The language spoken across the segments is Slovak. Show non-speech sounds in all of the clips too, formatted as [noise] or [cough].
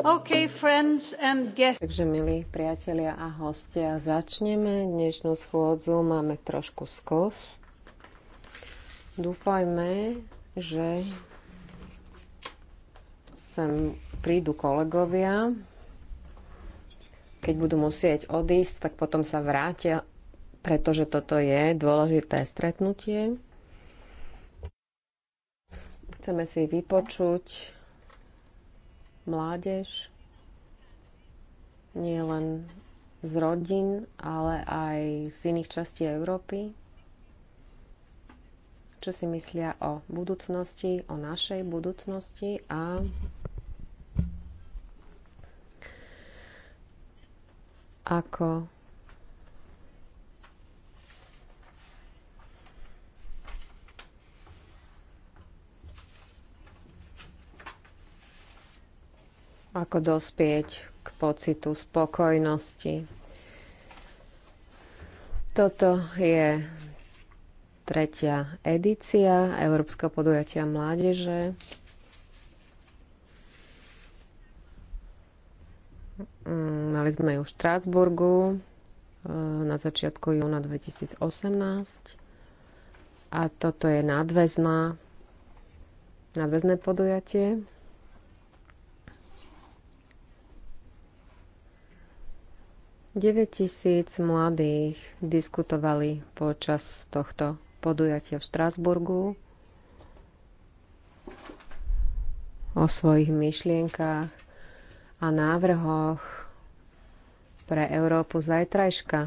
Okay, friends and guests. Takže milí priatelia a hostia, začneme dnešnú schôdzu. Máme trošku skos. Dúfajme, že sem prídu kolegovia. Keď budú musieť odísť, tak potom sa vrátia, pretože toto je dôležité stretnutie. Chceme si vypočuť mládež, nie len z rodín, ale aj z iných častí Európy, čo si myslia o budúcnosti, o našej budúcnosti a ako ako dospieť k pocitu spokojnosti. Toto je tretia edícia Európskeho podujatia mládeže. Mali sme ju v Štrásburgu e, na začiatku júna 2018 a toto je nadväzná, nadväzné podujatie. 9 tisíc mladých diskutovali počas tohto podujatia v Štrásburgu o svojich myšlienkách a návrhoch pre Európu zajtrajška.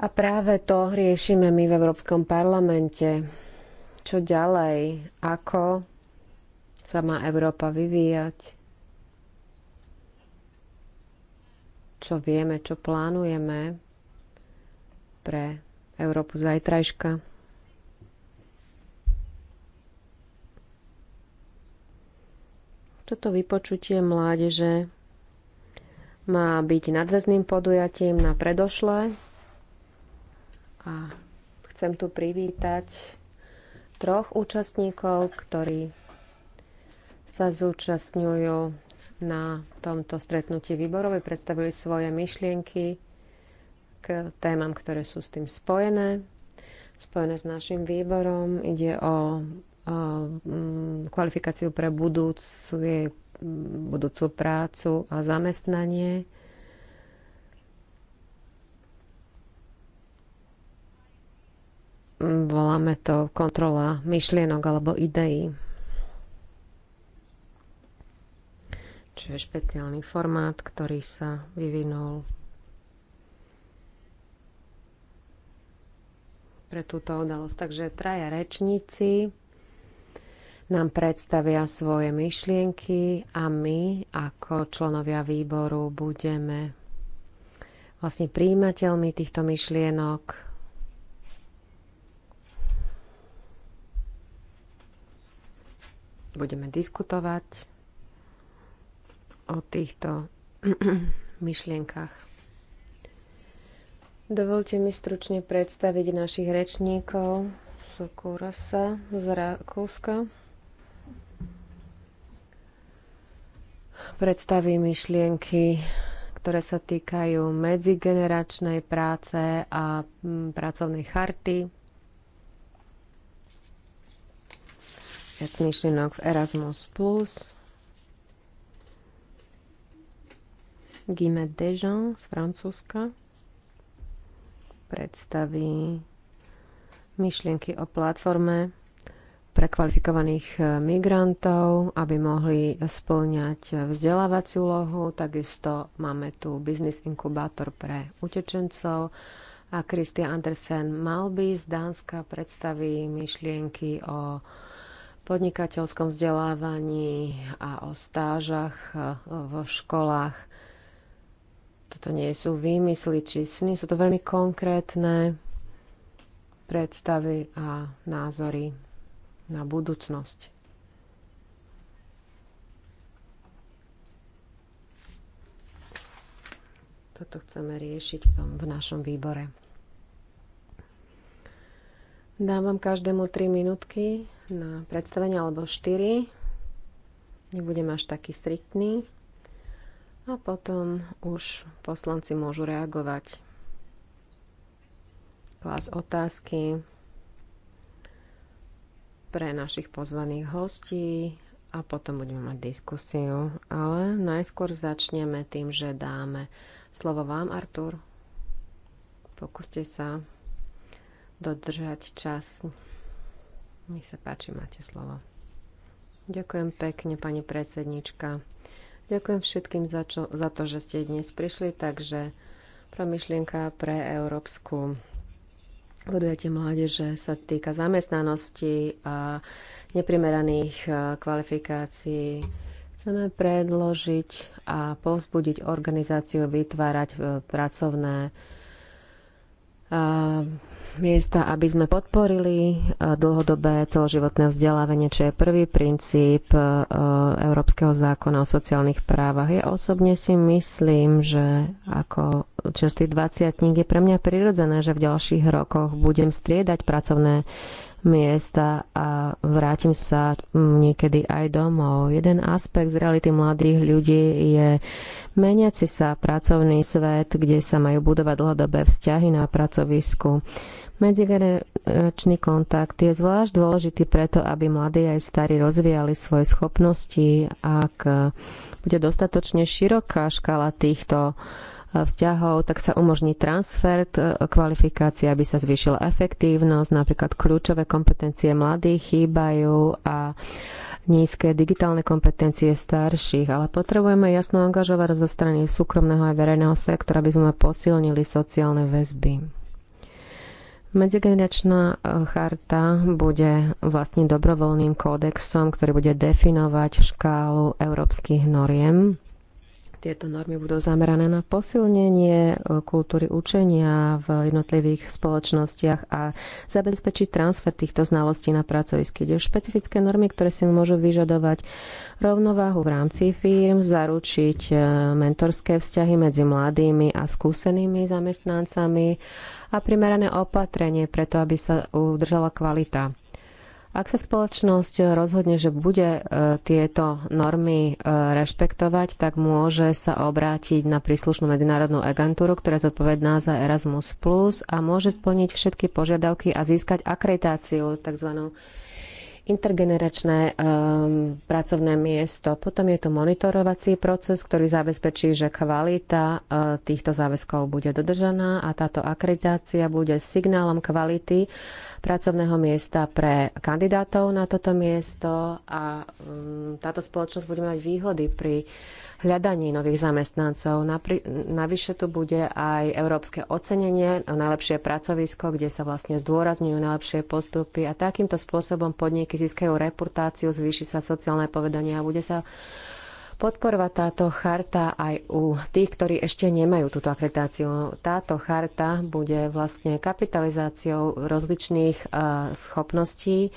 A práve to riešime my v Európskom parlamente. Čo ďalej? Ako sa má Európa vyvíjať? čo vieme, čo plánujeme pre Európu zajtrajška. Toto vypočutie mládeže má byť nadväzným podujatím na predošlé a chcem tu privítať troch účastníkov, ktorí sa zúčastňujú na tomto stretnutí výborov predstavili svoje myšlienky k témam, ktoré sú s tým spojené. Spojené s našim výborom ide o, o mm, kvalifikáciu pre budúcu, budúcu prácu a zamestnanie. voláme to kontrola myšlienok alebo ideí. čiže špeciálny formát, ktorý sa vyvinul pre túto udalosť. Takže traja rečníci nám predstavia svoje myšlienky a my ako členovia výboru budeme vlastne príjimateľmi týchto myšlienok. Budeme diskutovať o týchto [clears throat] myšlienkach. Dovolte mi stručne predstaviť našich rečníkov. Sokurasa z Rakúska. Predstaví myšlienky, ktoré sa týkajú medzigeneračnej práce a mm, pracovnej charty. Viac myšlienok v Erasmus+. Plus. Guimet Dejean z Francúzska predstaví myšlienky o platforme pre kvalifikovaných eh, migrantov, aby mohli splňať vzdelávaciu úlohu. Takisto máme tu biznis inkubátor pre utečencov a Christian Andersen Malby z Dánska predstaví myšlienky o podnikateľskom vzdelávaní a o stážach eh, v školách. Toto nie sú výmysly či sny, sú to veľmi konkrétne predstavy a názory na budúcnosť. Toto chceme riešiť v, tom, v našom výbore. Dávam každému 3 minútky na predstavenie alebo 4. Nebudem až taký striktný. A potom už poslanci môžu reagovať. Klas otázky pre našich pozvaných hostí a potom budeme mať diskusiu. Ale najskôr začneme tým, že dáme slovo vám, Artur. Pokúste sa dodržať čas. Nech sa páči, máte slovo. Ďakujem pekne, pani predsednička. Ďakujem všetkým za, čo, za to, že ste dnes prišli, takže promyšlienka pre Európsku podujete mládeže sa týka zamestnanosti a neprimeraných e, kvalifikácií. Chceme predložiť a povzbudiť organizáciu vytvárať e, pracovné miesta, aby sme podporili dlhodobé celoživotné vzdelávanie, čo je prvý princíp Európskeho zákona o sociálnych právach. Ja osobne si myslím, že ako čerstvý 20 je pre mňa prirodzené, že v ďalších rokoch budem striedať pracovné miesta a vrátim sa mm, niekedy aj domov. Jeden aspekt z reality mladých ľudí je meniaci sa pracovný svet, kde sa majú budovať dlhodobé vzťahy na pracovisku. Medzigeneračný kontakt je zvlášť dôležitý preto, aby mladí aj starí rozvíjali svoje schopnosti, ak bude dostatočne široká škala týchto E, vzťahov, tak sa umožní transfer e, kvalifikácie, aby sa zvýšila efektívnosť. Napríklad kľúčové kompetencie mladých chýbajú a nízke digitálne kompetencie starších. Ale potrebujeme jasno angažovať zo strany súkromného a verejného sektora, aby sme posilnili sociálne väzby. Medzigeneračná e, charta bude vlastne dobrovoľným kódexom, ktorý bude definovať škálu európskych noriem tieto normy budú zamerané na posilnenie e, kultúry učenia v jednotlivých spoločnostiach a zabezpečiť transfer týchto znalostí na pracovisky. Ide špecifické normy, ktoré si môžu vyžadovať rovnováhu v rámci firm, zaručiť e, mentorské vzťahy medzi mladými a skúsenými zamestnancami a primerané opatrenie preto, aby sa udržala kvalita ak sa spoločnosť rozhodne, že bude e, tieto normy e, rešpektovať, tak môže sa obrátiť na príslušnú medzinárodnú agentúru, ktorá je zodpovedná za Erasmus Plus a môže splniť všetky požiadavky a získať akreditáciu, tzv intergeneračné um, pracovné miesto. Potom je tu monitorovací proces, ktorý zabezpečí, že kvalita uh, týchto záväzkov bude dodržaná a táto akreditácia bude signálom kvality pracovného miesta pre kandidátov na toto miesto a um, táto spoločnosť bude mať výhody pri uh, hľadaní nových zamestnancov. Navyše tu bude aj európske ocenenie, najlepšie pracovisko, kde sa vlastne zdôrazňujú najlepšie postupy a takýmto spôsobom podniky získajú reputáciu, zvýši sa sociálne povedanie a bude sa podporovať táto charta aj u tých, ktorí ešte nemajú túto akreditáciu. Táto charta bude vlastne kapitalizáciou rozličných eh, schopností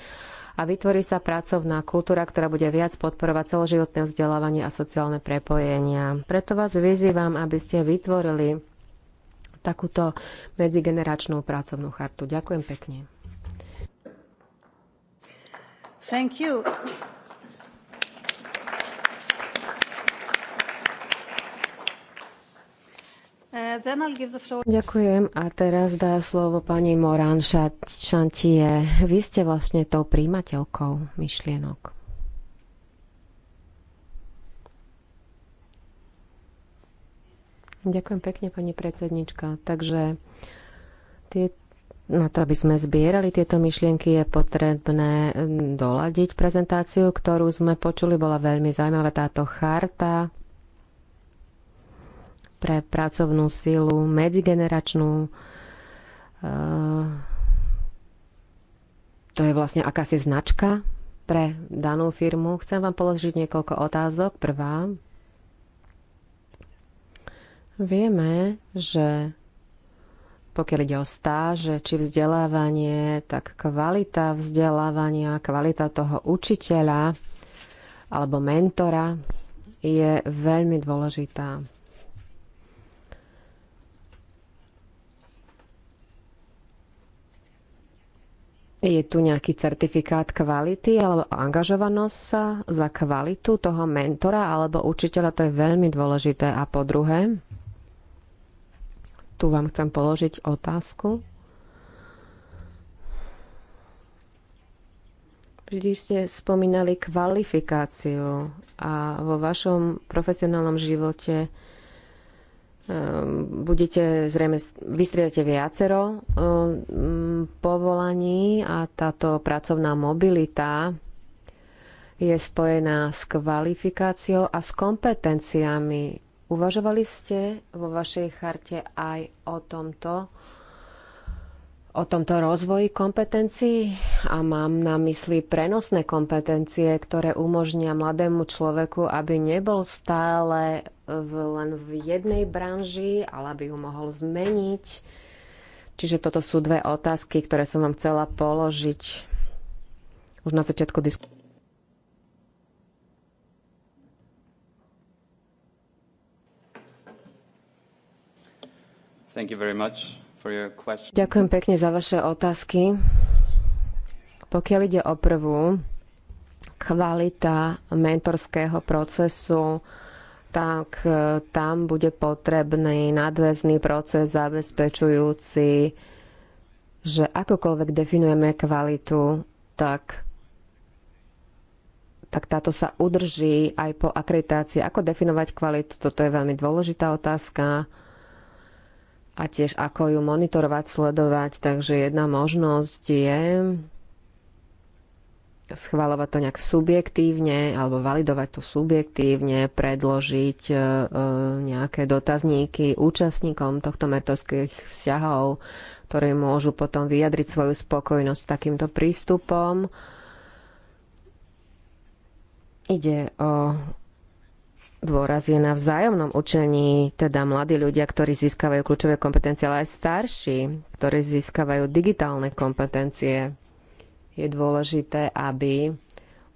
a vytvorí sa pracovná kultúra, ktorá bude viac podporovať celoživotné vzdelávanie a sociálne prepojenia. Preto vás vyzývam, aby ste vytvorili takúto medzigeneračnú pracovnú chartu. Ďakujem pekne. Thank you. Uh, Ďakujem a teraz dá slovo pani Morán Šantie. Vy ste vlastne tou príjimateľkou myšlienok. Ďakujem pekne, pani predsednička. Takže tie, na to, aby sme zbierali tieto myšlienky, je potrebné mm, doladiť prezentáciu, ktorú sme počuli. Bola veľmi zaujímavá táto charta pre pracovnú silu, medzigeneračnú. E, to je vlastne akási značka pre danú firmu. Chcem vám položiť niekoľko otázok. Prvá. Vieme, že pokiaľ ide o stáže či vzdelávanie, tak kvalita vzdelávania, kvalita toho učiteľa alebo mentora je veľmi dôležitá. Je tu nejaký certifikát kvality alebo angažovanosť sa za kvalitu toho mentora alebo učiteľa, to je veľmi dôležité. A po druhé, tu vám chcem položiť otázku. Vždy ste spomínali kvalifikáciu a vo vašom profesionálnom živote Ehm, budete zrejme, vystriedate viacero ehm, povolaní a táto pracovná mobilita je spojená s kvalifikáciou a s kompetenciami. Uvažovali ste vo vašej charte aj o tomto, o tomto rozvoji kompetencií a mám na mysli prenosné kompetencie, ktoré umožnia mladému človeku, aby nebol stále v, len v jednej branži, ale aby ju mohol zmeniť. Čiže toto sú dve otázky, ktoré som vám chcela položiť už na začiatku diskusie. Your... Ďakujem pekne za vaše otázky. Pokiaľ ide o prvú, kvalita mentorského procesu, tak e, tam bude potrebný nadväzný proces zabezpečujúci, že akokoľvek definujeme kvalitu, tak, tak táto sa udrží aj po akreditácii. Ako definovať kvalitu, toto je veľmi dôležitá otázka a tiež ako ju monitorovať, sledovať. Takže jedna možnosť je schváľovať to nejak subjektívne alebo validovať to subjektívne, predložiť e, e, nejaké dotazníky účastníkom tohto mentorských vzťahov, ktorí môžu potom vyjadriť svoju spokojnosť takýmto prístupom. Ide o dôraz je na vzájomnom učení, teda mladí ľudia, ktorí získavajú kľúčové kompetencie, ale aj starší, ktorí získavajú digitálne kompetencie je dôležité, aby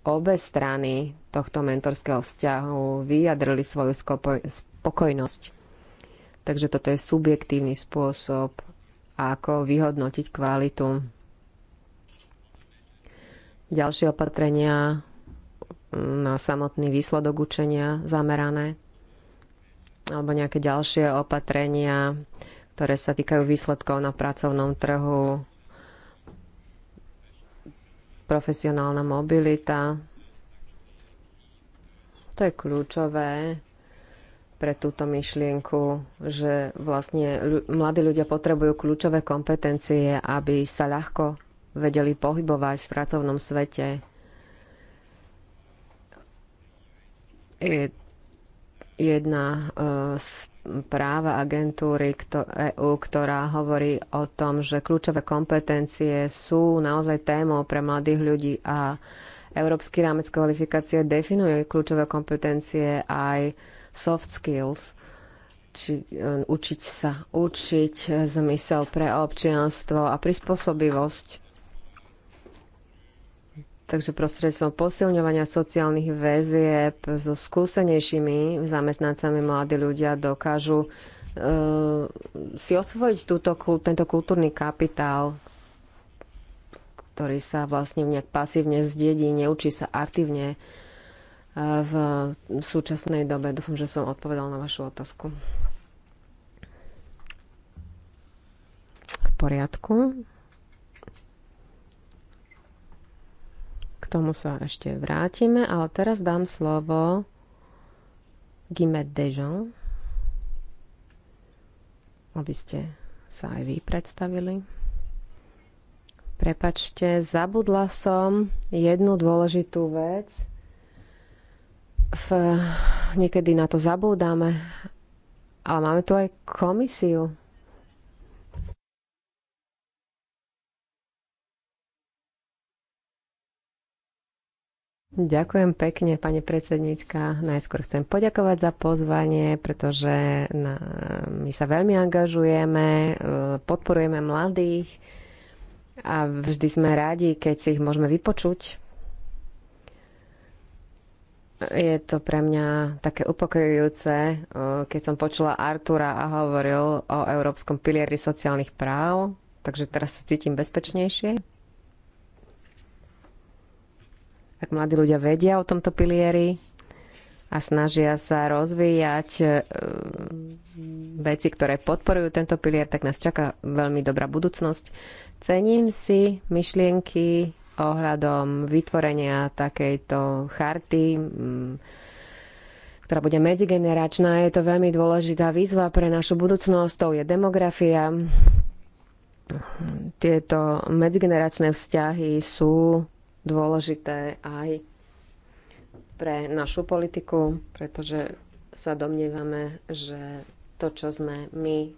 obe strany tohto mentorského vzťahu vyjadrili svoju spokojnosť. Takže toto je subjektívny spôsob, ako vyhodnotiť kvalitu. Ďalšie opatrenia na samotný výsledok učenia zamerané alebo nejaké ďalšie opatrenia, ktoré sa týkajú výsledkov na pracovnom trhu, profesionálna mobilita. To je kľúčové pre túto myšlienku, že vlastne mladí ľudia potrebujú kľúčové kompetencie, aby sa ľahko vedeli pohybovať v pracovnom svete. Je jedna z e, práva agentúry EÚ, ktorá hovorí o tom, že kľúčové kompetencie sú naozaj témou pre mladých ľudí a Európsky rámec kvalifikácie definuje kľúčové kompetencie aj soft skills, či e, učiť sa, učiť e, zmysel pre občianstvo a prispôsobivosť Takže prostredstvom posilňovania sociálnych väzieb so skúsenejšími zamestnancami mladí ľudia dokážu uh, si osvojiť túto, tento kultúrny kapitál, ktorý sa vlastne nejak pasívne zdedí, neučí sa aktívne e, v súčasnej dobe. Dúfam, že som odpovedal na vašu otázku. V poriadku. tomu sa ešte vrátime, ale teraz dám slovo Gimet Dejon, aby ste sa aj vy predstavili. Prepačte, zabudla som jednu dôležitú vec. V, niekedy na to zabúdame, ale máme tu aj komisiu. Ďakujem pekne, pani predsednička. Najskôr chcem poďakovať za pozvanie, pretože na, my sa veľmi angažujeme, e, podporujeme mladých a vždy sme radi, keď si ich môžeme vypočuť. Je to pre mňa také upokojujúce, e, keď som počula Artura a hovoril o Európskom pilieri sociálnych práv, takže teraz sa cítim bezpečnejšie. tak mladí ľudia vedia o tomto pilieri a snažia sa rozvíjať e, veci, ktoré podporujú tento pilier, tak nás čaká veľmi dobrá budúcnosť. Cením si myšlienky ohľadom vytvorenia takejto charty, mm, ktorá bude medzigeneračná. Je to veľmi dôležitá výzva pre našu budúcnosť, to je demografia. Tieto medzigeneračné vzťahy sú dôležité aj pre našu politiku, pretože sa domnievame, že to, čo sme my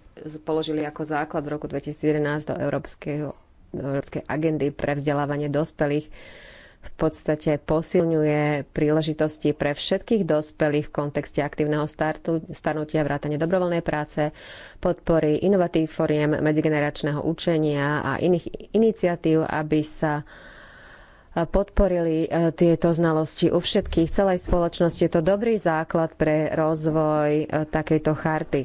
položili ako základ v roku 2011 do Európskeho, do Európskej agendy pre vzdelávanie dospelých, v podstate posilňuje príležitosti pre všetkých dospelých v kontexte aktívneho startu, starnutia, vrátane dobrovoľnej práce, podpory inovatív foriem medzigeneračného učenia a iných iniciatív, aby sa E, podporili e, tieto znalosti u všetkých, celej spoločnosti. Je to dobrý základ pre rozvoj e, takejto charty.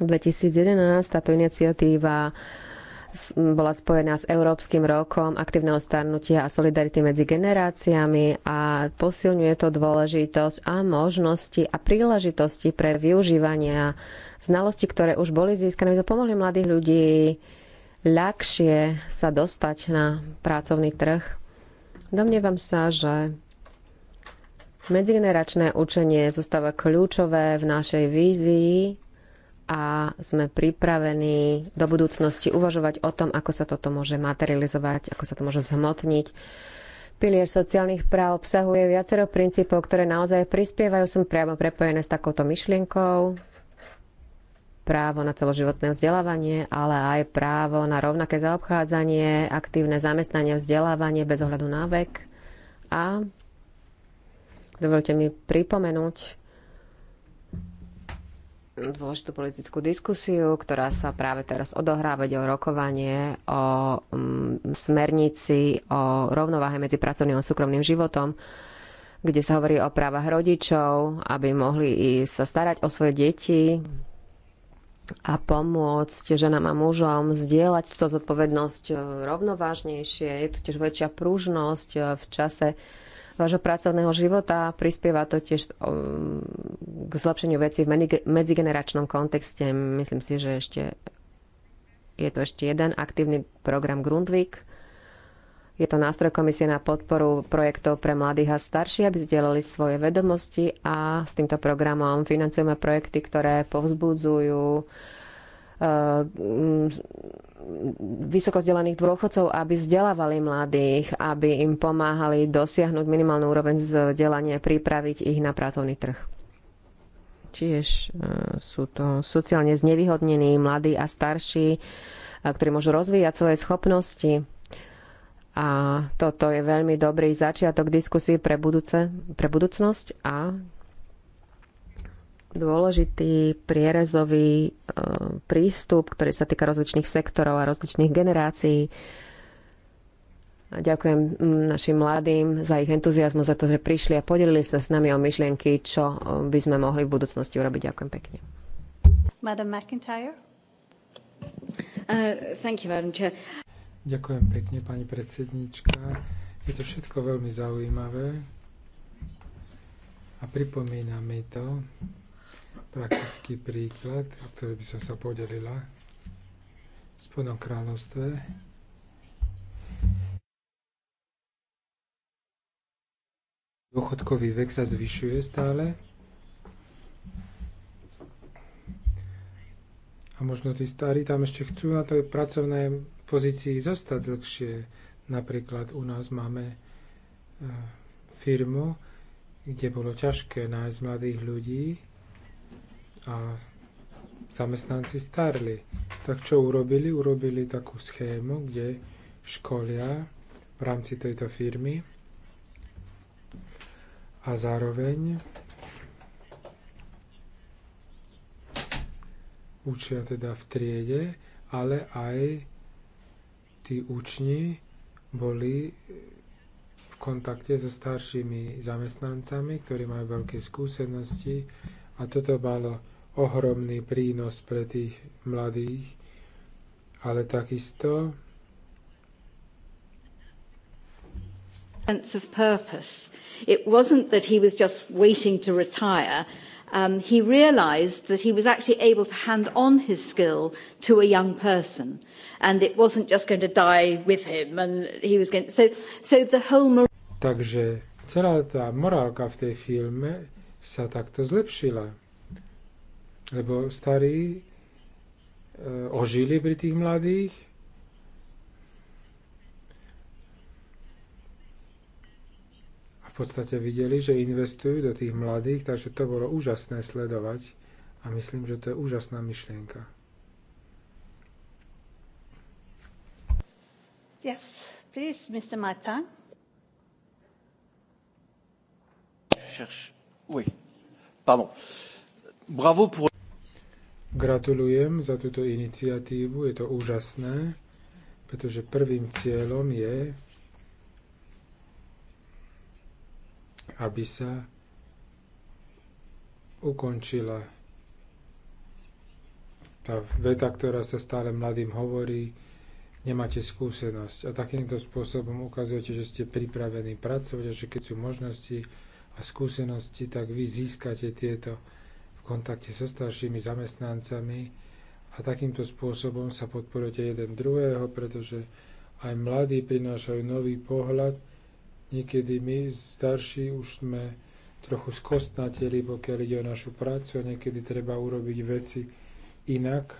V 2011 táto iniciatíva bola spojená s Európskym rokom aktívneho starnutia a solidarity medzi generáciami a posilňuje to dôležitosť a možnosti a príležitosti pre využívania znalostí, ktoré už boli získané, to pomohli mladých ľudí ľahšie sa dostať na pracovný trh. Domnievam sa, že medzigeneračné učenie zostáva kľúčové v našej vízii a sme pripravení do budúcnosti uvažovať o tom, ako sa toto môže materializovať, ako sa to môže zhmotniť. Pilier sociálnych práv obsahuje viacero princípov, ktoré naozaj prispievajú, som priamo prepojené s takouto myšlienkou právo na celoživotné vzdelávanie, ale aj právo na rovnaké zaobchádzanie, aktívne zamestnanie, vzdelávanie bez ohľadu na vek. A dovolte mi pripomenúť dôležitú politickú diskusiu, ktorá sa práve teraz odohráva o rokovanie, o mm, smernici, o rovnováhe medzi pracovným a súkromným životom kde sa hovorí o právach rodičov, aby mohli sa starať o svoje deti, a pomôcť ženám a mužom zdieľať túto zodpovednosť e, rovnovážnejšie. Je tu tiež väčšia pružnosť e, v čase vášho pracovného života. Prispieva to tiež e, k zlepšeniu veci v medzigeneračnom kontexte. Myslím si, že ešte je to ešte jeden aktívny program Grundvik, je to nástroj komisie na podporu projektov pre mladých a starších, aby zdieľali svoje vedomosti a s týmto programom financujeme projekty, ktoré povzbudzujú eh, mm, vysokozdelených dôchodcov, aby vzdelávali mladých, aby im pomáhali dosiahnuť minimálnu úroveň vzdelania, pripraviť ich na pracovný trh. Tiež eh, sú to sociálne znevýhodnení mladí a starší, eh, ktorí môžu rozvíjať svoje schopnosti, a toto je veľmi dobrý začiatok diskusie pre, budúce, pre budúcnosť a dôležitý prierezový e, prístup, ktorý sa týka rozličných sektorov a rozličných generácií. A ďakujem našim mladým za ich entuziasmus, za to, že prišli a podelili sa s nami o myšlienky, čo e, by sme mohli v budúcnosti urobiť. Ďakujem pekne. Madam McIntyre. Uh, thank you, Madam Chair. Ďakujem pekne, pani predsednička. Je to všetko veľmi zaujímavé a pripomína mi to praktický príklad, o ktorý by som sa podelila v Spodnom kráľovstve. Dôchodkový vek sa zvyšuje stále. A možno tí starí tam ešte chcú na to pracovné pozícii zostať dlhšie. Napríklad u nás máme e, firmu, kde bolo ťažké nájsť mladých ľudí a zamestnanci starli. Tak čo urobili? Urobili takú schému, kde školia v rámci tejto firmy a zároveň učia teda v triede, ale aj tí učni boli v kontakte so staršími zamestnancami, ktorí majú veľké skúsenosti a toto malo ohromný prínos pre tých mladých, ale takisto sense of purpose. It wasn't that he was just waiting to retire um, he realised that he was actually able to hand on his skill to a young person, and it wasn't just going to die with him. And he was going. To, so, so the whole. Takže celá tá morálka v tej filme sa takto zlepšila, lebo starí e, ožili pri tých mladých podstate videli, že investujú do tých mladých, takže to bolo úžasné sledovať a myslím, že to je úžasná myšlienka. Yes, please, Mr. Martin. Oui. Pardon. Bravo pour... Gratulujem za túto iniciatívu, je to úžasné, pretože prvým cieľom je aby sa ukončila tá veta, ktorá sa stále mladým hovorí, nemáte skúsenosť. A takýmto spôsobom ukazujete, že ste pripravení pracovať a že keď sú možnosti a skúsenosti, tak vy získate tieto v kontakte so staršími zamestnancami a takýmto spôsobom sa podporujete jeden druhého, pretože aj mladí prinášajú nový pohľad Niekedy my, starší, už sme trochu skostnateli, pokiaľ ide o našu prácu a niekedy treba urobiť veci inak.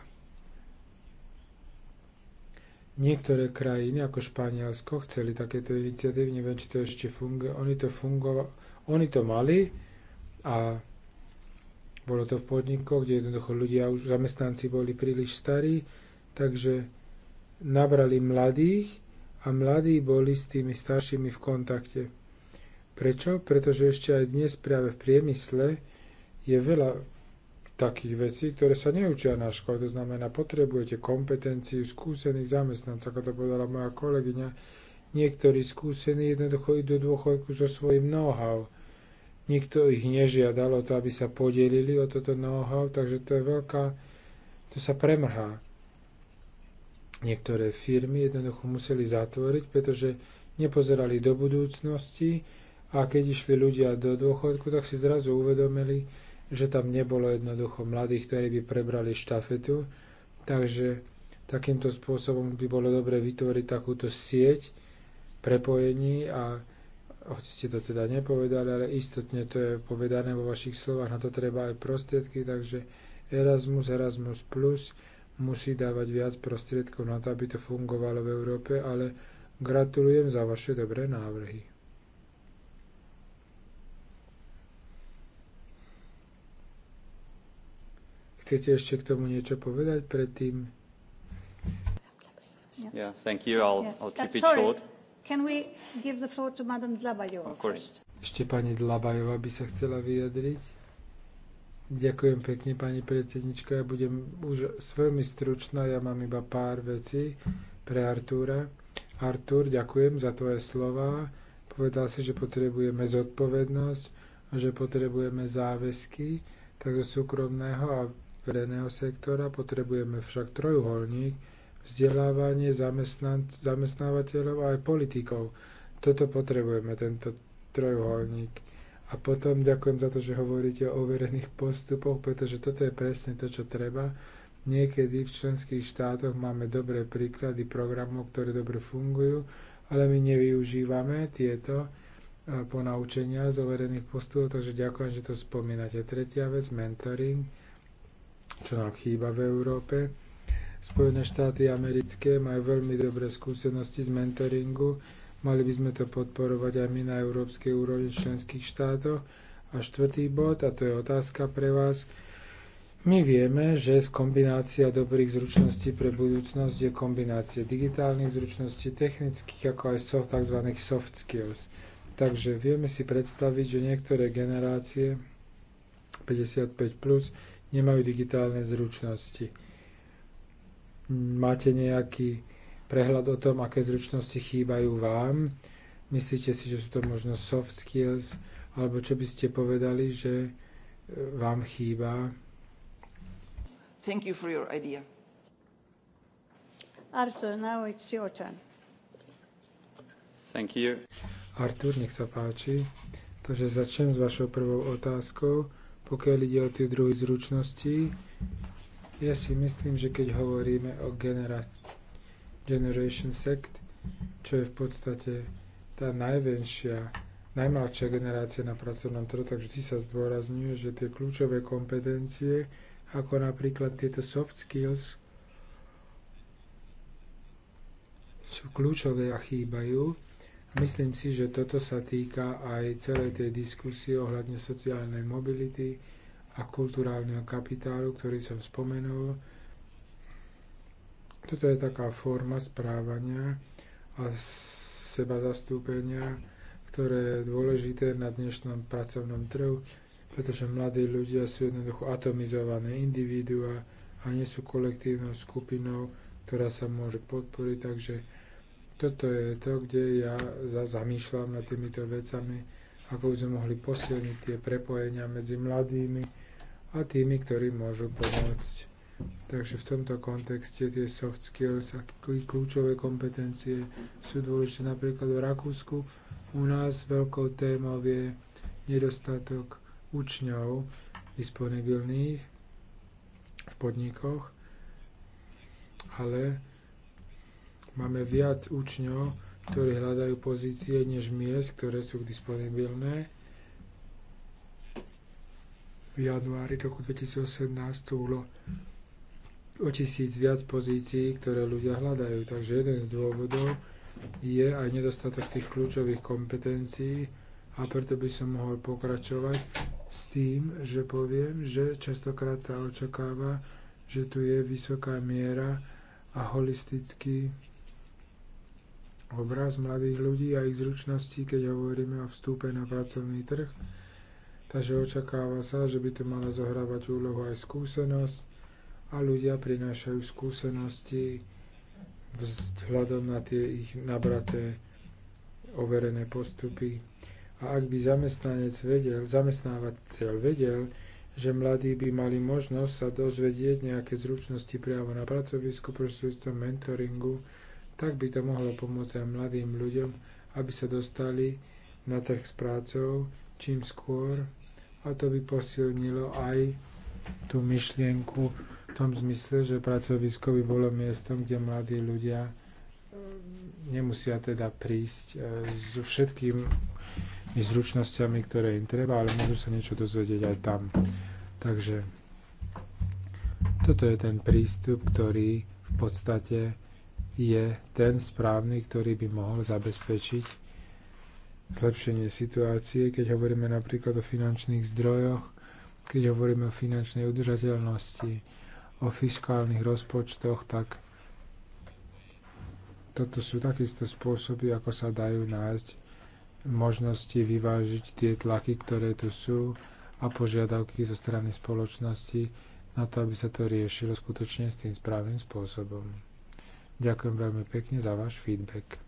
Niektoré krajiny, ako Španielsko, chceli takéto iniciatívy, neviem, či to ešte funguje. Oni to fungovali, oni to mali a bolo to v podnikoch, kde jednoducho ľudia, už zamestnanci boli príliš starí, takže nabrali mladých a mladí boli s tými staršími v kontakte. Prečo? Pretože ešte aj dnes práve v priemysle je veľa takých vecí, ktoré sa neučia na škole. To znamená, potrebujete kompetenciu skúsených zamestnancov, ako to povedala moja kolegyňa. Niektorí skúsení jednoducho idú dôchodku so svojím know-how. Nikto ich nežiadal o to, aby sa podelili o toto know-how, takže to je veľká, to sa premrhá. Niektoré firmy jednoducho museli zatvoriť, pretože nepozerali do budúcnosti a keď išli ľudia do dôchodku, tak si zrazu uvedomili, že tam nebolo jednoducho mladých, ktorí by prebrali štafetu. Takže takýmto spôsobom by bolo dobre vytvoriť takúto sieť prepojení a hoci ste to teda nepovedali, ale istotne to je povedané vo vašich slovách, na to treba aj prostriedky, takže Erasmus, Erasmus+, plus, musí dávať viac prostriedkov na to, aby to fungovalo v Európe, ale gratulujem za vaše dobré návrhy. Chcete ešte k tomu niečo povedať predtým? Yeah, thank you. I'll, I'll uh, keep it short. Can we give the floor to Madame First? Ešte pani Dlabajová by sa chcela vyjadriť. Ďakujem pekne, pani predsednička. Ja budem už veľmi stručná, ja mám iba pár vecí pre Artúra. Artúr, ďakujem za tvoje slova. Povedal si, že potrebujeme zodpovednosť a že potrebujeme záväzky tak zo súkromného a verejného sektora. Potrebujeme však trojuholník, vzdelávanie zamestnávateľov a aj politikov. Toto potrebujeme, tento trojuholník. A potom ďakujem za to, že hovoríte o overených postupoch, pretože toto je presne to, čo treba. Niekedy v členských štátoch máme dobré príklady programov, ktoré dobre fungujú, ale my nevyužívame tieto eh, ponaučenia z overených postupov, takže ďakujem, že to spomínate. Tretia vec, mentoring, čo nám chýba v Európe. Spojené štáty americké majú veľmi dobré skúsenosti z mentoringu Mali by sme to podporovať aj my na európskej úrovni v členských štátoch. A štvrtý bod, a to je otázka pre vás. My vieme, že kombinácia dobrých zručností pre budúcnosť je kombinácia digitálnych zručností, technických, ako aj soft, tzv. soft skills. Takže vieme si predstaviť, že niektoré generácie 55 plus nemajú digitálne zručnosti. Máte nejaký prehľad o tom, aké zručnosti chýbajú vám. Myslíte si, že sú to možno soft skills, alebo čo by ste povedali, že e, vám chýba? Thank you for your idea. Arthur, now it's your turn. Thank you. Artur, nech sa páči. Takže začnem s vašou prvou otázkou. Pokiaľ ide o tie druhy zručnosti, ja si myslím, že keď hovoríme o generácii, Generation Sect, čo je v podstate tá najvenšia, najmladšia generácia na pracovnom trhu, takže ty sa zdôrazňuje, že tie kľúčové kompetencie, ako napríklad tieto soft skills, sú kľúčové a chýbajú. Myslím si, že toto sa týka aj celej tej diskusie ohľadne sociálnej mobility a kulturálneho kapitálu, ktorý som spomenul toto je taká forma správania a seba zastúpenia, ktoré je dôležité na dnešnom pracovnom trhu, pretože mladí ľudia sú jednoducho atomizované individuá a nie sú kolektívnou skupinou, ktorá sa môže podporiť. Takže toto je to, kde ja zamýšľam nad týmito vecami, ako by sme mohli posilniť tie prepojenia medzi mladými a tými, ktorí môžu pomôcť Takže v tomto kontexte tie soft skills a kľúčové kompetencie sú dôležité. Napríklad v Rakúsku u nás veľkou témou je nedostatok učňov disponibilných v podnikoch, ale máme viac učňov, ktorí hľadajú pozície, než miest, ktoré sú disponibilné. V januári roku 2018 bolo o tisíc viac pozícií, ktoré ľudia hľadajú. Takže jeden z dôvodov je aj nedostatok tých kľúčových kompetencií a preto by som mohol pokračovať s tým, že poviem, že častokrát sa očakáva, že tu je vysoká miera a holistický obraz mladých ľudí a ich zručností, keď hovoríme o vstupe na pracovný trh. Takže očakáva sa, že by tu mala zohrávať úlohu aj skúsenosť, a ľudia prinášajú skúsenosti vzhľadom na tie ich nabraté overené postupy. A ak by zamestnanec vedel, zamestnávateľ vedel, že mladí by mali možnosť sa dozvedieť nejaké zručnosti priamo na pracovisku prostredstvom mentoringu, tak by to mohlo pomôcť aj mladým ľuďom, aby sa dostali na trh s prácou čím skôr a to by posilnilo aj tú myšlienku v tom zmysle, že pracovisko by bolo miestom, kde mladí ľudia e, nemusia teda prísť e, so všetkými zručnosťami, ktoré im treba, ale môžu sa niečo dozvedieť aj tam. Takže toto je ten prístup, ktorý v podstate je ten správny, ktorý by mohol zabezpečiť zlepšenie situácie, keď hovoríme napríklad o finančných zdrojoch, keď hovoríme o finančnej udržateľnosti o fiskálnych rozpočtoch, tak toto sú takisto spôsoby, ako sa dajú nájsť možnosti vyvážiť tie tlaky, ktoré tu sú a požiadavky zo strany spoločnosti na to, aby sa to riešilo skutočne s tým správnym spôsobom. Ďakujem veľmi pekne za váš feedback.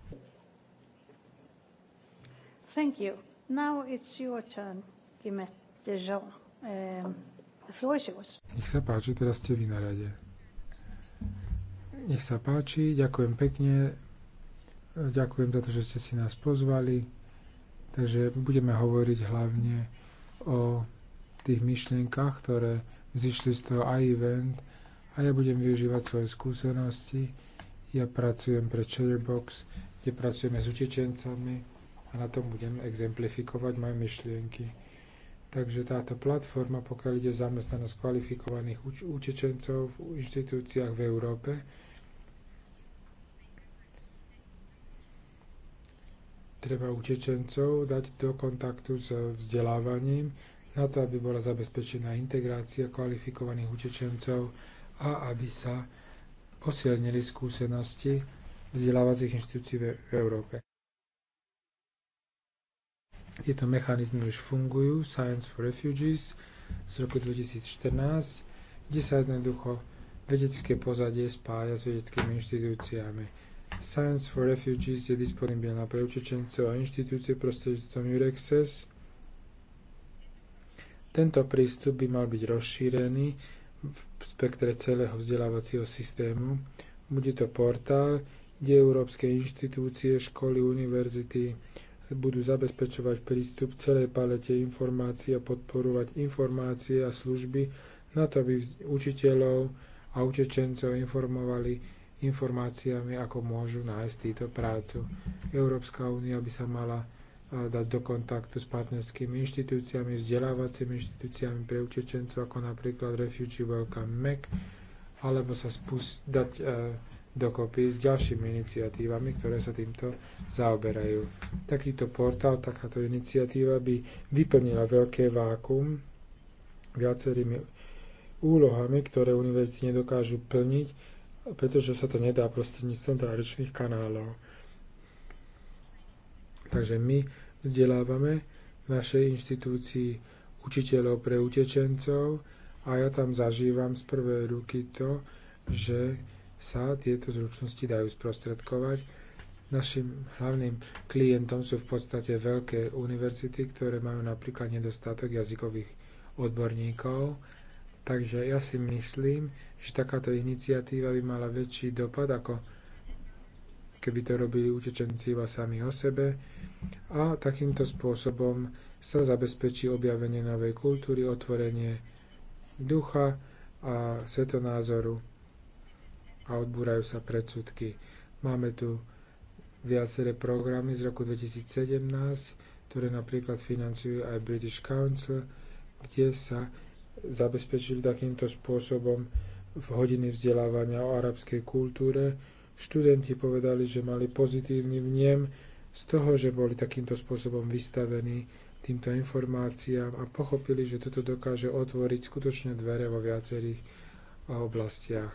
Thank you. Now it's your turn, Kimet Dejean. Um, The floor is yours. Nech sa páči, teraz ste vy na rade. Nech sa páči, ďakujem pekne. Ďakujem za to, že ste si nás pozvali. Takže budeme hovoriť hlavne o tých myšlienkach, ktoré zišli z toho i-event a ja budem využívať svoje skúsenosti. Ja pracujem pre Chatterbox, kde pracujeme s utečencami a na tom budem exemplifikovať moje myšlienky. Takže táto platforma, pokiaľ ide o zamestnanosť kvalifikovaných uč- utečencov v inštitúciách v Európe, treba utečencov dať do kontaktu s vzdelávaním, na to, aby bola zabezpečená integrácia kvalifikovaných utečencov a aby sa posilnili skúsenosti vzdelávacích inštitúcií v Európe. Tieto mechanizmy už fungujú, Science for Refugees z roku 2014, kde sa jednoducho vedecké pozadie spája s vedeckými inštitúciami. Science for Refugees je disponibilná pre učečencov a inštitúcie prostredníctvom Eurexes. Tento prístup by mal byť rozšírený v spektre celého vzdelávacieho systému. Bude to portál, kde európske inštitúcie, školy, univerzity, budú zabezpečovať prístup k celej palete informácií a podporovať informácie a služby na to, aby učiteľov a utečencov informovali informáciami, ako môžu nájsť túto prácu. Európska únia by sa mala e, dať do kontaktu s partnerskými inštitúciami, vzdelávacími inštitúciami pre utečencov, ako napríklad Refugee Welcome Mac, alebo sa spust- dať e, dokopy s ďalšími iniciatívami, ktoré sa týmto zaoberajú. Takýto portál, takáto iniciatíva by vyplnila veľké vákum viacerými úlohami, ktoré univerzity nedokážu plniť, pretože sa to nedá prostredníctvom tradičných kanálov. Takže my vzdelávame v našej inštitúcii učiteľov pre utečencov a ja tam zažívam z prvej ruky to, že sa tieto zručnosti dajú sprostredkovať. Našim hlavným klientom sú v podstate veľké univerzity, ktoré majú napríklad nedostatok jazykových odborníkov. Takže ja si myslím, že takáto iniciatíva by mala väčší dopad, ako keby to robili utečenci iba sami o sebe. A takýmto spôsobom sa zabezpečí objavenie novej kultúry, otvorenie ducha a svetonázoru a odbúrajú sa predsudky. Máme tu viaceré programy z roku 2017, ktoré napríklad financujú aj British Council, kde sa zabezpečili takýmto spôsobom v hodiny vzdelávania o arabskej kultúre. Študenti povedali, že mali pozitívny vnem z toho, že boli takýmto spôsobom vystavení týmto informáciám a pochopili, že toto dokáže otvoriť skutočne dvere vo viacerých oblastiach.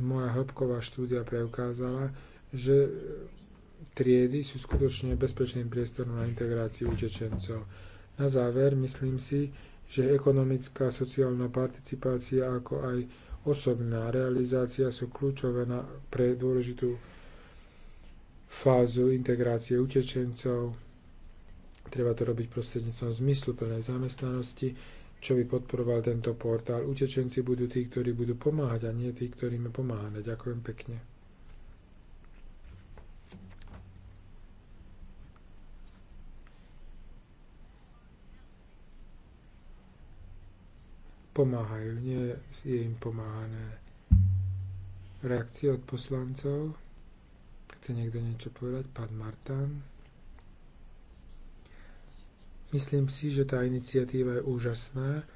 Moja hĺbková štúdia preukázala, že triedy sú skutočne bezpečným priestorom na integráciu utečencov. Na záver myslím si, že ekonomická sociálna participácia ako aj osobná realizácia sú kľúčové na, pre dôležitú fázu integrácie utečencov. Treba to robiť prostredníctvom zmysluplnej zamestnanosti, čo by podporoval tento portál. Utečenci budú tí, ktorí budú pomáhať a nie tí, ktorým je Ďakujem pekne. Pomáhajú, nie je im pomáhané. Reakcie od poslancov. Chce niekto niečo povedať? Pán Martán. Myslím si, že tá iniciatíva je úžasná,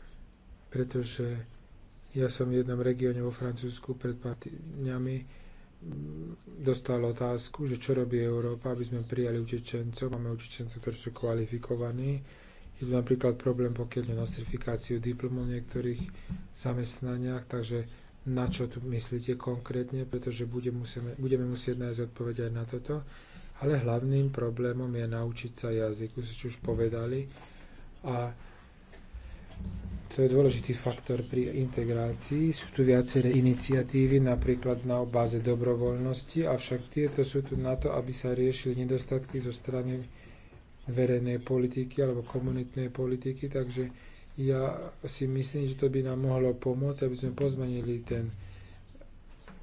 pretože ja som v jednom regióne vo Francúzsku pred pár dňami mm, dostal otázku, že čo robí Európa, aby sme prijali utečencov. Máme utečencov, ktorí sú kvalifikovaní. Je tu napríklad problém, pokiaľ ide nostrifikáciu diplomov v niektorých zamestnaniach, takže na čo tu myslíte konkrétne, pretože budeme musieť nájsť odpoveď aj na toto ale hlavným problémom je naučiť sa jazyku, si už povedali. A to je dôležitý faktor pri integrácii. Sú tu viaceré iniciatívy, napríklad na báze dobrovoľnosti, avšak tieto sú tu na to, aby sa riešili nedostatky zo strany verejnej politiky alebo komunitnej politiky, takže ja si myslím, že to by nám mohlo pomôcť, aby sme pozmenili ten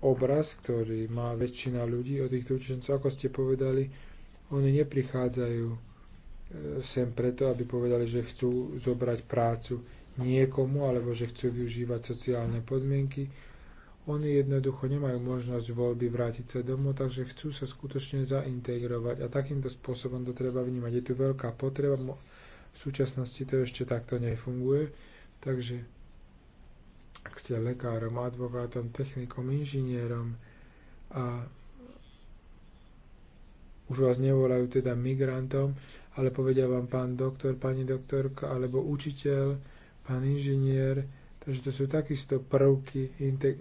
obraz, ktorý má väčšina ľudí o týchto učencov. Ako ste povedali, oni neprichádzajú e, sem preto, aby povedali, že chcú zobrať prácu niekomu alebo že chcú využívať sociálne podmienky. Oni jednoducho nemajú možnosť voľby vrátiť sa domov, takže chcú sa skutočne zaintegrovať a takýmto spôsobom to treba vnímať. Je tu veľká potreba, v súčasnosti to ešte takto nefunguje, takže ak ste lekárom, advokátom, technikom, inžinierom a už vás nevolajú teda migrantom, ale povedia vám pán doktor, pani doktorka, alebo učiteľ, pán inžinier. Takže to sú takisto prvky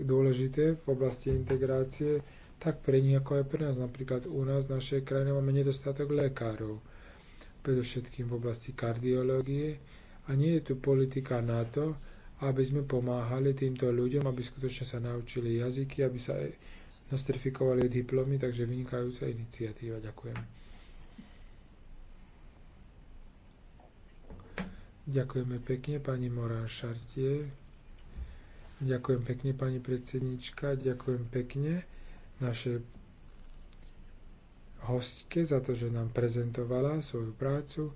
dôležité v oblasti integrácie, tak pre nich ako aj pre nás. Napríklad u nás v našej krajine máme nedostatok lekárov, predovšetkým v oblasti kardiológie. A nie je tu politika na to, aby sme pomáhali týmto ľuďom, aby skutočne sa naučili jazyky, aby sa nostrifikovali diplomy, takže vynikajúca iniciatíva. Ďakujem. Ďakujeme pekne pani Morán Šartie. Ďakujem pekne pani predsednička, ďakujem pekne našej hostke za to, že nám prezentovala svoju prácu.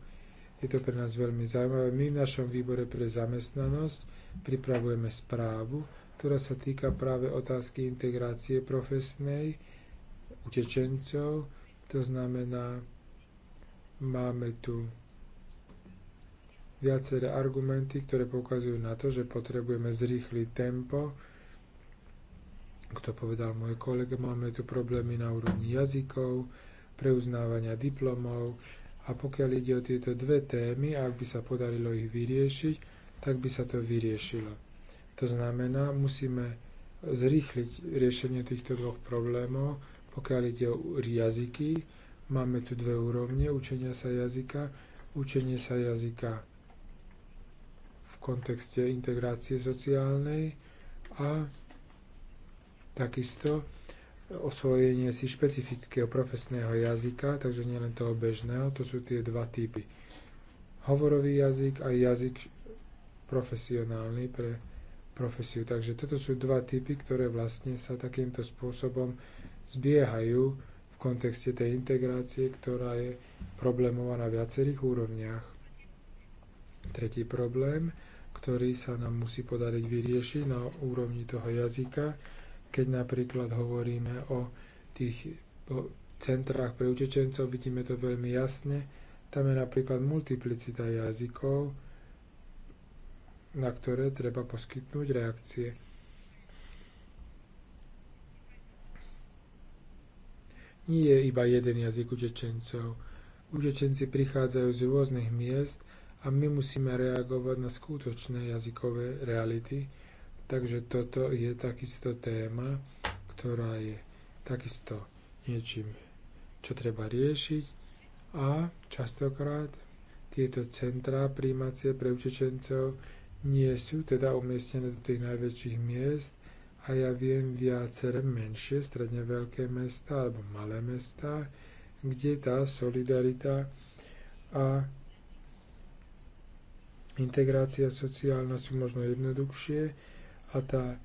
Je to pre nás veľmi zaujímavé. My v našom výbore pre zamestnanosť pripravujeme správu, ktorá sa týka práve otázky integrácie profesnej utečencov. To znamená, máme tu viaceré argumenty, ktoré poukazujú na to, že potrebujeme zrýchliť tempo. Kto povedal môj kolega, máme tu problémy na úrovni jazykov, preuznávania diplomov a pokiaľ ide o tieto dve témy, ak by sa podarilo ich vyriešiť, tak by sa to vyriešilo. To znamená, musíme zrýchliť riešenie týchto dvoch problémov, pokiaľ ide o jazyky. Máme tu dve úrovne učenia sa jazyka, učenie sa jazyka v kontexte integrácie sociálnej a takisto osvojenie si špecifického profesného jazyka, takže nielen toho bežného, to sú tie dva typy. Hovorový jazyk a jazyk profesionálny pre profesiu. Takže toto sú dva typy, ktoré vlastne sa takýmto spôsobom zbiehajú v kontexte tej integrácie, ktorá je problémová na viacerých úrovniach. Tretí problém, ktorý sa nám musí podariť vyriešiť na úrovni toho jazyka, keď napríklad hovoríme o tých o centrách pre utečencov, vidíme to veľmi jasne, tam je napríklad multiplicita jazykov, na ktoré treba poskytnúť reakcie. Nie je iba jeden jazyk utečencov. Utečenci prichádzajú z rôznych miest a my musíme reagovať na skutočné jazykové reality. Takže toto je takisto téma, ktorá je takisto niečím, čo treba riešiť. A častokrát tieto centrá príjmacie pre utečencov nie sú teda umiestnené do tých najväčších miest a ja viem viaceré menšie, stredne veľké mesta alebo malé mesta, kde tá solidarita a integrácia sociálna sú možno jednoduchšie a tá e,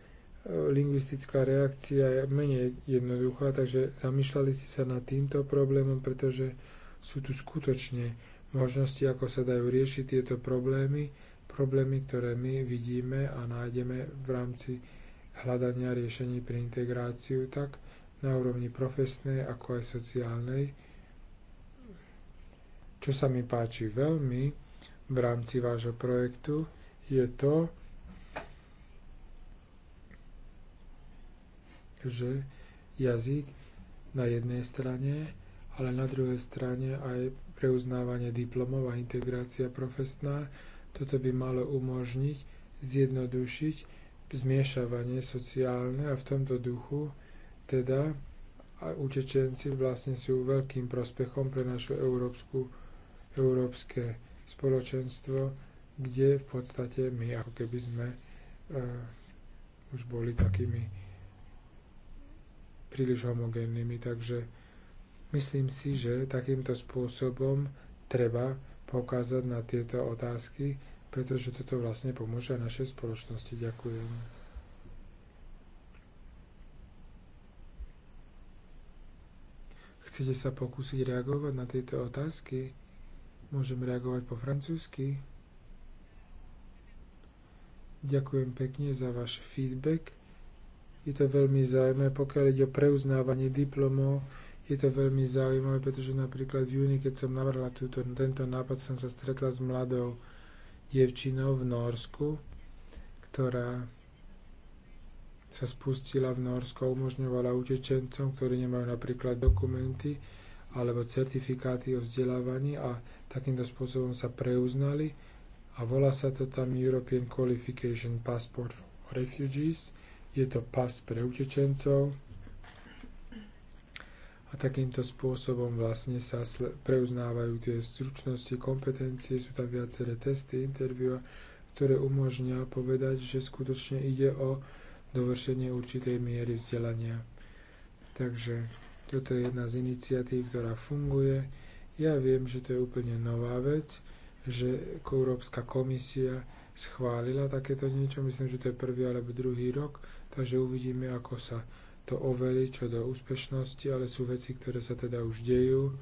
lingvistická reakcia je menej jednoduchá, takže zamýšľali ste sa nad týmto problémom, pretože sú tu skutočne možnosti, ako sa dajú riešiť tieto problémy problémy, ktoré my vidíme a nájdeme v rámci hľadania riešení pre integráciu tak na úrovni profesnej ako aj sociálnej. Čo sa mi páči veľmi v rámci vášho projektu je to, že jazyk na jednej strane, ale na druhej strane aj preuznávanie diplomov a integrácia profesná toto by malo umožniť zjednodušiť zmiešavanie sociálne a v tomto duchu teda a utečenci vlastne sú veľkým prospechom pre našu európsku, európske spoločenstvo, kde v podstate my ako keby sme e, už boli takými príliš homogénnymi. Takže myslím si, že takýmto spôsobom treba pokázať na tieto otázky pretože toto vlastne pomôže aj našej spoločnosti. Ďakujem. Chcete sa pokúsiť reagovať na tieto otázky? Môžem reagovať po francúzsky? Ďakujem pekne za váš feedback. Je to veľmi zaujímavé, pokiaľ ide o preuznávanie diplomov, je to veľmi zaujímavé, pretože napríklad v júni, keď som navrhla tento nápad, som sa stretla s mladou dievčinou v Norsku, ktorá sa spustila v Norsku a umožňovala utečencom, ktorí nemajú napríklad dokumenty alebo certifikáty o vzdelávaní a takýmto spôsobom sa preuznali a volá sa to tam European Qualification Passport for Refugees. Je to pas pre utečencov, a takýmto spôsobom vlastne sa preuznávajú tie zručnosti, kompetencie, sú tam viaceré testy, interview, ktoré umožňa povedať, že skutočne ide o dovršenie určitej miery vzdelania. Takže toto je jedna z iniciatív, ktorá funguje. Ja viem, že to je úplne nová vec, že Európska komisia schválila takéto niečo. Myslím, že to je prvý alebo druhý rok, takže uvidíme, ako sa to overiť čo do úspešnosti, ale sú veci, ktoré sa teda už dejú.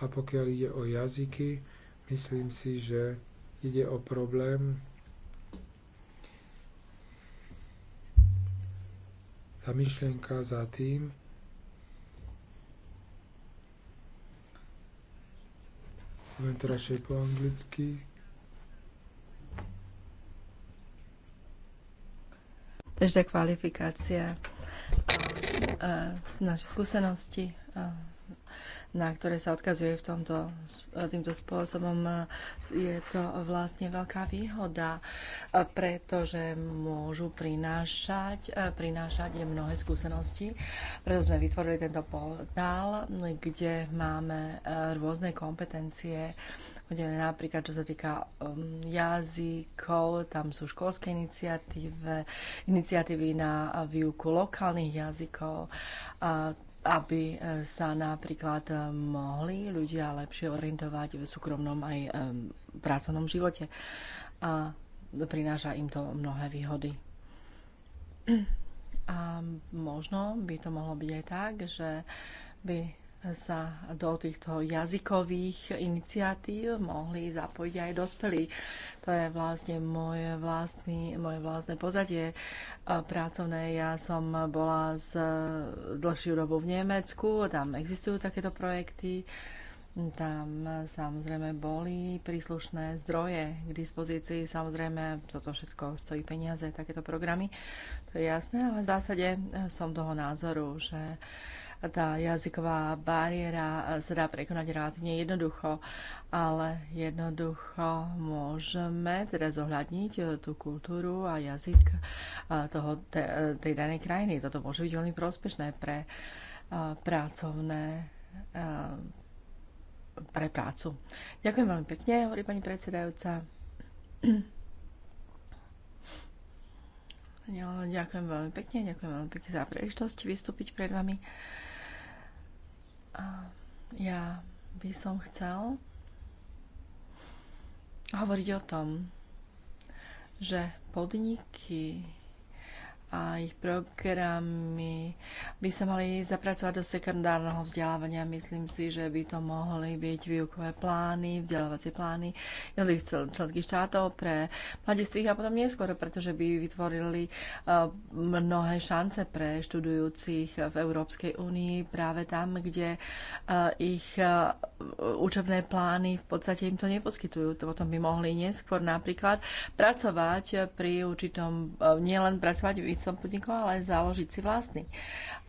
A pokiaľ ide o jazyky, myslím si, že ide o problém. Tá myšlienka za tým, poviem to radšej po anglicky. Takže kvalifikácia E, naše skúsenosti, e, na ktoré sa odkazuje v tomto, e, týmto spôsobom, je to vlastne veľká výhoda, pretože môžu prinášať, prinášať mnohé skúsenosti. Preto sme vytvorili tento portál, kde máme rôzne kompetencie, napríklad čo sa týka um, jazykov, tam sú školské iniciatíve, iniciatívy na výuku lokálnych jazykov, a, aby e, sa napríklad e, mohli ľudia lepšie orientovať v súkromnom aj um, pracovnom živote. A prináša im to mnohé výhody. A možno by to mohlo byť aj tak, že by sa do týchto jazykových iniciatív mohli zapojiť aj dospelí. To je vlastne moje, vlastný, moje vlastné pozadie e, pracovné. Ja som bola z dlhšiu dobu v Nemecku, tam existujú takéto projekty. Tam samozrejme boli príslušné zdroje k dispozícii. Samozrejme, toto všetko stojí peniaze, takéto programy. To je jasné, ale v zásade e, som toho názoru, že tá jazyková bariéra sa dá prekonať relatívne jednoducho, ale jednoducho môžeme teda zohľadniť eh, tú kultúru a jazyk eh, toho, eh, tej danej krajiny. Toto môže byť veľmi prospešné pre pracovné pre prácu. Ďakujem veľmi pekne, hovorí pani predsedajúca. [clears throat] Ďakujem veľmi pekne, ďakujem veľmi pekne za príležitosť vystúpiť pred vami. Ja by som chcel hovoriť o tom, že podniky a ich programy by sa mali zapracovať do sekundárneho vzdelávania. Myslím si, že by to mohli byť výukové plány, vzdelávacie plány jednotlivých členských štátov pre mladistvých a potom neskôr, pretože by vytvorili e, mnohé šance pre študujúcich v Európskej únii práve tam, kde e, ich e, učebné plány v podstate im to neposkytujú. To potom by mohli neskôr napríklad pracovať pri určitom, nielen pracovať v som podnikla, ale založiť si vlastný.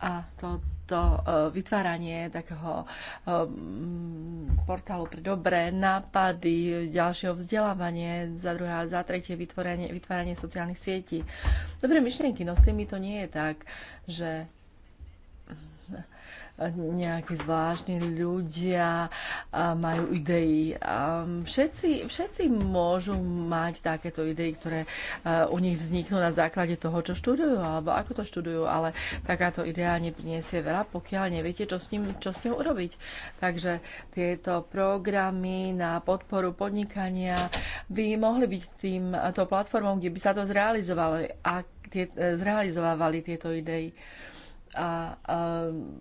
A to to e, vytváranie takého e, portálu pre dobré nápady, ďalšieho vzdelávanie, za druhé a za tretie vytváranie sociálnych sietí. Dobré myšlienky, no s tými to nie je tak, že nejakí zvláštni ľudia majú idei. Všetci, všetci môžu mať takéto idei, ktoré u nich vzniknú na základe toho, čo študujú, alebo ako to študujú, ale takáto idea nepriniesie veľa, pokiaľ neviete, čo s, ním, čo s ňou urobiť. Takže tieto programy na podporu podnikania by mohli byť tým, to platformou, kde by sa to zrealizovalo, a tie, e, zrealizovávali tieto idei a, a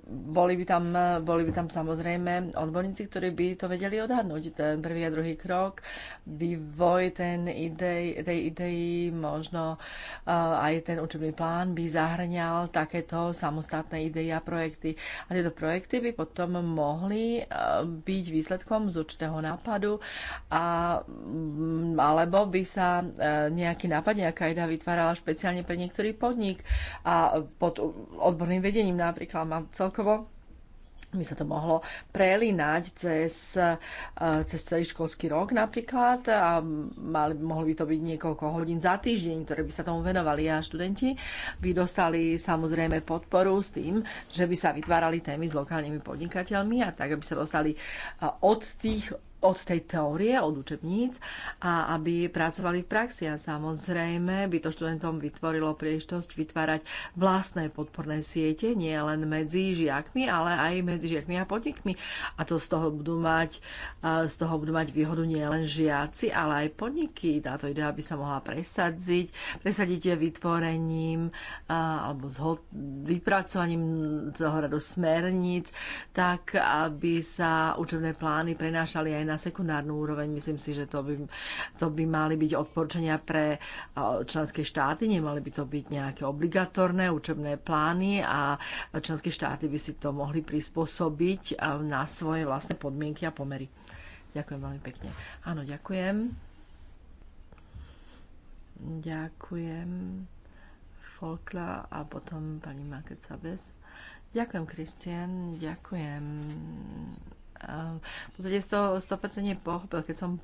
boli, by tam, boli by tam samozrejme odborníci, ktorí by to vedeli odhadnúť. Ten prvý a druhý krok, vývoj ten idej, tej idei, možno aj ten učebný plán by zahrňal takéto samostatné idei a projekty. A tieto projekty by potom mohli byť výsledkom z určitého nápadu a, alebo by sa e, nejaký nápad, nejaká idea vytvárala špeciálne pre niektorý podnik a pod odborným vedením napríklad. Mám celkovo by sa to mohlo prelinať cez, e, cez celý školský rok napríklad a mali, mohlo by to byť niekoľko hodín za týždeň, ktoré by sa tomu venovali a študenti by dostali samozrejme podporu s tým, že by sa vytvárali témy s lokálnymi podnikateľmi a tak, aby sa dostali e, od tých od tej teórie, od učebníc a aby pracovali v praxi. A samozrejme by to študentom vytvorilo príležitosť vytvárať vlastné podporné siete, nie len medzi žiakmi, ale aj medzi žiakmi a podnikmi. A to z toho budú mať, z toho budú mať výhodu len žiaci, ale aj podniky. Táto idea by sa mohla presadiť, je vytvorením alebo vypracovaním celého radu smerníc, tak aby sa učebné plány prenášali aj na na sekundárnu úroveň. Myslím si, že to by, to by mali byť odporčenia pre e, členské štáty, nemali by to byť nejaké obligatórne učebné plány a členské štáty by si to mohli prispôsobiť e, na svoje vlastné podmienky a pomery. Ďakujem veľmi pekne. Áno, ďakujem. Ďakujem. Folkla a potom pani Makecabes. Ďakujem, Kristian. Ďakujem v podstate 100%, 100 pochopil, keď som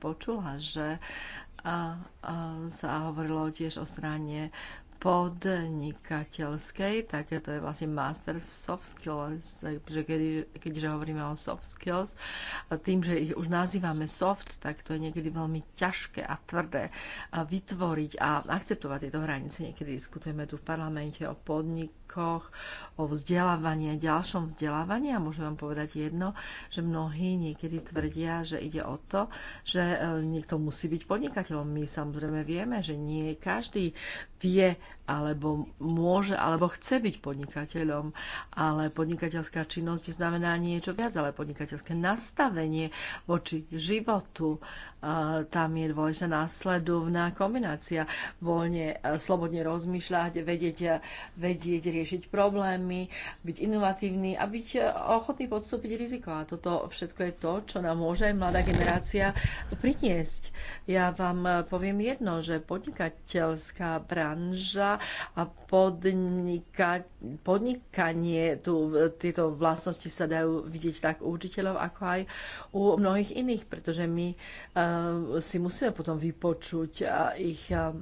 počula, že sa hovorilo tiež o strane podnikateľskej, tak to je vlastne master v soft skills, takže keď, keďže hovoríme o soft skills, tým, že ich už nazývame soft, tak to je niekedy veľmi ťažké a tvrdé vytvoriť a akceptovať tieto hranice. Niekedy diskutujeme tu v parlamente o podnikoch, o vzdelávaní a ďalšom vzdelávaní a môžem vám povedať jedno, že mnohí niekedy tvrdia, že ide o to, že e, niekto musí byť podnikateľom. My samozrejme vieme, že nie každý vie alebo môže, alebo chce byť podnikateľom, ale podnikateľská činnosť znamená niečo viac, ale podnikateľské nastavenie voči životu, e, tam je dôležitá následovná kombinácia. Voľne, e, slobodne rozmýšľať, vedieť, e, vedieť riešiť problémy, byť inovatívny a byť ochotný podstúpiť riziko. A toto všetko je to, čo nám môže aj mladá generácia priniesť. Ja vám poviem jedno, že podnikateľská branža a podnika, podnikanie, tu, tieto vlastnosti sa dajú vidieť tak u učiteľov, ako aj u mnohých iných, pretože my uh, si musíme potom vypočuť uh, ich uh,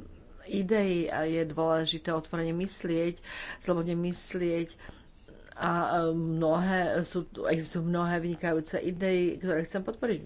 idei a je dôležité otvorene myslieť, slobodne myslieť a e, mnohé, sú, existujú mnohé vynikajúce idei, ktoré chcem podporiť.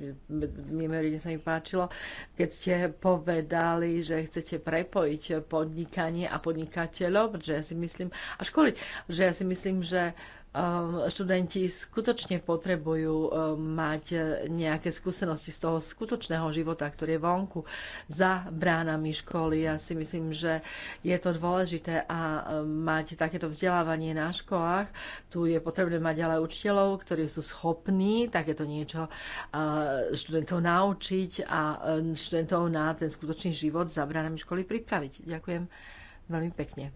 Mimoriadne sa mi páčilo, keď ste povedali, že chcete prepojiť podnikanie a podnikateľov, že ja si myslím, a školy, že ja si myslím, že uh, Ehm, študenti skutočne potrebujú ehm, mať e, nejaké skúsenosti z toho skutočného života, ktorý je vonku za bránami školy. Ja si myslím, že je to dôležité a ehm, mať takéto vzdelávanie na školách. Tu je potrebné mať ale učiteľov, ktorí sú schopní takéto niečo e, študentov naučiť a študentov na ten skutočný život za bránami školy pripraviť. Ďakujem veľmi pekne.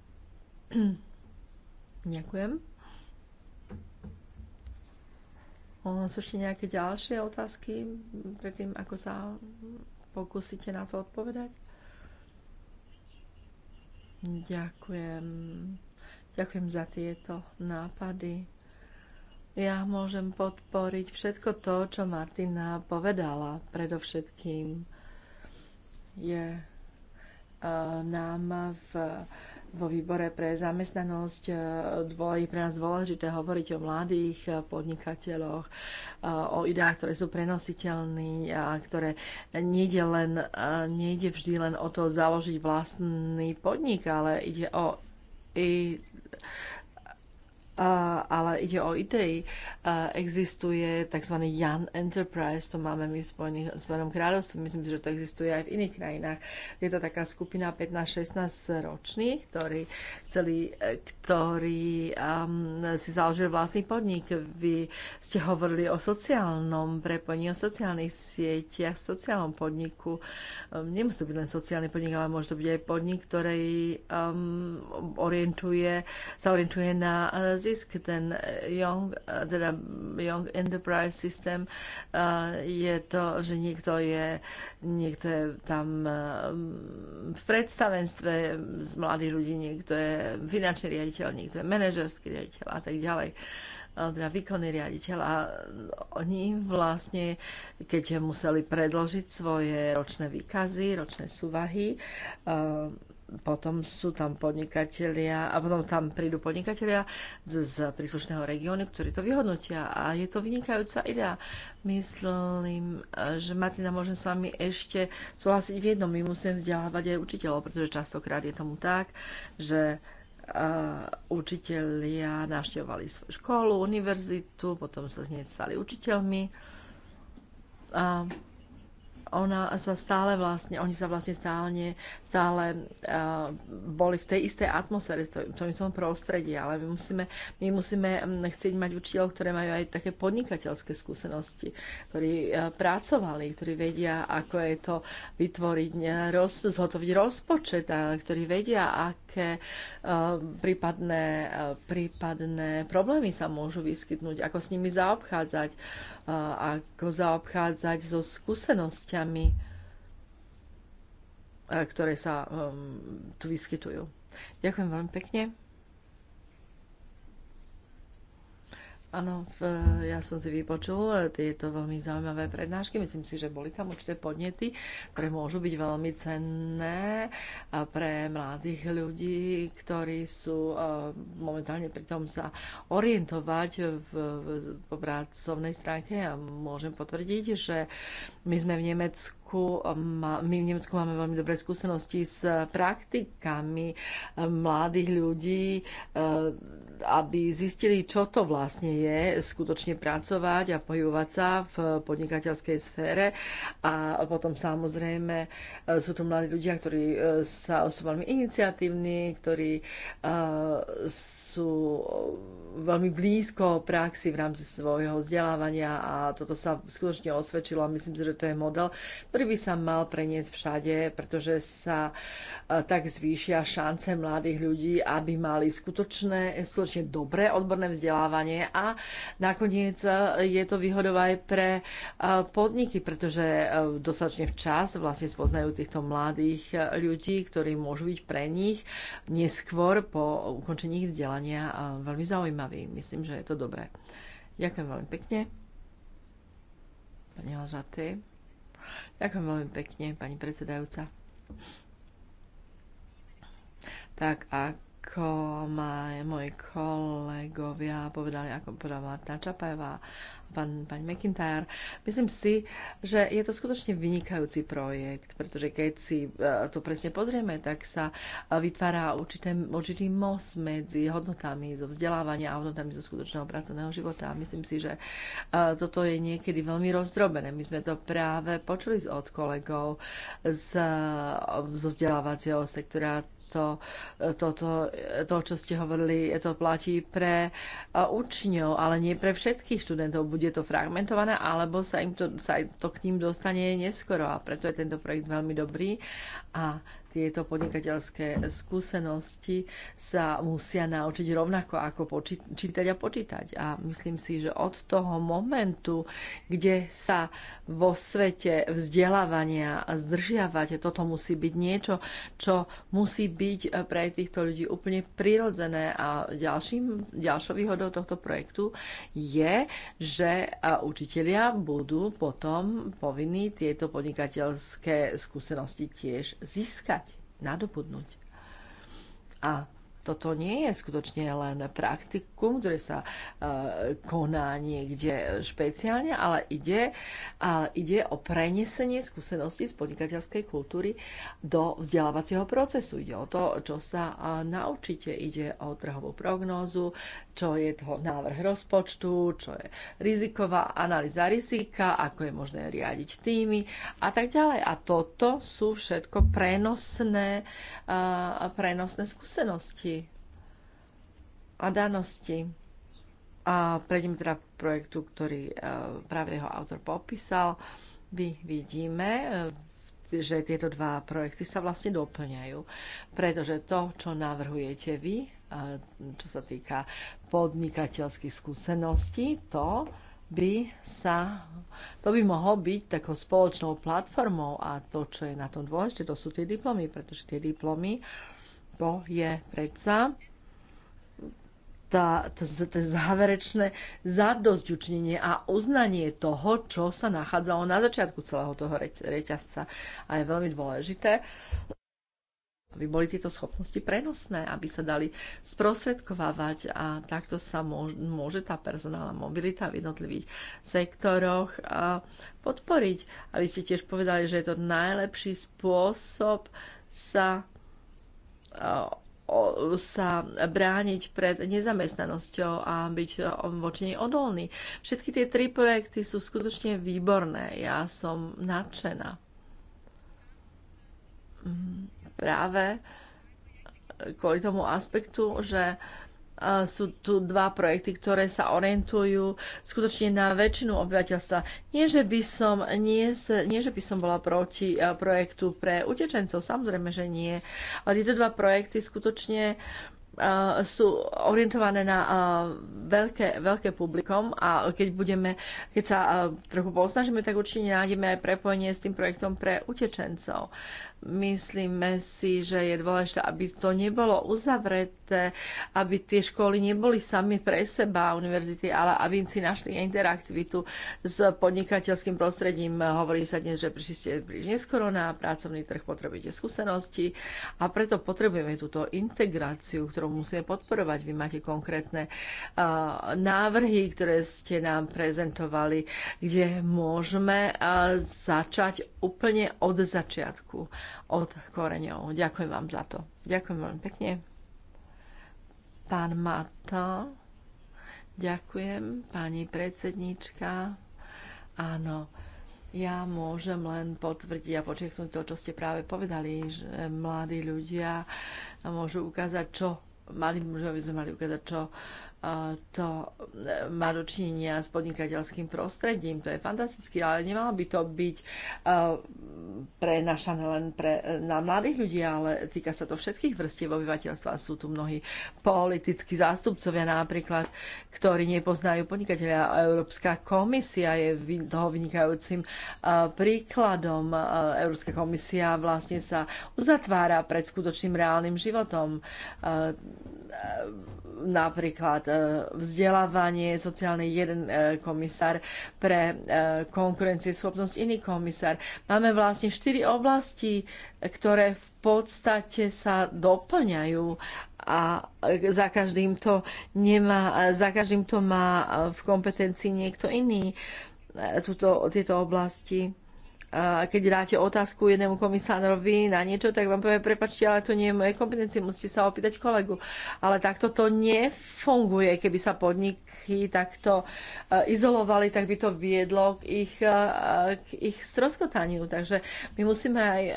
[clears throat] Ďakujem. Hm, sú ešte nejaké ďalšie otázky predtým, ako sa pokúsite na to odpovedať? Ďakujem. Ďakujem za tieto nápady. Ja môžem podporiť všetko to, čo Martina povedala. Predovšetkým je eh, nám v vo výbore pre zamestnanosť e, je pre nás dôležité hovoriť o mladých e, podnikateľoch, e, o ideách, ktoré sú prenositeľné a ktoré nejde, len, nejde vždy len o to založiť vlastný podnik, ale ide o i ale ide o idei. Existuje tzv. Jan Enterprise, to máme my v Spojenom kráľovstve, myslím, že to existuje aj v iných krajinách. Je to taká skupina 15-16 ročných, ktorí, chceli, ktorí um, si založili vlastný podnik. Vy ste hovorili o sociálnom prepojení, o sociálnych sieťach, sociálnom podniku. Um, nemusí to byť len sociálny podnik, ale môže to byť aj podnik, ktorý um, orientuje, sa orientuje na zisk. Ten e, Young, e, teda Young Enterprise System e, je to, že niekto je, niekto je tam v predstavenstve z mladých ľudí, niekto je finančný riaditeľ, niekto je manažerský riaditeľ a tak ďalej teda výkonný riaditeľ a oni vlastne, keď museli predložiť svoje ročné výkazy, ročné súvahy, potom sú tam podnikatelia a potom tam prídu podnikatelia z, z príslušného regiónu, ktorí to vyhodnotia a je to vynikajúca idea. Myslím, že Martina, môžem s vami ešte súhlasiť v jednom. My musíme vzdelávať aj učiteľov, pretože častokrát je tomu tak, že Uh, učitelia navštevovali svoju školu, univerzitu, potom sa z nej stali učiteľmi. A ona sa stále vlastne, oni sa vlastne stále stále eh, boli v tej istej atmosfére, v tom istom prostredí, ale my musíme, my musíme mm, chcieť mať učiteľov, ktoré majú aj také podnikateľské skúsenosti, ktorí eh, pracovali, ktorí vedia, ako je to vytvoriť, eh, roz, zhotoviť rozpočet, a ktorí vedia, aké prípadné, prípadné problémy sa môžu vyskytnúť, ako s nimi zaobchádzať, ako zaobchádzať so skúsenosťami E, ktoré sa um, tu vyskytujú. Ďakujem veľmi pekne. Áno, ja som si vypočul e, tieto veľmi zaujímavé prednášky. Myslím si, že boli tam určité podnety, ktoré môžu byť veľmi cenné pre mladých ľudí, ktorí sú e, momentálne pri tom sa orientovať v, v, po pracovnej stránke. Ja môžem potvrdiť, že my sme v Nemecku Nemecku, my v Nemecku máme veľmi dobré skúsenosti s praktikami mladých ľudí aby zistili, čo to vlastne je skutočne pracovať a pohybovať sa v podnikateľskej sfére. A potom samozrejme e, sú tu mladí ľudia, ktorí e, sa, sú veľmi iniciatívni, ktorí e, sú veľmi blízko praxi v rámci svojho vzdelávania a toto sa skutočne osvedčilo a myslím si, že to je model, ktorý by sa mal preniesť všade, pretože sa tak zvýšia šance mladých ľudí, aby mali skutočné, skutočne skutočne dobré odborné vzdelávanie a nakoniec e, je to výhodové aj pre e, podniky, pretože e, dostatočne včas vlastne spoznajú týchto mladých ľudí, ktorí môžu byť pre nich neskôr po ukončení ich vzdelania veľmi zaujímaví. Myslím, že je to dobré. Ďakujem veľmi pekne. Pani Lažaty. Ďakujem veľmi pekne, pani predsedajúca. Tak ak ako ma moji kolegovia povedali, ako povedala Martina Čapajová a pán, pán McIntyre. Myslím si, že je to skutočne vynikajúci projekt, pretože keď si e, to presne pozrieme, tak sa e, vytvára určité, určitý most medzi hodnotami zo vzdelávania a hodnotami zo skutočného pracovného života. Myslím si, že e, toto je niekedy veľmi rozdrobené. My sme to práve počuli od kolegov z, zo vzdelávacieho sektora to, e, to, to, e, to, čo ste hovorili, e, to platí pre učňov, ale nie pre všetkých študentov. Bude to fragmentované, alebo sa, im to, sa to k ním dostane neskoro. A preto je tento projekt veľmi dobrý. A tieto podnikateľské skúsenosti sa musia naučiť rovnako ako čítať a počítať. A myslím si, že od toho momentu, kde sa vo svete vzdelávania zdržiavate, toto musí byť niečo, čo musí byť eh, pre týchto ľudí úplne prirodzené. A ďalším, ďalšou výhodou tohto projektu je, že eh, učitelia budú potom povinní tieto podnikateľské skúsenosti tiež získať nadobudnúť. A toto nie je skutočne len praktikum, ktoré sa e, koná niekde špeciálne, ale ide, ale ide o prenesenie skúseností z podnikateľskej kultúry do vzdelávacieho procesu. Ide o to, čo sa e, naučíte, ide o trhovú prognózu, čo je toho návrh rozpočtu, čo je riziková analýza rizika, ako je možné riadiť týmy a tak ďalej. A toto sú všetko prenosné, uh, prenosné skúsenosti a danosti. A prejdeme teda k projektu, ktorý uh, práve jeho autor popísal. my vidíme, e, že tieto dva projekty sa vlastne doplňajú, pretože to, čo navrhujete vy, čo sa týka podnikateľských skúseností, to by sa, to by mohlo byť takou spoločnou platformou a to, čo je na tom dôležité, to sú tie diplomy, pretože tie diplomy, to je predsa tá, to, to, to záverečné zadozďučnenie a uznanie toho, čo sa nachádzalo na začiatku celého toho reťazca. A je veľmi dôležité, aby boli tieto schopnosti prenosné, aby sa dali sprostredkovávať a takto sa môže tá personálna mobilita v jednotlivých sektoroch podporiť. A vy ste tiež povedali, že je to najlepší spôsob sa sa brániť pred nezamestnanosťou a byť voči nej odolný. Všetky tie tri projekty sú skutočne výborné. Ja som nadšená. Mhm práve kvôli tomu aspektu, že e, sú tu dva projekty, ktoré sa orientujú skutočne na väčšinu obyvateľstva. Nie, že by som, nie, nie, že by som bola proti e, projektu pre utečencov, samozrejme, že nie. Ale tieto dva projekty skutočne e, sú orientované na veľké, veľké publikom a keď budeme, keď sa trochu posnažíme, tak určite nájdeme aj prepojenie s tým projektom pre utečencov. Myslíme si, že je dôležité, aby to nebolo uzavreté, aby tie školy neboli sami pre seba, univerzity, ale aby si našli interaktivitu s podnikateľským prostredím. Hovorí sa dnes, že prišli ste príliš neskoro na pracovný trh, potrebujete skúsenosti a preto potrebujeme túto integráciu, ktorú musíme podporovať. Vy máte konkrétne uh, návrhy, ktoré ste nám prezentovali, kde môžeme uh, začať úplne od začiatku od koreňov. Ďakujem vám za to. Ďakujem veľmi pekne. Pán Mata, ďakujem. Pani predsednička, áno. Ja môžem len potvrdiť a počeknúť to, čo ste práve povedali, že mladí ľudia môžu ukázať, čo mali, že aby sme mali ukázať, čo to e, má dočinenia s podnikateľským prostredím. To je fantastické, ale nemalo by to byť e, naša len pre, e, na mladých ľudí, ale týka sa to všetkých vrstiev obyvateľstva. Sú tu mnohí politickí zástupcovia napríklad, ktorí nepoznajú podnikateľa. Európska komisia je toho vynikajúcim príkladom. Európska komisia vlastne sa uzatvára pred skutočným reálnym životom napríklad e, vzdelávanie, sociálny jeden e, komisár pre e, konkurencieschopnosť, iný komisár. Máme vlastne štyri oblasti, ktoré v podstate sa doplňajú a za každým to, nemá, za každým to má v kompetencii niekto iný. Tuto, tieto oblasti keď dáte otázku jednému komisárovi na niečo, tak vám povie, prepačte, ale to nie je moje kompetencie, musíte sa opýtať kolegu. Ale takto to nefunguje. Keby sa podniky takto e, izolovali, tak by to viedlo k ich, e, k ich stroskotaniu. Takže my musíme aj e,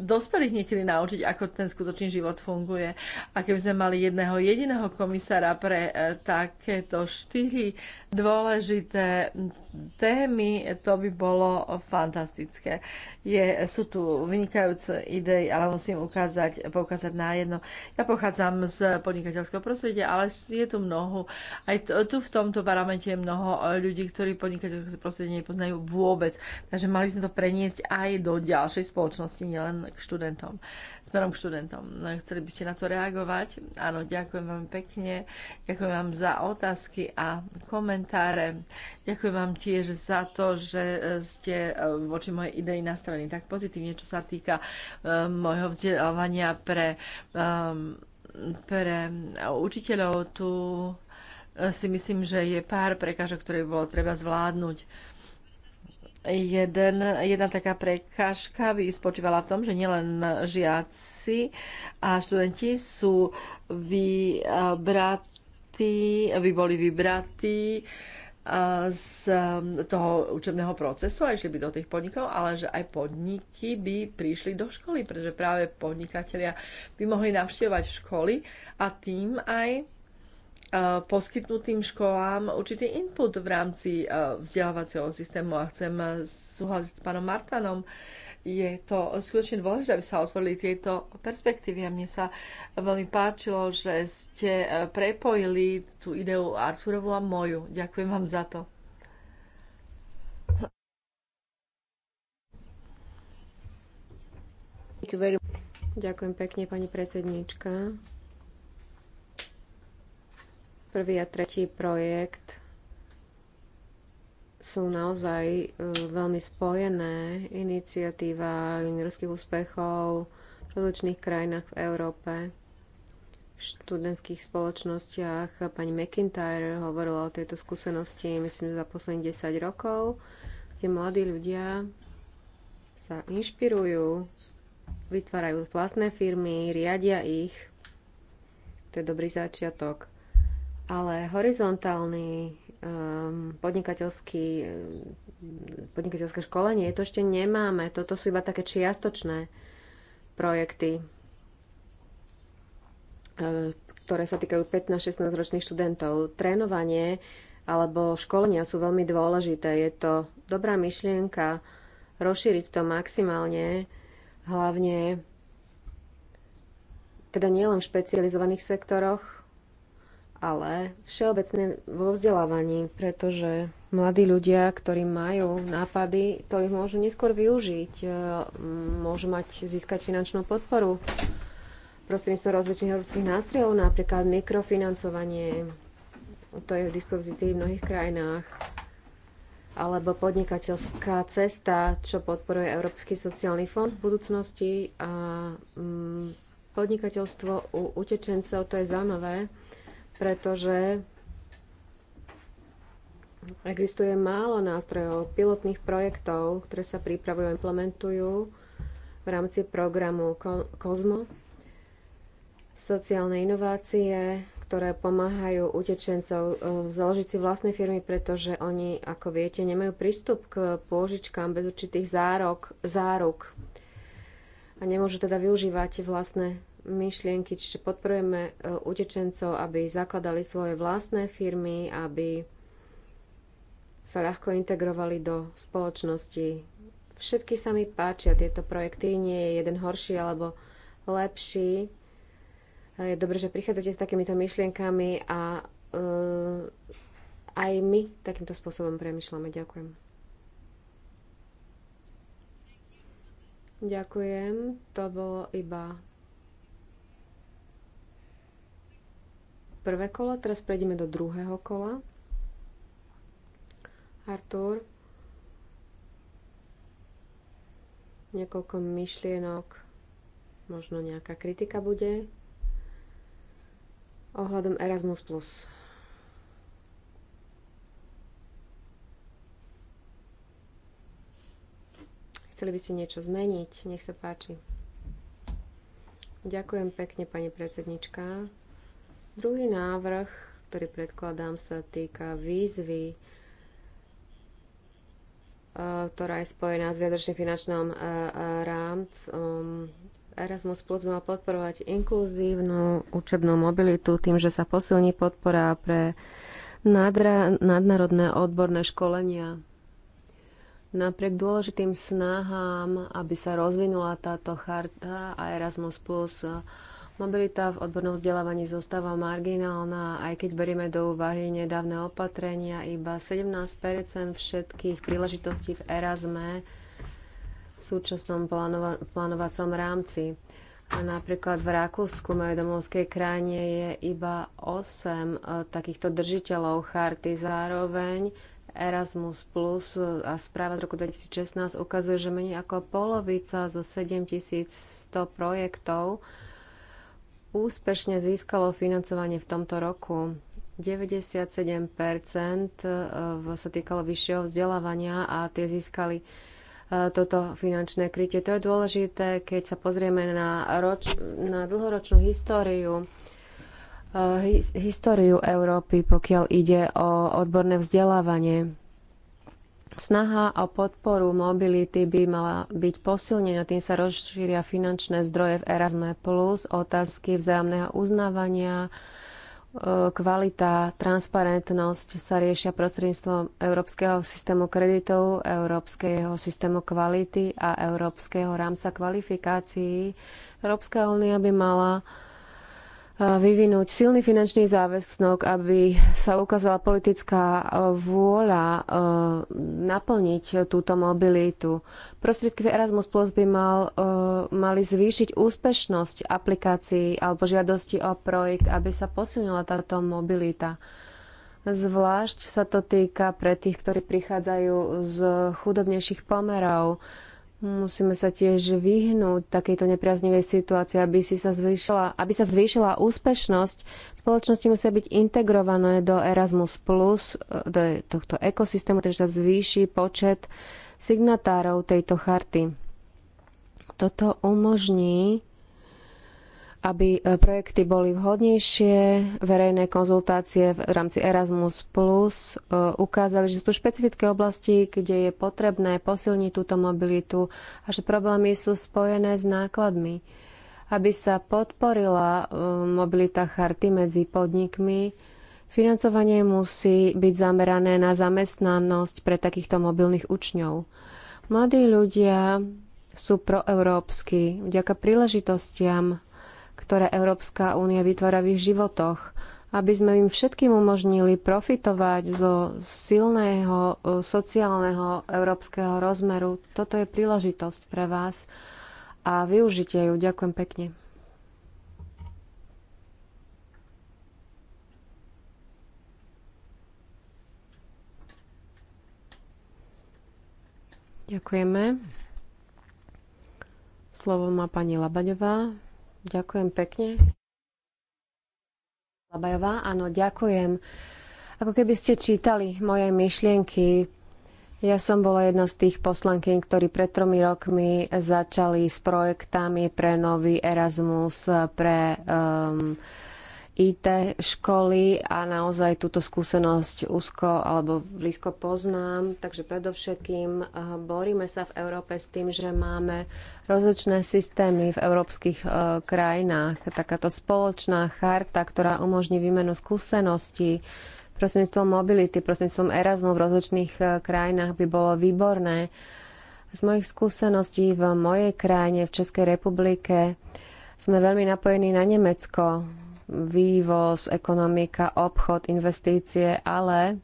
dospelých niekedy naučiť, ako ten skutočný život funguje. A keby sme mali jedného jediného komisára pre takéto štyri dôležité témy, to by bolo fantastické. Je, sú tu vynikajúce idei, ale musím ukázať, poukázať na jedno. Ja pochádzam z podnikateľského prostredia, ale je tu mnoho, aj tu v tomto parlamente je mnoho ľudí, ktorí podnikateľské prostredie nepoznajú vôbec. Takže mali sme to preniesť aj do ďalšej spoločnosti, nielen k študentom, smerom k študentom. Chceli by ste na to reagovať? Áno, ďakujem veľmi pekne. Ďakujem vám za otázky a komentáre. Ďakujem vám tiež za to, že eh, ste eh, voči mojej idei nastavení tak pozitívne, čo sa týka eh, môjho vzdelávania pre, ehm, pre učiteľov. Tu si myslím, že je pár prekážok, ktoré bolo treba zvládnuť. Jeden, jedna taká prekážka by spočívala v tom, že nielen žiaci a študenti sú vybratí, by boli vybratí z um, toho učebného procesu a išli by do tých podnikov, ale že aj podniky by prišli do školy, pretože práve podnikatelia by mohli navštevovať školy a tým aj poskytnutým školám určitý input v rámci vzdelávacieho systému a chcem súhlasiť s pánom Martanom, je to skutočne dôležité, aby sa otvorili tieto perspektívy. A mne sa veľmi páčilo, že ste e, prepojili tú ideu Arturovu a moju. Ďakujem vám za to. Ďakujem pekne, pani predsedníčka. Prvý a tretí projekt sú naozaj e, veľmi spojené. Iniciatíva juniorských úspechov v rozličných krajinách v Európe, v študentských spoločnostiach. Pani McIntyre hovorila o tejto skúsenosti, myslím, za posledných 10 rokov, kde mladí ľudia sa inšpirujú, vytvárajú vlastné firmy, riadia ich. To je dobrý začiatok. Ale horizontálny Ehm, podnikateľský, ehm, podnikateľské školenie. To ešte nemáme. Toto sú iba také čiastočné projekty, ehm, ktoré sa týkajú 15-16 ročných študentov. Trénovanie alebo školenia sú veľmi dôležité. Je to dobrá myšlienka rozšíriť to maximálne, hlavne teda nielen v špecializovaných sektoroch, ale všeobecne vo vzdelávaní, pretože mladí ľudia, ktorí majú nápady, to ich môžu neskôr využiť. E, môžu mať, získať finančnú podporu prostredníctvom rozličných európskych nástrojov, napríklad mikrofinancovanie, to je v dispozícii v mnohých krajinách, alebo podnikateľská cesta, čo podporuje Európsky sociálny fond v budúcnosti a mm, podnikateľstvo u utečencov, to je zaujímavé pretože existuje málo nástrojov, pilotných projektov, ktoré sa pripravujú a implementujú v rámci programu COSMO, sociálne inovácie, ktoré pomáhajú utečencov e, založiť si vlastné firmy, pretože oni, ako viete, nemajú prístup k pôžičkám bez určitých zárok, záruk a nemôžu teda využívať vlastné myšlienky, čiže podporujeme e, utečencov, aby zakladali svoje vlastné firmy, aby sa ľahko integrovali do spoločnosti. Všetky sa mi páčia tieto projekty, nie je jeden horší alebo lepší. Je dobré, že prichádzate s takýmito myšlienkami a uh, aj my takýmto spôsobom premyšľame. Ďakujem. Ďakujem. To bolo iba prvé kolo, teraz prejdeme do druhého kola. Artur, niekoľko myšlienok, možno nejaká kritika bude ohľadom Erasmus+. plus. Chceli by ste niečo zmeniť? Nech sa páči. Ďakujem pekne, pani predsednička. Druhý návrh, ktorý predkladám, sa týka výzvy, e, ktorá je spojená s viadočným finančným e, e, rámcom. Erasmus Plus mal podporovať inkluzívnu učebnú mobilitu tým, že sa posilní podpora pre nadra, nadnárodné odborné školenia. Napriek dôležitým snahám, aby sa rozvinula táto charta a Erasmus Plus Mobilita v odbornom vzdelávaní zostáva marginálna, aj keď berieme do úvahy nedávne opatrenia, iba 17 všetkých príležitostí v Erasme v súčasnom plánova- plánovacom rámci. A napríklad v Rakúsku, mojej domovskej krajine, je iba 8 e, takýchto držiteľov charty. Zároveň Erasmus Plus a správa z roku 2016 ukazuje, že menej ako polovica zo 7100 projektov úspešne získalo financovanie v tomto roku. 97% e, sa týkalo vyššieho vzdelávania a tie získali e, toto finančné krytie. To je dôležité, keď sa pozrieme na, roč, na dlhoročnú históriu, e, históriu Európy, pokiaľ ide o odborné vzdelávanie. Snaha o podporu mobility by mala byť posilnená, tým sa rozšíria finančné zdroje v Erasme+, plus, otázky vzájomného uznávania, e, kvalita, transparentnosť sa riešia prostredníctvom Európskeho systému kreditov, Európskeho systému kvality a Európskeho rámca kvalifikácií. Európska únia by mala vyvinúť silný finančný záväznok, aby sa ukázala politická vôľa naplniť túto mobilitu. Prostriedky v Erasmus Plus by mal, mali zvýšiť úspešnosť aplikácií alebo žiadosti o projekt, aby sa posilnila táto mobilita. Zvlášť sa to týka pre tých, ktorí prichádzajú z chudobnejších pomerov. Musíme sa tiež vyhnúť takejto nepriaznivej situácii, aby, si sa zvýšila, aby sa zvýšila úspešnosť. Spoločnosti musia byť integrované do Erasmus+, e, do tohto ekosystému, takže sa zvýši počet signatárov tejto charty. Toto umožní aby e, projekty boli vhodnejšie, verejné konzultácie v rámci Erasmus Plus e, ukázali, že sú tu špecifické oblasti, kde je potrebné posilniť túto mobilitu a že problémy sú spojené s nákladmi. Aby sa podporila e, mobilita charty medzi podnikmi, financovanie musí byť zamerané na zamestnanosť pre takýchto mobilných učňov. Mladí ľudia sú proeurópsky vďaka príležitostiam ktoré Európska únia vytvára v ich životoch, aby sme im všetkým umožnili profitovať zo silného e, sociálneho európskeho rozmeru. Toto je príležitosť pre vás a využite ju. Ďakujem pekne. Ďakujeme. Slovo má pani Labaňová. Ďakujem pekne. Labajová, áno, ďakujem. Ako keby ste čítali moje myšlienky, ja som bola jedna z tých poslankyň, ktorí pred tromi rokmi začali s projektami pre nový Erasmus, pre um, IT školy a naozaj túto skúsenosť úzko alebo blízko poznám. Takže predovšetkým eh, boríme sa v Európe s tým, že máme rozličné systémy v európskych eh, krajinách. Takáto spoločná charta, ktorá umožní výmenu skúseností prostredníctvom mobility, prostredníctvom Erasmu v rozličných eh, krajinách by bolo výborné. Z mojich skúseností v mojej krajine, v Českej republike, sme veľmi napojení na Nemecko vývoz, ekonomika, obchod, investície, ale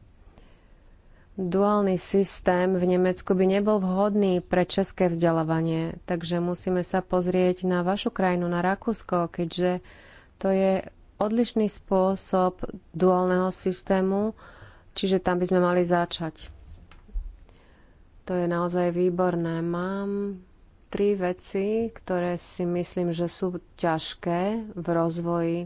duálny systém v Nemecku by nebol vhodný pre české vzdelávanie. Takže musíme sa pozrieť na vašu krajinu, na Rakúsko, keďže to je odlišný spôsob duálneho systému, čiže tam by sme mali začať. To je naozaj výborné. Mám tri veci, ktoré si myslím, že sú ťažké v rozvoji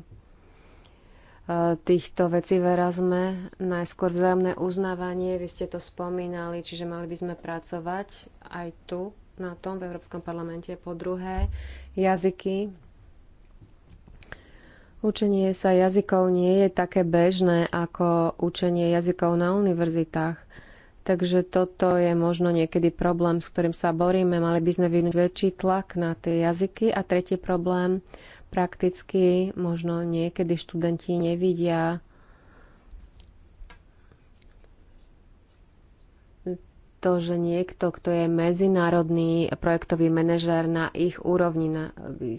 týchto vecí v Erasme. Najskôr vzájomné uznávanie, vy ste to spomínali, čiže mali by sme pracovať aj tu na tom v Európskom parlamente. Po druhé, jazyky. Učenie sa jazykov nie je také bežné ako učenie jazykov na univerzitách. Takže toto je možno niekedy problém, s ktorým sa boríme. Mali by sme vynúť väčší tlak na tie jazyky. A tretí problém, prakticky možno niekedy študenti nevidia to, že niekto, kto je medzinárodný projektový manažér na ich úrovni,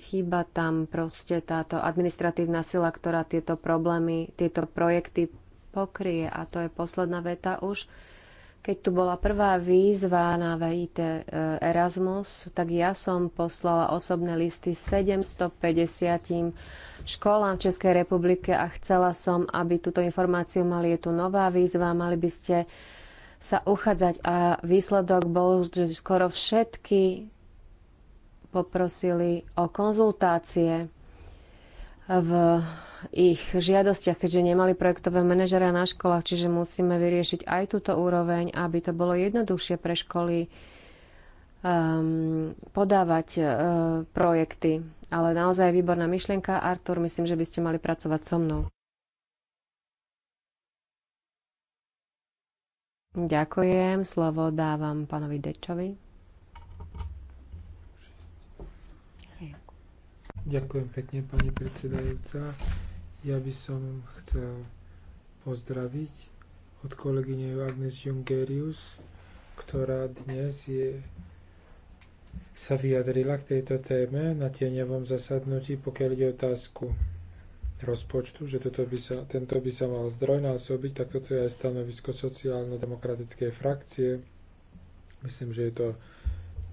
chýba tam proste táto administratívna sila, ktorá tieto problémy, tieto projekty pokrie. A to je posledná veta už. Keď tu bola prvá výzva na VIT e, Erasmus, tak ja som poslala osobné listy 750 školám v Českej republike a chcela som, aby túto informáciu mali. Je tu nová výzva, mali by ste sa uchádzať a výsledok bol, že skoro všetky poprosili o konzultácie v ich žiadostiach, keďže nemali projektové manažera na školách, čiže musíme vyriešiť aj túto úroveň, aby to bolo jednoduchšie pre školy um, podávať uh, projekty. Ale naozaj výborná myšlienka. Artur, myslím, že by ste mali pracovať so mnou. Ďakujem. Slovo dávam pánovi Dečovi. Ďakujem pekne, pani predsedajúca. Ja by som chcel pozdraviť od kolegyne Agnes Jungerius, ktorá dnes je, sa vyjadrila k tejto téme na tieňovom zasadnutí, pokiaľ ide otázku rozpočtu, že toto by sa, tento by sa mal zdrojnásobiť, tak toto je aj stanovisko sociálno-demokratickej frakcie. Myslím, že je to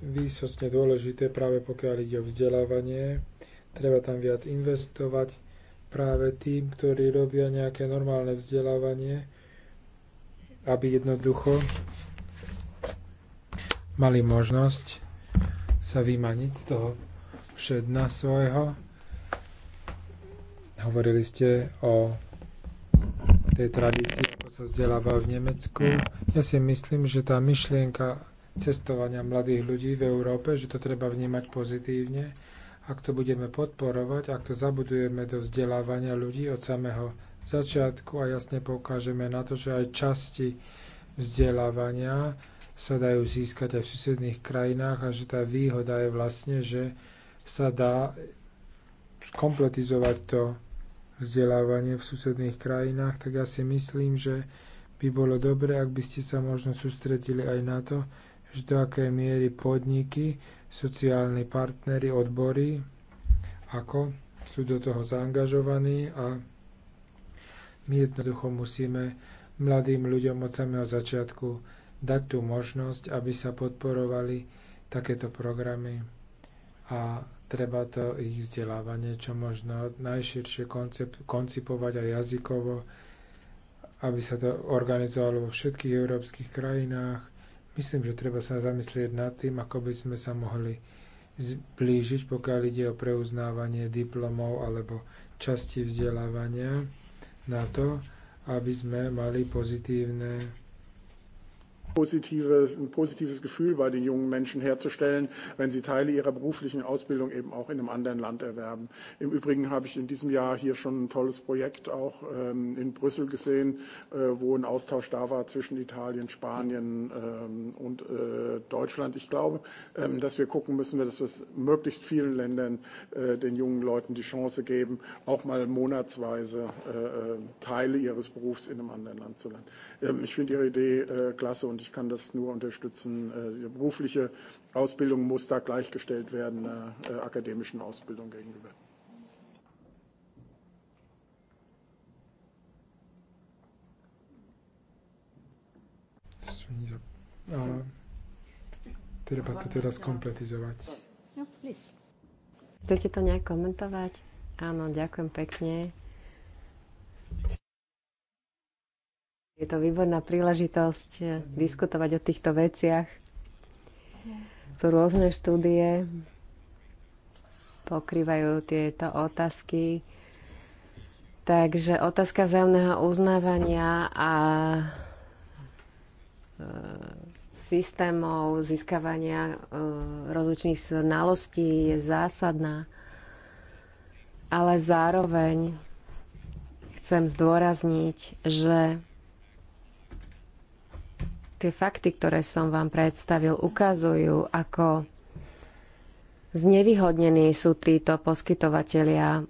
výsostne dôležité práve pokiaľ ide o vzdelávanie Treba tam viac investovať práve tým, ktorí robia nejaké normálne vzdelávanie, aby jednoducho mali možnosť sa vymaniť z toho všedna svojho. Hovorili ste o tej tradícii, ako sa vzdeláva v Nemecku. Ja si myslím, že tá myšlienka cestovania mladých ľudí v Európe, že to treba vnímať pozitívne, ak to budeme podporovať, ak to zabudujeme do vzdelávania ľudí od samého začiatku a jasne poukážeme na to, že aj časti vzdelávania sa dajú získať aj v susedných krajinách a že tá výhoda je vlastne, že sa dá skompletizovať to vzdelávanie v susedných krajinách, tak ja si myslím, že by bolo dobre, ak by ste sa možno sústredili aj na to, až do akej miery podniky, sociálni partnery, odbory, ako sú do toho zaangažovaní a my jednoducho musíme mladým ľuďom od samého začiatku dať tú možnosť, aby sa podporovali takéto programy a treba to ich vzdelávanie čo možno najširšie koncipovať aj jazykovo, aby sa to organizovalo vo všetkých európskych krajinách, Myslím, že treba sa zamyslieť nad tým, ako by sme sa mohli zblížiť, pokiaľ ide o preuznávanie diplomov alebo časti vzdelávania na to, aby sme mali pozitívne positives, ein positives Gefühl bei den jungen Menschen herzustellen, wenn sie Teile ihrer beruflichen Ausbildung eben auch in einem anderen Land erwerben. Im Übrigen habe ich in diesem Jahr hier schon ein tolles Projekt auch ähm, in Brüssel gesehen, äh, wo ein Austausch da war zwischen Italien, Spanien ähm, und äh, Deutschland. Ich glaube, ähm, dass wir gucken müssen, dass wir es möglichst vielen Ländern äh, den jungen Leuten die Chance geben, auch mal monatsweise äh, äh, Teile ihres Berufs in einem anderen Land zu lernen. Ähm, ich finde Ihre Idee äh, klasse und ich kann das nur unterstützen. Äh, die berufliche Ausbildung muss da gleichgestellt werden, der äh, äh, akademischen Ausbildung gegenüber. A treba to teraz kompletizovať. No, Chcete to nejak komentovať? Áno, ďakujem pekne. Je to výborná príležitosť eh, mhm. diskutovať o týchto veciach. Mhm. Sú rôzne štúdie, pokrývajú tieto otázky. Takže otázka vzájomného uznávania a eh, systémov získavania eh, rozličných znalostí je zásadná, ale zároveň chcem zdôrazniť, že tie fakty, ktoré som vám predstavil, ukazujú, ako znevýhodnení sú títo poskytovatelia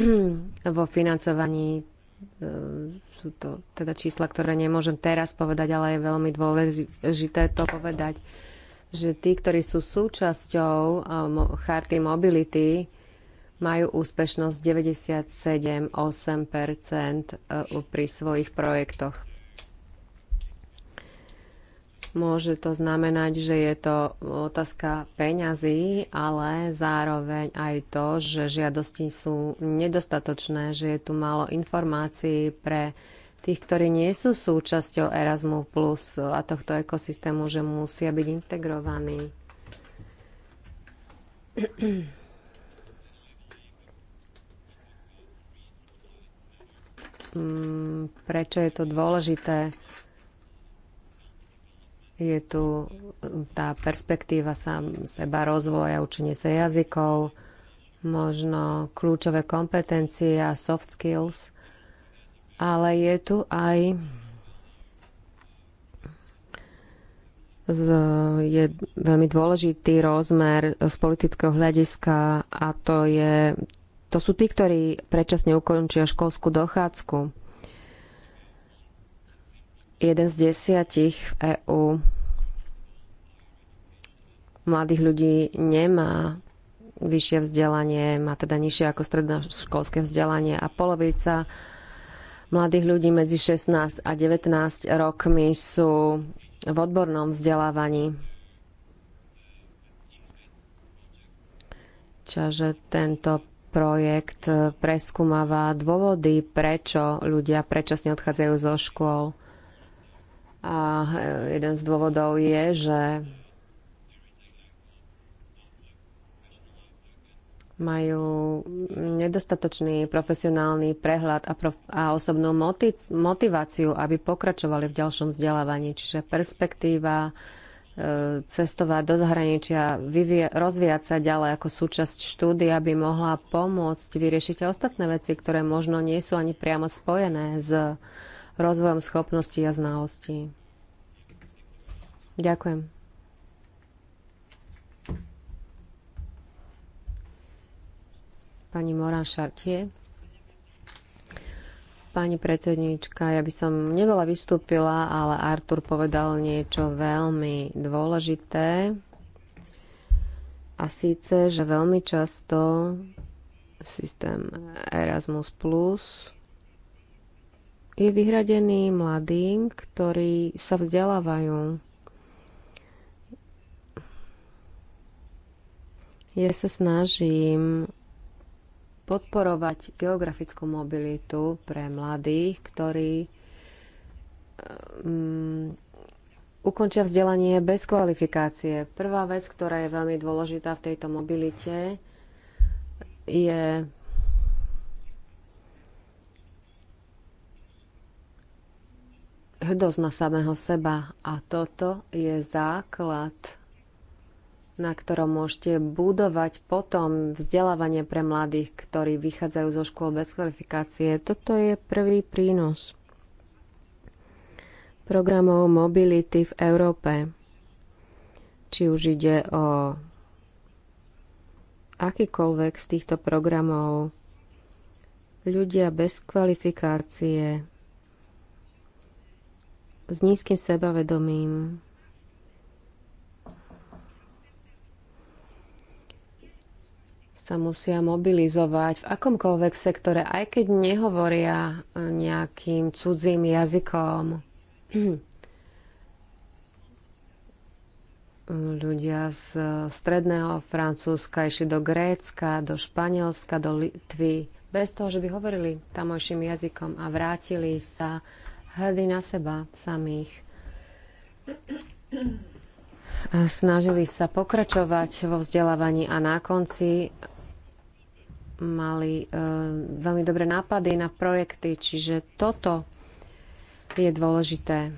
[clears throat] vo financovaní. E, sú to teda čísla, ktoré nemôžem teraz povedať, ale je veľmi dôležité to povedať, že tí, ktorí sú súčasťou e, charty mobility, majú úspešnosť 97,8 e, pri svojich projektoch. Môže to znamenať, že je to otázka peňazí, ale zároveň aj to, že žiadosti sú nedostatočné, že je tu málo informácií pre tých, ktorí nie sú súčasťou Erasmu Plus a tohto ekosystému, že musia byť integrovaní. Mm, prečo je to dôležité? Je tu e, tá perspektíva sám seba rozvoja, učenie sa jazykov, možno kľúčové kompetencie a soft skills, ale je tu aj z, je veľmi dôležitý rozmer z politického hľadiska a to, je, to sú tí, ktorí predčasne ukončia školskú dochádzku jeden z desiatich v EÚ mladých ľudí nemá vyššie vzdelanie, má teda nižšie ako strednoškolské vzdelanie a polovica mladých ľudí medzi 16 a 19 rokmi sú v odbornom vzdelávaní. Čiže tento projekt preskúmava dôvody, prečo ľudia predčasne odchádzajú zo škôl. A e, jeden z dôvodov je, že majú nedostatočný profesionálny prehľad a, prof- a osobnú motiv- motiváciu, aby pokračovali v ďalšom vzdelávaní. Čiže perspektíva e, cestovať do zahraničia, vyvie- rozvíjať sa ďalej ako súčasť štúdia by mohla pomôcť vyriešiť ostatné veci, ktoré možno nie sú ani priamo spojené s rozvojom schopností a znalostí. Ďakujem. Pani Moran Šartie. Pani predsedníčka, ja by som nebola vystúpila, ale Artur povedal niečo veľmi dôležité. A síce, že veľmi často systém Erasmus Plus je vyhradený mladým, ktorí sa vzdelávajú. Ja sa snažím podporovať geografickú mobilitu pre mladých, ktorí um, ukončia vzdelanie bez kvalifikácie. Prvá vec, ktorá je veľmi dôležitá v tejto mobilite, je hrdosť na samého seba. A toto je základ, na ktorom môžete budovať potom vzdelávanie pre mladých, ktorí vychádzajú zo škôl bez kvalifikácie. Toto je prvý prínos programov mobility v Európe. Či už ide o akýkoľvek z týchto programov, ľudia bez kvalifikácie s nízkym sebavedomím. sa musia mobilizovať v akomkoľvek sektore, aj keď nehovoria nejakým cudzím jazykom. [clears throat] Ľudia z stredného Francúzska išli do Grécka, do Španielska, do Litvy, bez toho, že by hovorili tamojším jazykom a vrátili sa hrdí na seba samých. Snažili sa pokračovať vo vzdelávaní a na konci mali e, veľmi dobré nápady na projekty, čiže toto je dôležité.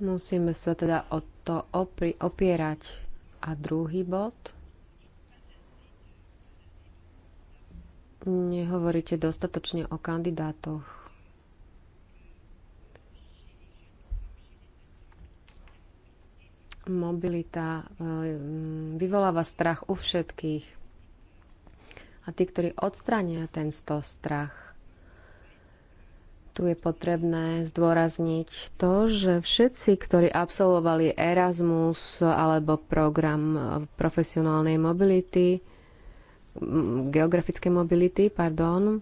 Musíme sa teda o to opri- opierať. A druhý bod – nehovoríte dostatočne o kandidátoch. Mobilita e, vyvoláva strach u všetkých. A tí, ktorí odstrania tento strach, tu je potrebné zdôrazniť to, že všetci, ktorí absolvovali Erasmus alebo program profesionálnej mobility, geografické mobility, pardon,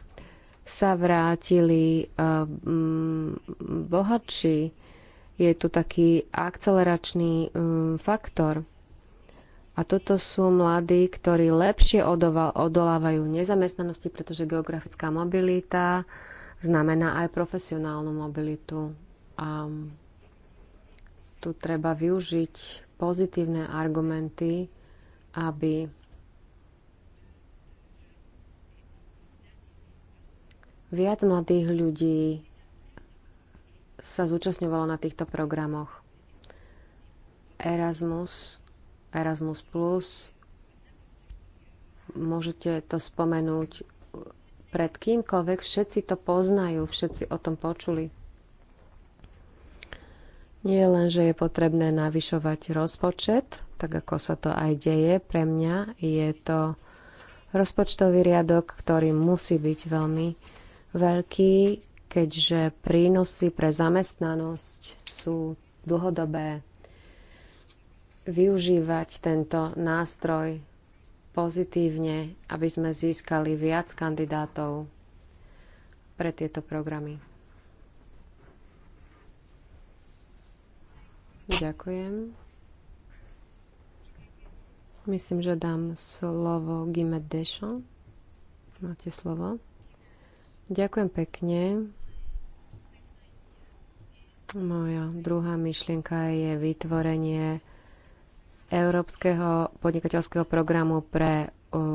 sa vrátili eh, mm, bohatší. Je tu taký akceleračný mm, faktor. A toto sú mladí, ktorí lepšie odolávajú nezamestnanosti, pretože geografická mobilita znamená aj profesionálnu mobilitu. A mm, tu treba využiť pozitívne argumenty, aby Viac mladých ľudí sa zúčastňovalo na týchto programoch. Erasmus, Erasmus+, Plus, môžete to spomenúť pred kýmkoľvek, všetci to poznajú, všetci o tom počuli. Nie len, že je potrebné navyšovať rozpočet, tak ako sa to aj deje, pre mňa je to rozpočtový riadok, ktorý musí byť veľmi veľký, keďže prínosy pre zamestnanosť sú dlhodobé. Využívať tento nástroj pozitívne, aby sme získali viac kandidátov pre tieto programy. Ďakujem. Myslím, že dám slovo Gimet Dešo. Máte slovo. Ďakujem pekne. Moja druhá myšlienka je vytvorenie Európskeho podnikateľského programu pre e,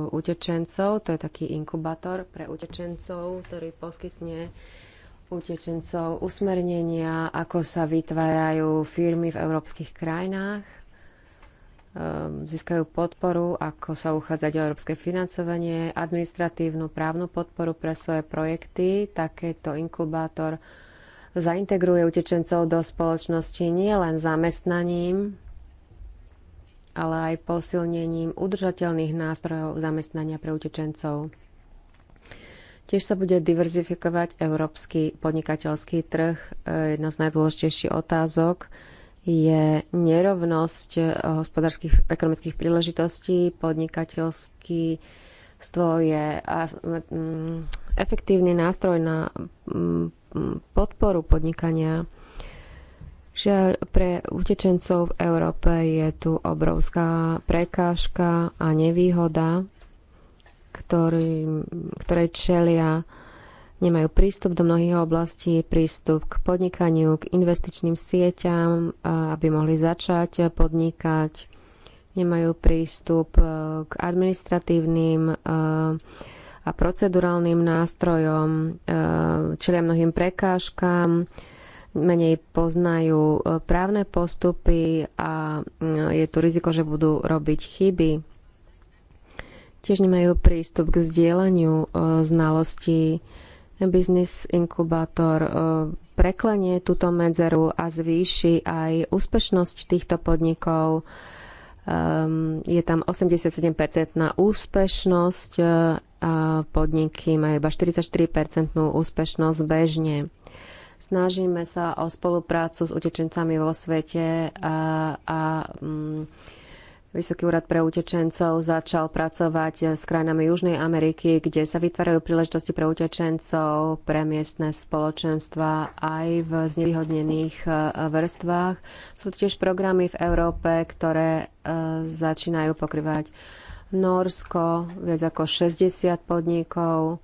utečencov. To je taký inkubátor pre utečencov, ktorý poskytne utečencov usmernenia, ako sa vytvárajú firmy v európskych krajinách Ehm, získajú podporu, ako sa uchádzať o európske financovanie, administratívnu právnu podporu pre svoje projekty. Takéto inkubátor zaintegruje utečencov do spoločnosti nielen zamestnaním, ale aj posilnením udržateľných nástrojov zamestnania pre utečencov. Tiež sa bude diverzifikovať európsky podnikateľský trh, jedna z najdôležitejších otázok, je nerovnosť eh, hospodárskych ekonomických príležitostí, podnikateľský stvo je mm, efektívny nástroj na mm, podporu podnikania. Žiaľ, pre utečencov v Európe je tu obrovská prekážka a nevýhoda, ktorý, ktoré čelia nemajú prístup do mnohých oblastí, prístup k podnikaniu, k investičným sieťam, aby mohli začať podnikať, nemajú prístup e, k administratívnym e, a procedurálnym nástrojom, e, čelia mnohým prekážkam, menej poznajú právne postupy a je tu riziko, že budú robiť chyby. Tiež nemajú prístup k zdieľaniu znalostí, Biznis inkubátor e, preklenie túto medzeru a zvýši aj úspešnosť týchto podnikov. Ehm, je tam 87 úspešnosť e, a podniky majú iba 44 úspešnosť bežne. Snažíme sa o spoluprácu s utečencami vo svete a, a mm, Vysoký úrad pre utečencov začal pracovať eh, s krajinami Južnej Ameriky, kde sa vytvárajú príležitosti pre utečencov, pre miestne spoločenstva aj v znevýhodnených eh, vrstvách. Sú tiež programy v Európe, ktoré eh, začínajú pokrývať Norsko, viac ako 60 podnikov,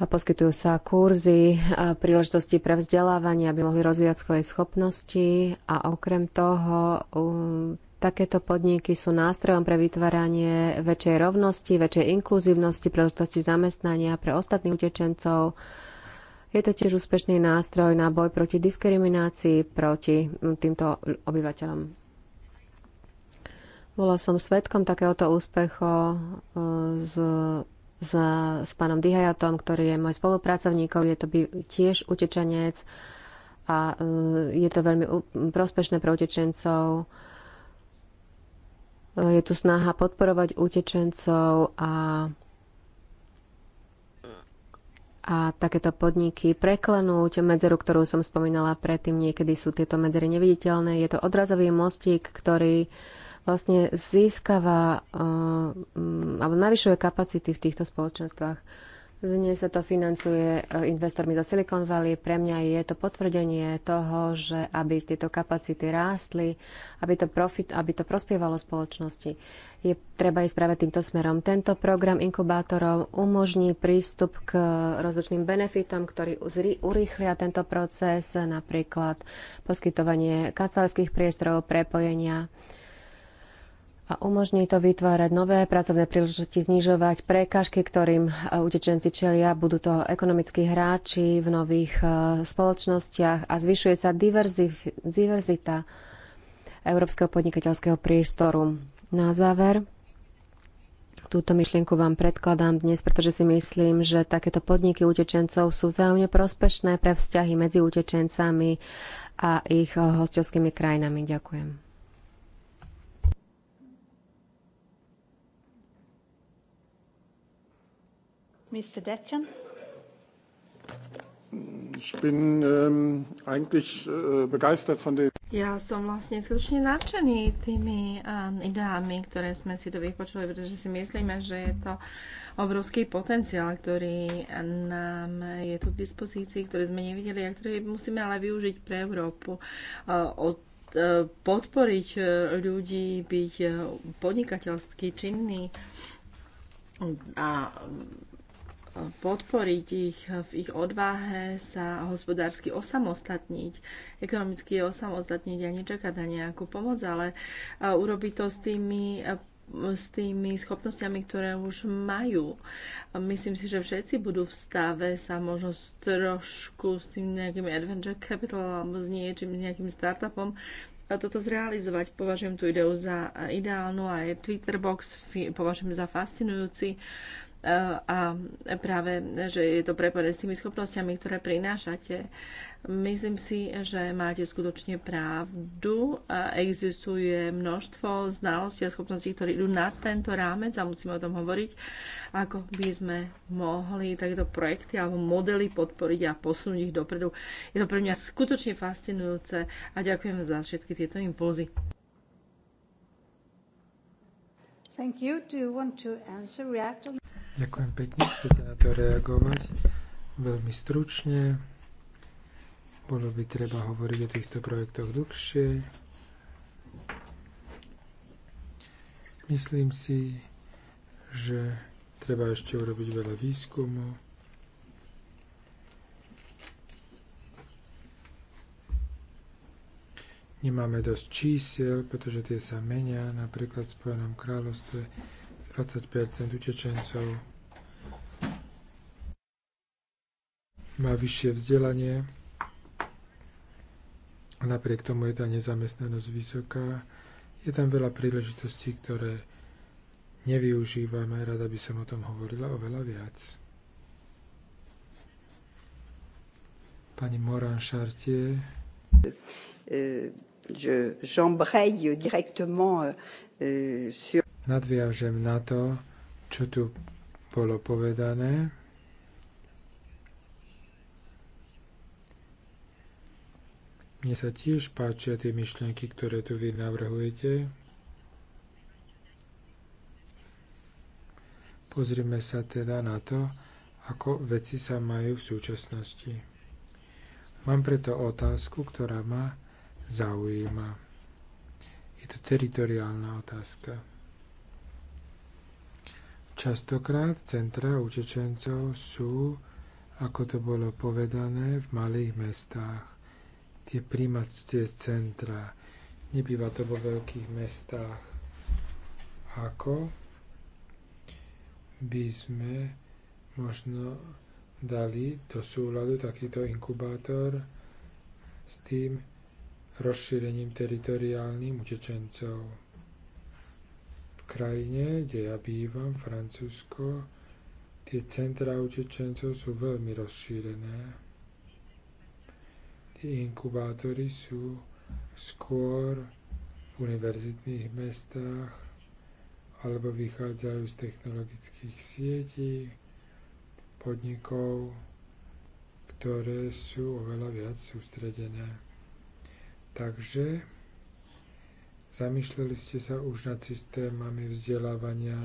Poskytujú sa kurzy, príležitosti pre vzdelávanie, aby mohli rozvíjať svoje schopnosti a okrem toho um, Takéto podniky sú nástrojom pre vytváranie väčšej rovnosti, väčšej inkluzívnosti, príležitosti zamestnania pre ostatných utečencov. Je to tiež úspešný nástroj na boj proti diskriminácii proti týmto obyvateľom. Bola som svetkom takéhoto úspechu s, e, s, s pánom Dihajatom, ktorý je môj spolupracovníkov, je to by, tiež utečenec a e, je to veľmi prospešné pre utečencov Eh, je tu snaha podporovať utečencov a a takéto podniky preklenúť medzeru, ktorú som spomínala predtým. Niekedy sú tieto medzery neviditeľné. Je to odrazový mostík, ktorý vlastne získava uh, alebo navyšuje kapacity v týchto spoločenstvách. Dnes sa to financuje e, investormi zo Silicon Valley. Pre mňa je to potvrdenie toho, že aby tieto kapacity rástli, aby to, profit, aby to prospievalo spoločnosti, je treba ísť práve týmto smerom. Tento program inkubátorov umožní prístup k rozličným benefitom, ktorí urýchlia tento proces, napríklad poskytovanie kancelárských priestorov, prepojenia a umožní to vytvárať nové pracovné príležitosti, znižovať prekážky, ktorým e, utečenci čelia, budú to ekonomickí hráči v nových e, spoločnostiach a zvyšuje sa diverzita európskeho podnikateľského priestoru. Na záver, túto myšlienku vám predkladám dnes, pretože si myslím, že takéto podniky utečencov sú vzájomne prospešné pre vzťahy medzi utečencami a ich e, hostovskými krajinami. Ďakujem. Mr. Detjen? Ich bin ähm, eigentlich äh, begeistert von dem. Ja som vlastne skutočne nadšený tými uh, ideami, ktoré sme si to vypočuli, pretože si myslíme, že je to obrovský potenciál, ktorý nám je tu k dispozícii, ktorý sme nevideli a ktorý musíme ale využiť pre Európu. Uh, od uh, podporiť e, ľudí, byť uh, podnikateľsky činný a podporiť ich v ich odvahe sa hospodársky osamostatniť, ekonomicky osamostatniť a nečakať na nejakú pomoc, ale urobiť to s tými s tými schopnosťami, ktoré už majú. Myslím si, že všetci budú v stave sa možno trošku s tým nejakým adventure capital alebo s niečím, s nejakým startupom toto zrealizovať. Považujem tú ideu za ideálnu a aj Twitterbox považujem za fascinujúci. Uh, a práve, že je to prepojené s tými schopnosťami, ktoré prinášate. Myslím si, že máte skutočne pravdu. Existuje množstvo znalostí a schopností, ktoré idú na tento rámec a musíme o tom hovoriť, ako by sme mohli takéto projekty alebo modely podporiť a posunúť ich dopredu. Je to pre mňa skutočne fascinujúce a ďakujem za všetky tieto impulzy. Thank you. Do you want to answer, react on Ďakujem pekne. Chcete na to reagovať? Veľmi stručne. Bolo by treba hovoriť o týchto projektoch dlhšie. Myslím si, že treba ešte urobiť veľa výskumu. Nemáme dosť čísiel, pretože tie sa menia, napríklad v Spojenom kráľovstve 20 utečencov má vyššie vzdelanie a napriek tomu je tá nezamestnanosť vysoká. Je tam veľa príležitostí, ktoré nevyužívame. Rada by som o tom hovorila oveľa viac. Pani Moran Chartier. Je, j'embraye directement euh, sur nadviažem na to, čo tu bolo povedané. Mne sa tiež páčia tie myšlienky, ktoré tu vy navrhujete. Pozrime sa teda na to, ako veci sa majú v súčasnosti. Mám preto otázku, ktorá ma zaujíma. Je to teritoriálna otázka. Častokrát centra utečencov sú, ako to bolo povedané, v malých mestách. Tie príjmacie centra. Nebýva to vo veľkých mestách. Ako by sme možno dali do súladu takýto inkubátor s tým rozšírením teritoriálnym utečencov? krajine, kde ja bývam, Francúzsko, tie centra utečencov sú veľmi rozšírené. Tie inkubátory sú skôr v univerzitných mestách alebo vychádzajú z technologických sietí, podnikov, ktoré sú oveľa viac sústredené. Takže Zamýšľali ste sa už nad systémami vzdelávania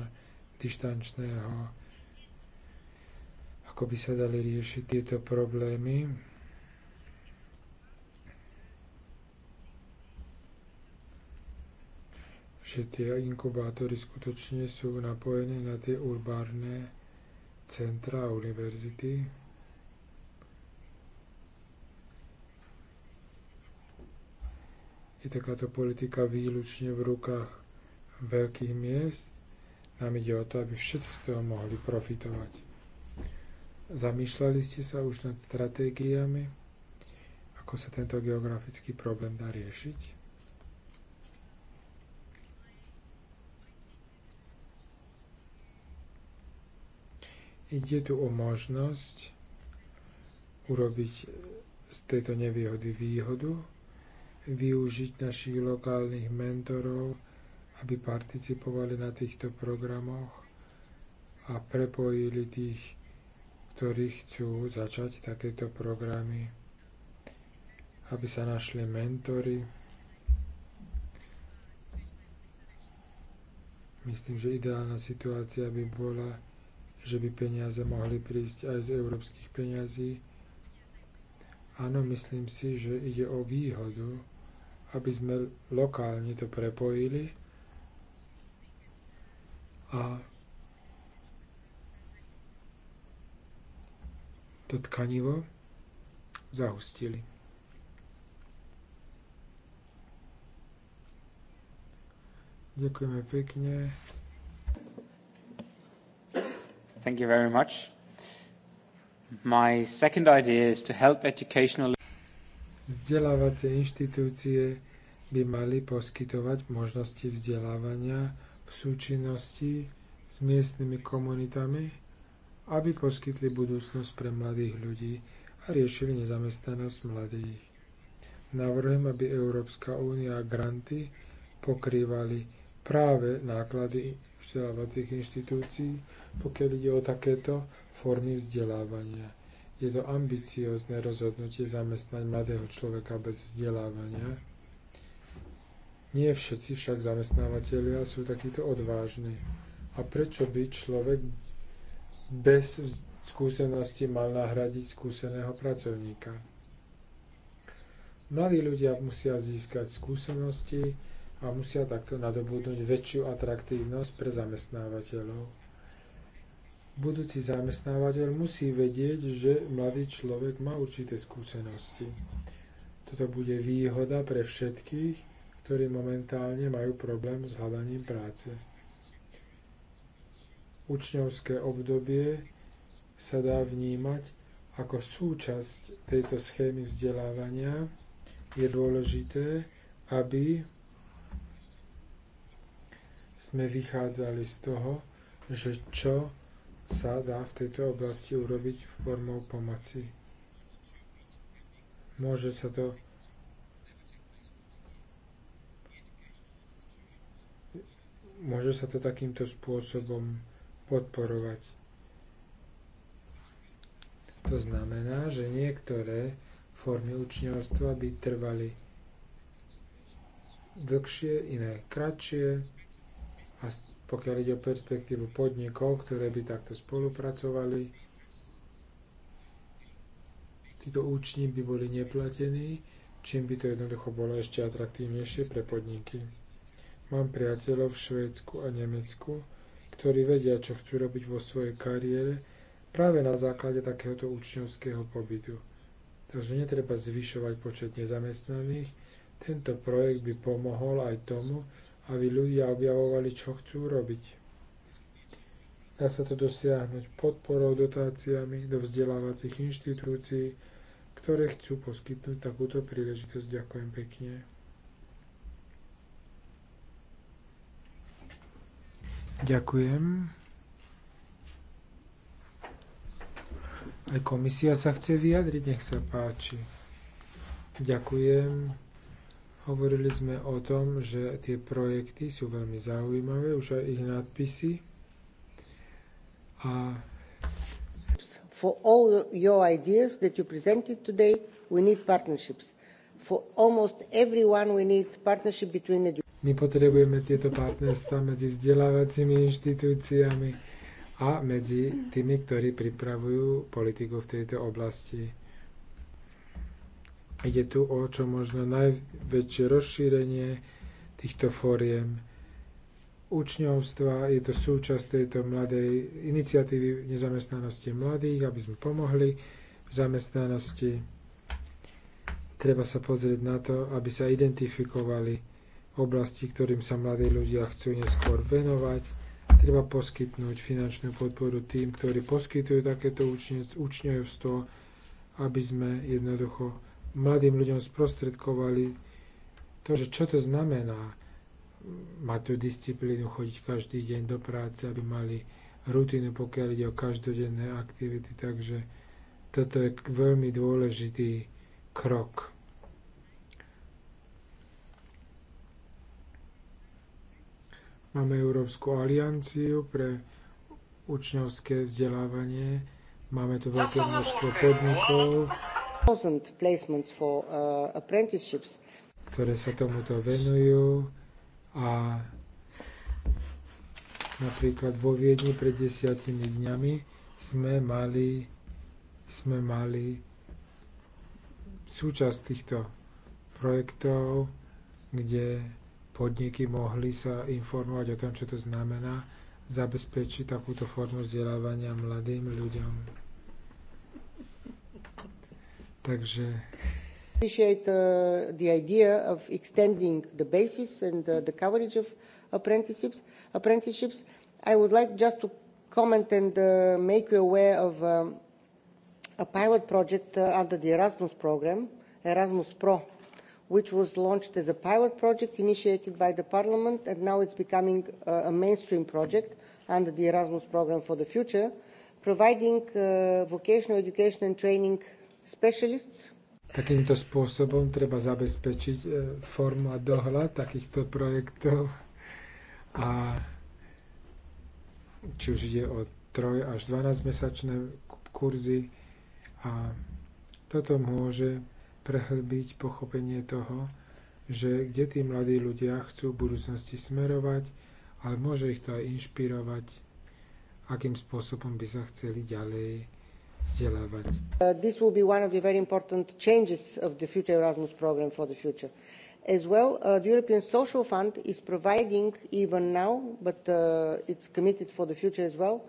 dištančného, ako by sa dali riešiť tieto problémy. že tie inkubátory skutočne sú napojené na tie urbárne centra a univerzity. je takáto politika výlučne v rukách veľkých miest. Nám ide o to, aby všetci z toho mohli profitovať. Zamýšľali ste sa už nad stratégiami, ako sa tento geografický problém dá riešiť? Ide tu o možnosť urobiť z tejto nevýhody výhodu, využiť našich lokálnych mentorov, aby participovali na týchto programoch a prepojili tých, ktorí chcú začať takéto programy, aby sa našli mentory. Myslím, že ideálna situácia by bola, že by peniaze mohli prísť aj z európskych peňazí. Áno, myslím si, že ide o výhodu, aby sme lokálne to prepojili a to tkanivo zahustili. Ďakujeme pekne. Thank you very much. My second idea is to help educational Vzdelávacie inštitúcie by mali poskytovať možnosti vzdelávania v súčinnosti s miestnymi komunitami, aby poskytli budúcnosť pre mladých ľudí a riešili nezamestnanosť mladých. Navrhujem, aby Európska únia a granty pokrývali práve náklady vzdelávacích inštitúcií, pokiaľ ide o takéto formy vzdelávania. Je to ambiciózne rozhodnutie zamestnať mladého človeka bez vzdelávania. Nie všetci však zamestnávateľia sú takíto odvážni. A prečo by človek bez skúsenosti mal nahradiť skúseného pracovníka? Mladí ľudia musia získať skúsenosti a musia takto nadobudnúť väčšiu atraktívnosť pre zamestnávateľov budúci zamestnávateľ musí vedieť, že mladý človek má určité skúsenosti. Toto bude výhoda pre všetkých, ktorí momentálne majú problém s hľadaním práce. Učňovské obdobie sa dá vnímať ako súčasť tejto schémy vzdelávania. Je dôležité, aby sme vychádzali z toho, že čo sa dá v tejto oblasti urobiť formou pomoci. Môže sa to môže sa to takýmto spôsobom podporovať. To znamená, že niektoré formy učňovstva by trvali dlhšie, iné kratšie a pokiaľ ide o perspektívu podnikov, ktoré by takto spolupracovali. Títo účni by boli neplatení, čím by to jednoducho bolo ešte atraktívnejšie pre podniky. Mám priateľov v Švédsku a Nemecku, ktorí vedia, čo chcú robiť vo svojej kariére práve na základe takéhoto učňovského pobytu. Takže netreba zvyšovať počet nezamestnaných. Tento projekt by pomohol aj tomu, aby ľudia objavovali, čo chcú robiť. Dá sa to dosiahnuť podporou, dotáciami do vzdelávacích inštitúcií, ktoré chcú poskytnúť takúto príležitosť. Ďakujem pekne. Ďakujem. Aj komisia sa chce vyjadriť, nech sa páči. Ďakujem. Hovorili sme o tom, že tie projekty sú veľmi zaujímavé, už aj ich nadpisy. A For all your ideas that you presented today, we need partnerships. For almost everyone we need partnership between education. My potrebujeme tieto partnerstva medzi vzdelávacími inštitúciami a medzi tými, ktorí pripravujú politiku v tejto oblasti. Ide tu o čo možno najväčšie rozšírenie týchto fóriem učňovstva. Je to súčasť tejto mladej iniciatívy nezamestnanosti mladých, aby sme pomohli v zamestnanosti. Treba sa pozrieť na to, aby sa identifikovali oblasti, ktorým sa mladí ľudia chcú neskôr venovať. Treba poskytnúť finančnú podporu tým, ktorí poskytujú takéto učňovstvo, aby sme jednoducho mladým ľuďom sprostredkovali to, že čo to znamená mať tú disciplínu, chodiť každý deň do práce, aby mali rutinu, pokiaľ ide o každodenné aktivity. Takže toto je veľmi dôležitý krok. Máme Európsku alianciu pre učňovské vzdelávanie. Máme tu veľké množstvo podnikov, Uh, ktoré sa tomuto venujú a napríklad vo Viedni pred desiatimi dňami sme mali, sme mali súčasť týchto projektov, kde podniky mohli sa informovať o tom, čo to znamená zabezpečiť takúto formu vzdelávania mladým ľuďom. Takže appreciate uh, the idea of extending the basis and uh, the coverage of apprenticeships. apprenticeships. I would like just to comment and uh, make you aware of um, a pilot project uh, under the Erasmus program, Erasmus Pro, which was launched as a pilot project initiated by the Parliament and now it's becoming uh, a mainstream project under the Erasmus program for the future, providing uh, vocational education and training specialists. Takýmto spôsobom treba zabezpečiť e, formu a dohľad takýchto projektov a či už ide o 3 až 12 mesačné kurzy a toto môže prehlbiť pochopenie toho, že kde tí mladí ľudia chcú v budúcnosti smerovať, ale môže ich to aj inšpirovať, akým spôsobom by sa chceli ďalej vzdelávať. Uh, this will be one of the very important changes of the future Erasmus program for the future. As well, uh, the European Social Fund is providing even now, but uh, it's committed for the future as well.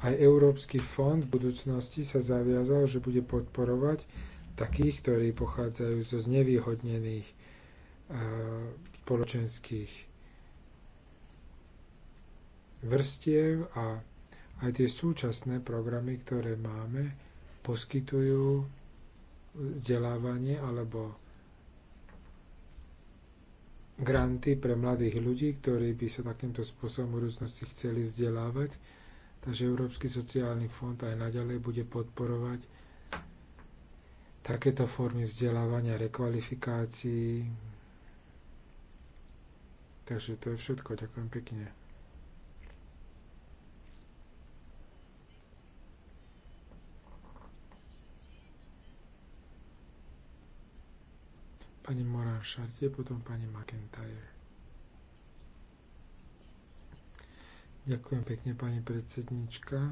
Aj Európsky fond v budúcnosti sa zaviazal, že bude podporovať takých, ktorí pochádzajú zo znevýhodnených uh, spoločenských vrstiev a aj tie súčasné programy, ktoré máme, poskytujú vzdelávanie alebo granty pre mladých ľudí, ktorí by sa takýmto spôsobom v budúcnosti chceli vzdelávať. Takže Európsky sociálny fond aj naďalej bude podporovať takéto formy vzdelávania, rekvalifikácií. Takže to je všetko. Ďakujem pekne. pani Moran Šartie, potom pani McIntyre. Ďakujem pekne, pani predsednička.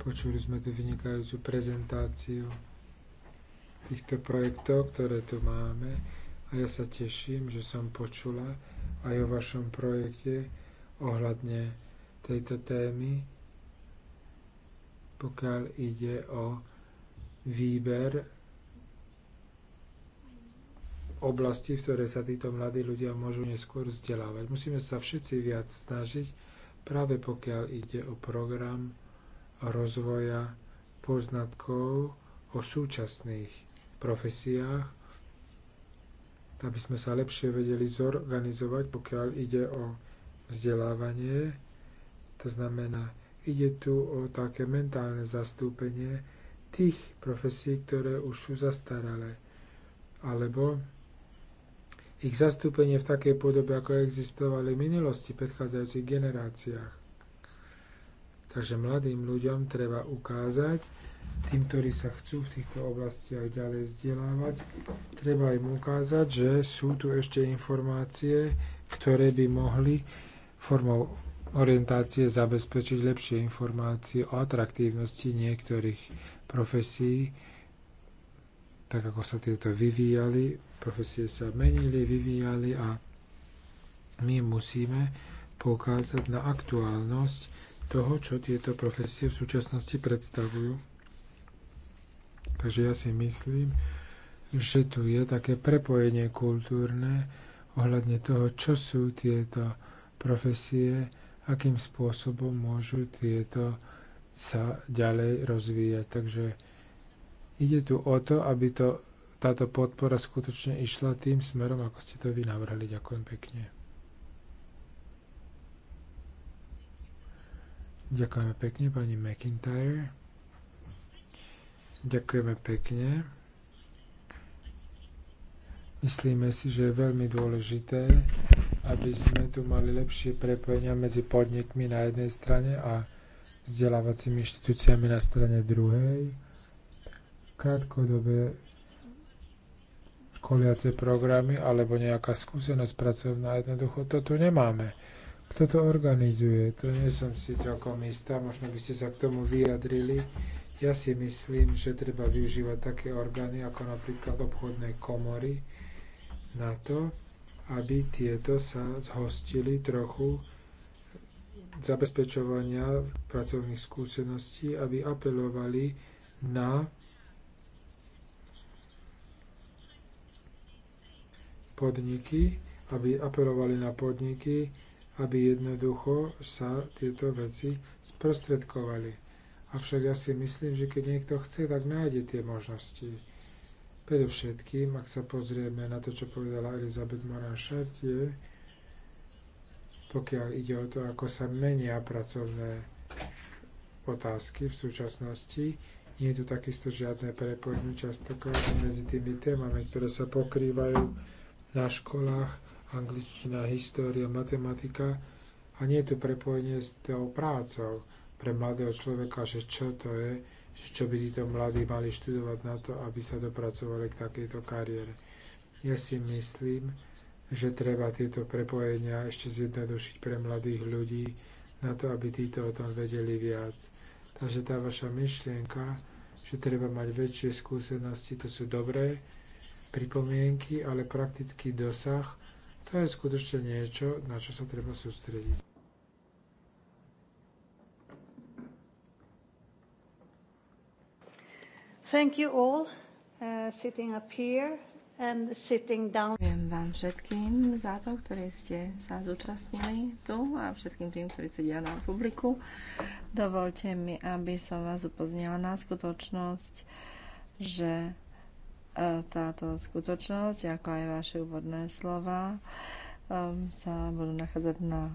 Počuli sme tu vynikajúcu prezentáciu týchto projektov, ktoré tu máme a ja sa teším, že som počula aj o vašom projekte ohľadne tejto témy, pokiaľ ide o výber oblasti, v ktoré sa títo mladí ľudia môžu neskôr vzdelávať. Musíme sa všetci viac snažiť, práve pokiaľ ide o program rozvoja poznatkov o súčasných profesiách, aby sme sa lepšie vedeli zorganizovať, pokiaľ ide o vzdelávanie. To znamená, ide tu o také mentálne zastúpenie, tých profesí, ktoré už sú zastaralé. Alebo ich zastúpenie v takej podobe, ako existovali v minulosti, v predchádzajúcich generáciách. Takže mladým ľuďom treba ukázať, tým, ktorí sa chcú v týchto oblastiach ďalej vzdelávať, treba im ukázať, že sú tu ešte informácie, ktoré by mohli formou orientácie zabezpečiť lepšie informácie o atraktívnosti niektorých profesí, tak ako sa tieto vyvíjali. Profesie sa menili, vyvíjali a my musíme poukázať na aktuálnosť toho, čo tieto profesie v súčasnosti predstavujú. Takže ja si myslím, že tu je také prepojenie kultúrne ohľadne toho, čo sú tieto profesie, akým spôsobom môžu tieto sa ďalej rozvíjať. Takže ide tu o to, aby to, táto podpora skutočne išla tým smerom, ako ste to vy navrhli. Ďakujem pekne. Ďakujeme pekne pani McIntyre. Ďakujeme pekne. Myslíme si, že je veľmi dôležité aby sme tu mali lepšie prepojenia medzi podnikmi na jednej strane a vzdelávacími inštitúciami na strane druhej. Krátkodobé školiace programy alebo nejaká skúsenosť pracovná, jednoducho to tu nemáme. Kto to organizuje? To nie som si celkom istá, možno by ste sa k tomu vyjadrili. Ja si myslím, že treba využívať také orgány ako napríklad obchodné komory na to, aby tieto sa zhostili trochu zabezpečovania pracovných skúseností, aby apelovali na podniky, aby apelovali na podniky, aby jednoducho sa tieto veci sprostredkovali. Avšak ja si myslím, že keď niekto chce, tak nájde tie možnosti. Predovšetkým, ak sa pozrieme na to, čo povedala Elizabeth Moran Chartier, pokiaľ ide o to, ako sa menia pracovné otázky v súčasnosti, nie je tu takisto žiadne prepojenie častokrát medzi tými témami, ktoré sa pokrývajú na školách, angličtina, história, matematika a nie je tu prepojenie s tou prácou pre mladého človeka, že čo to je, čo by títo mladí mali študovať na to, aby sa dopracovali k takejto kariére. Ja si myslím, že treba tieto prepojenia ešte zjednodušiť pre mladých ľudí na to, aby títo o tom vedeli viac. Takže tá vaša myšlienka, že treba mať väčšie skúsenosti, to sú dobré pripomienky, ale praktický dosah, to je skutočne niečo, na čo sa treba sústrediť. Thank you all, uh, sitting up here and sitting down. Ďakujem vám všetkým za to, ktorí ste sa zúčastnili tu a všetkým tým, ktorí sedia na publiku. Dovolte mi, aby som vás upoznila na skutočnosť, že e, táto skutočnosť, ako aj vaše úvodné slova, e, sa budú nachádzať na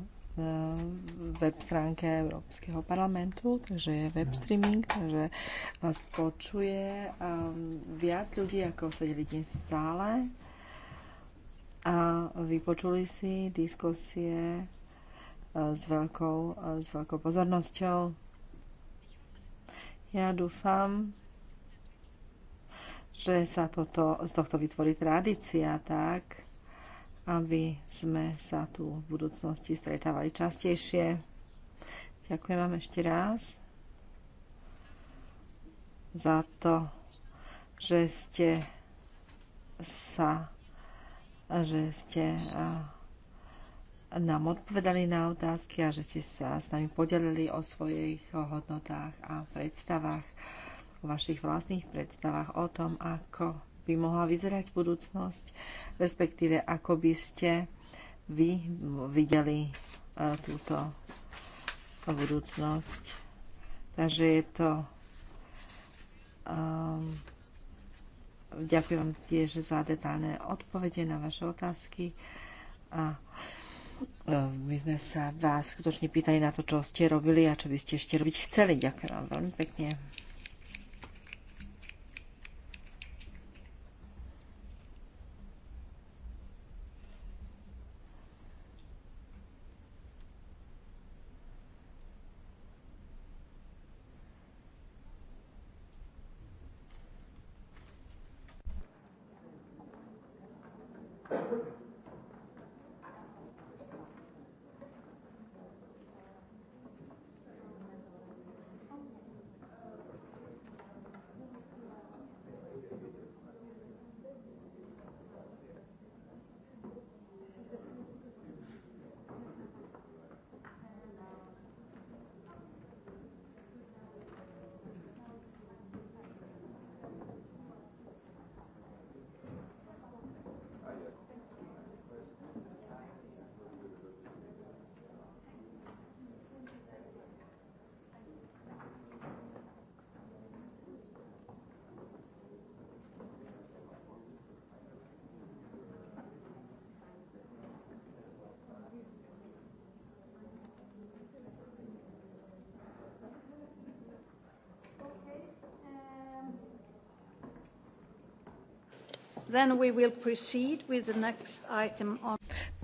web stránke Európskeho parlamentu, takže je web streaming, takže vás počuje um, viac ľudí, ako sedeli dnes v sále a vypočuli si diskusie uh, s veľkou, uh, s veľkou pozornosťou. Ja dúfam, že sa toto, z tohto vytvorí tradícia tak, aby sme sa tu v budúcnosti stretávali častejšie. Ďakujem vám ešte raz za to, že ste sa, že ste nám odpovedali na otázky a že ste sa s nami podelili o svojich hodnotách a predstavách, o vašich vlastných predstavách o tom, ako by mohla vyzerať budúcnosť, respektíve ako by ste vy videli e, túto budúcnosť. Takže je to... Um, ďakujem vám tiež za detálne odpovede na vaše otázky. A e, my sme sa vás skutočne pýtali na to, čo ste robili a čo by ste ešte robiť chceli. Ďakujem vám veľmi pekne.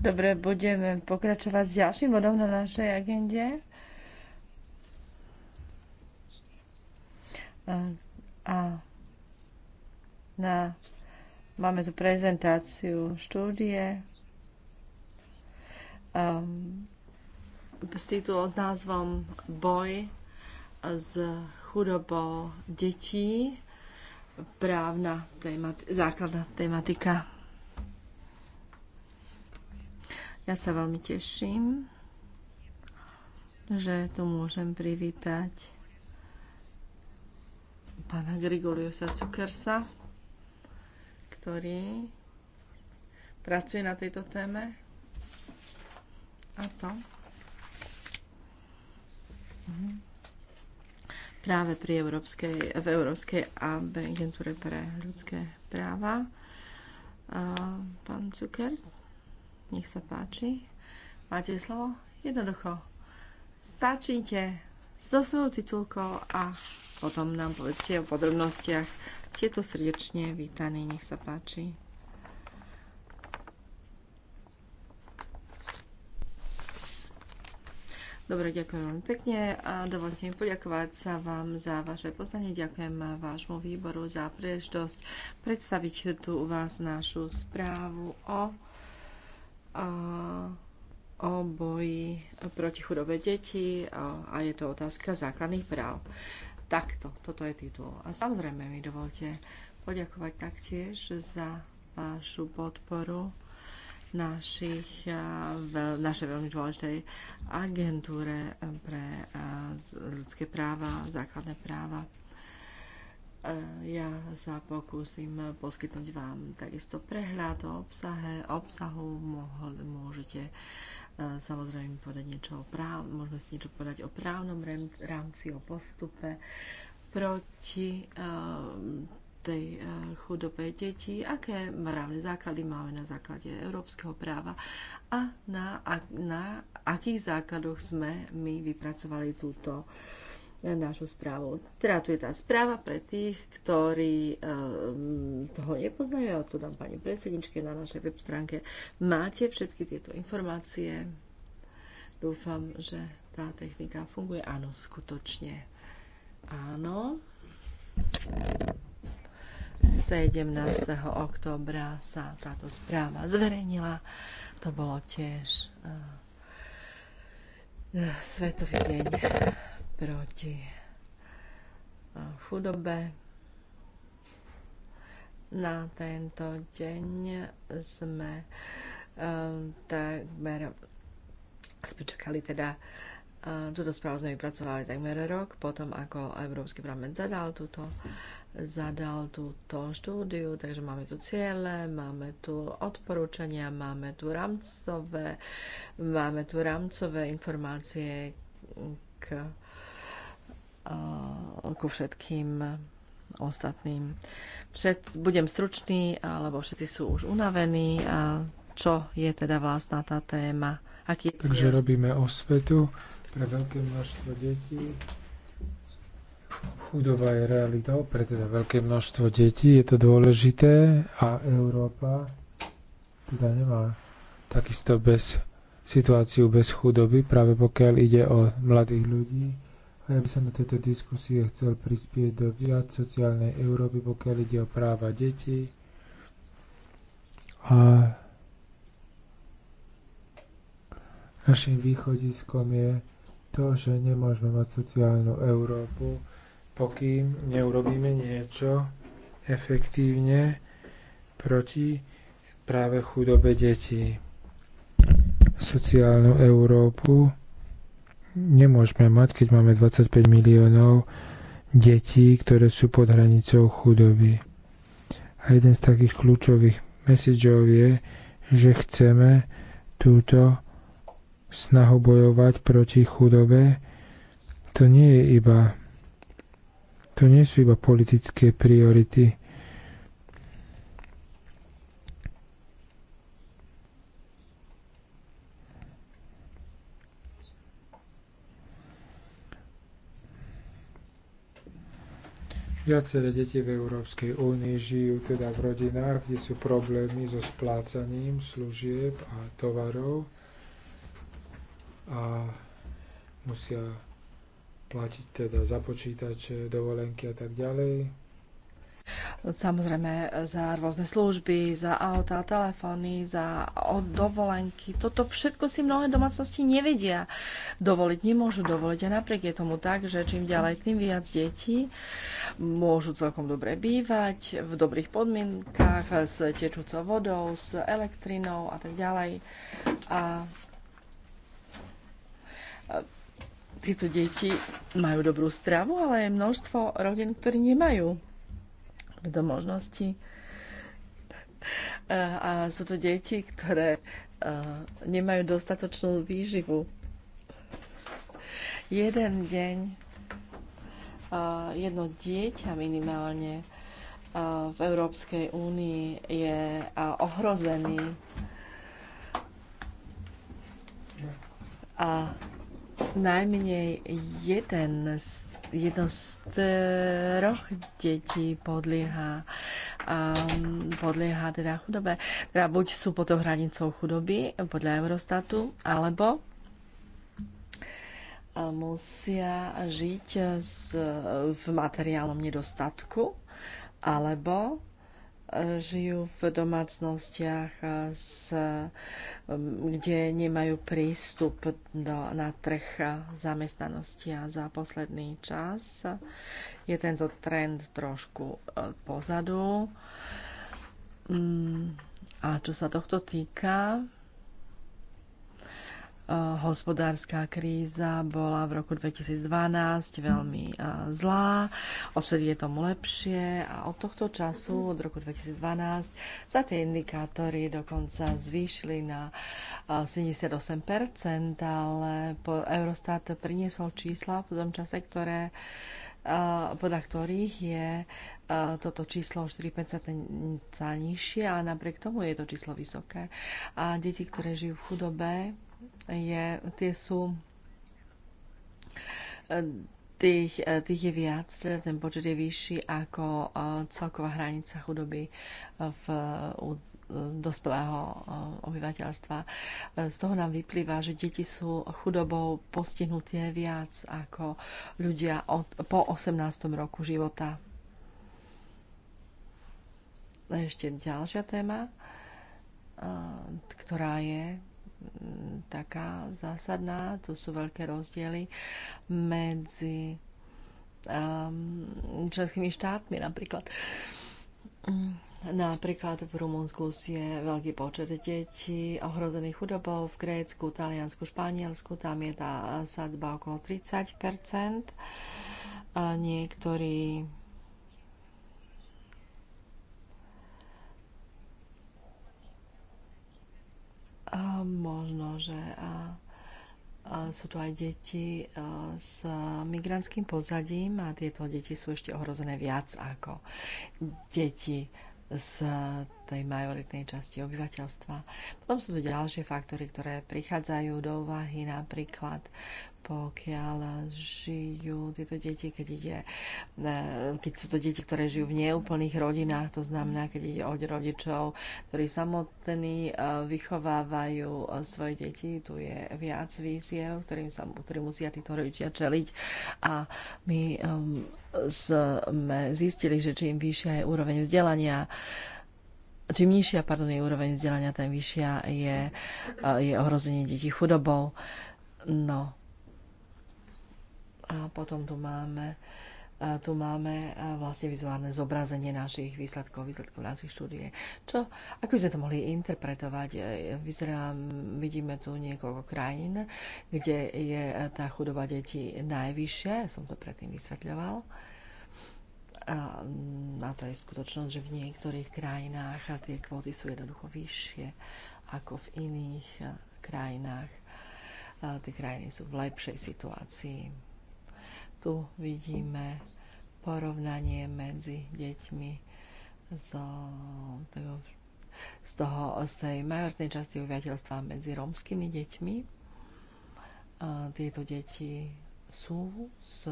Dobre, budeme pokračovať s ďalším bodom na našej agende. A, a na, máme tu prezentáciu štúdie um, s titulom s názvom Boj s chudobou detí právna témati- základná tematika. Ja sa veľmi teším, že tu môžem privítať pána Grigoliusa Cukersa, ktorý pracuje na tejto téme. A to. Mm-hmm práve pri Európskej, v Európskej agentúre pre ľudské práva. Pán Cukers, nech sa páči. Máte slovo? Jednoducho. Začnite so svojou titulkou a potom nám povedzte o podrobnostiach. Ste tu srdečne vítaní, nech sa páči. Dobre, ďakujem veľmi pekne a dovolte mi poďakovať sa vám za vaše poznanie. Ďakujem vášmu výboru za príležitosť predstaviť tu u vás našu správu o, o, o boji proti chudobe detí a je to otázka základných práv. Takto, toto je titul. A samozrejme mi dovolte poďakovať taktiež za vašu podporu našich, našej veľmi dôležitej agentúre pre ľudské práva, základné práva. E, ja sa pokúsim poskytnúť vám takisto prehľad o obsahe, obsahu. Mohol, môžete e, samozrejme povedať niečo o práv, môžeme si niečo povedať o právnom rámci, o postupe proti e, tej eh, chudobe detí, aké mravné základy máme na základe európskeho práva a na, a, na akých základoch sme my vypracovali túto eh, našu správu. Teda tu je tá správa pre tých, ktorí um, toho nepoznajú, ja to dám pani predsedničke na našej web stránke. Máte všetky tieto informácie. Dúfam, že tá technika funguje. Áno, skutočne. Áno. 17. oktobra sa táto správa zverejnila. To bolo tiež uh, Svetový deň proti uh, chudobe. Na tento deň sme uh, takmer sme čakali teda túto správu sme vypracovali takmer rok, potom ako Európsky parlament zadal túto zadal túto štúdiu, takže máme tu ciele, máme tu odporúčania, máme tu rámcové, máme tu rámcové informácie k, ku všetkým ostatným. Všet, budem stručný, lebo všetci sú už unavení. A čo je teda vlastná tá téma? Aký Takže robíme osvetu pre veľké množstvo detí Chudoba je realitou pre teda veľké množstvo detí, je to dôležité a Európa teda nemá takisto bez situáciu bez chudoby, práve pokiaľ ide o mladých ľudí. A ja by som na tejto diskusie chcel prispieť do viac sociálnej Európy, pokiaľ ide o práva detí. A našim východiskom je to, že nemôžeme mať sociálnu Európu, pokým neurobíme niečo efektívne proti práve chudobe detí. Sociálnu Európu nemôžeme mať, keď máme 25 miliónov detí, ktoré sú pod hranicou chudoby. A jeden z takých kľúčových messageov je, že chceme túto snahu bojovať proti chudobe. To nie je iba to nie sú iba politické priority. Viaceré deti v Európskej únii žijú teda v rodinách, kde sú problémy so splácaním služieb a tovarov a musia platiť teda za počítače, dovolenky a tak ďalej. Samozrejme za rôzne služby, za auta, telefóny, za dovolenky. Toto všetko si mnohé domácnosti nevedia dovoliť, nemôžu dovoliť. A napriek je tomu tak, že čím ďalej, tým viac detí môžu celkom dobre bývať v dobrých podmienkách s tečúcou vodou, s elektrinou a tak ďalej. A Tieto deti majú dobrú stravu, ale je množstvo rodín, ktorí nemajú do možnosti. A sú to deti, ktoré nemajú dostatočnú výživu. Jeden deň, jedno dieťa minimálne v Európskej únii je ohrozený. A najmenej jeden z, jedno z troch detí podlieha, um, podlieha teda chudobe. Teda buď sú pod tou hranicou chudoby podľa Eurostatu, alebo uh, musia žiť z, v materiálnom nedostatku, alebo žijú v domácnostiach, s, um, kde nemajú prístup do, na trh zamestnanosti a za posledný čas je tento trend trošku e, pozadu. Mm, a čo sa tohto týka, Eh, hospodárska kríza bola v roku 2012 veľmi eh, zlá, odvtedy je tomu lepšie a od tohto času, od roku 2012, sa tie indikátory dokonca zvýšili na 78%, eh, ale Eurostat priniesol čísla v tom čase, ktoré podľa ktorých je toto číslo 4% nižšie a napriek tomu je to číslo vysoké. A deti, ktoré žijú v chudobe, je, tie sú e, Tých, e, tých je viac, ten počet je vyšší ako e, celková hranica chudoby v, u dospelého obyvateľstva. Z toho nám vyplýva, že deti sú chudobou postihnuté viac ako ľudia od, po 18. roku života. Ešte ďalšia téma, ktorá je taká zásadná. Tu sú veľké rozdiely medzi um, členskými štátmi napríklad. Napríklad v Rumunsku je veľký počet detí ohrozených chudobou, v Grécku, Taliansku, Španielsku, tam je tá sadzba okolo 30 a niektorí A možno, že a, a sú tu aj deti a, s migrantským pozadím a tieto deti sú ešte ohrozené viac ako deti z tej majoritnej časti obyvateľstva. Potom sú tu ďalšie faktory, ktoré prichádzajú do úvahy, napríklad pokiaľ žijú tieto deti, keď, ide, e, keď sú to deti, ktoré žijú v neúplných rodinách, to znamená, keď ide o rodičov, ktorí samotní e, vychovávajú e, svoje deti, tu je viac víziev, ktorým, sa, ktorým musia títo rodičia čeliť a my um, sme zistili, že čím vyššia je úroveň vzdelania, čím nižšia pardon, je úroveň vzdelania, tam vyššia je, je ohrozenie detí chudobou. No, a potom tu máme, tu máme vlastne vizuálne zobrazenie našich výsledkov, výsledkov našich štúdie. Čo, ako sme to mohli interpretovať? E, vyzerá, vidíme tu niekoľko krajín, kde je e, tá chudoba detí najvyššia. Ja som to predtým vysvetľoval a, a to je skutočnosť, že v niektorých krajinách a tie kvóty sú jednoducho vyššie ako v iných e, krajinách. A tie krajiny sú v lepšej situácii. Tu vidíme porovnanie medzi deťmi so, toho, z, toho, z tej majoritnej časti obyvateľstva medzi rómskymi deťmi. A tieto deti sú z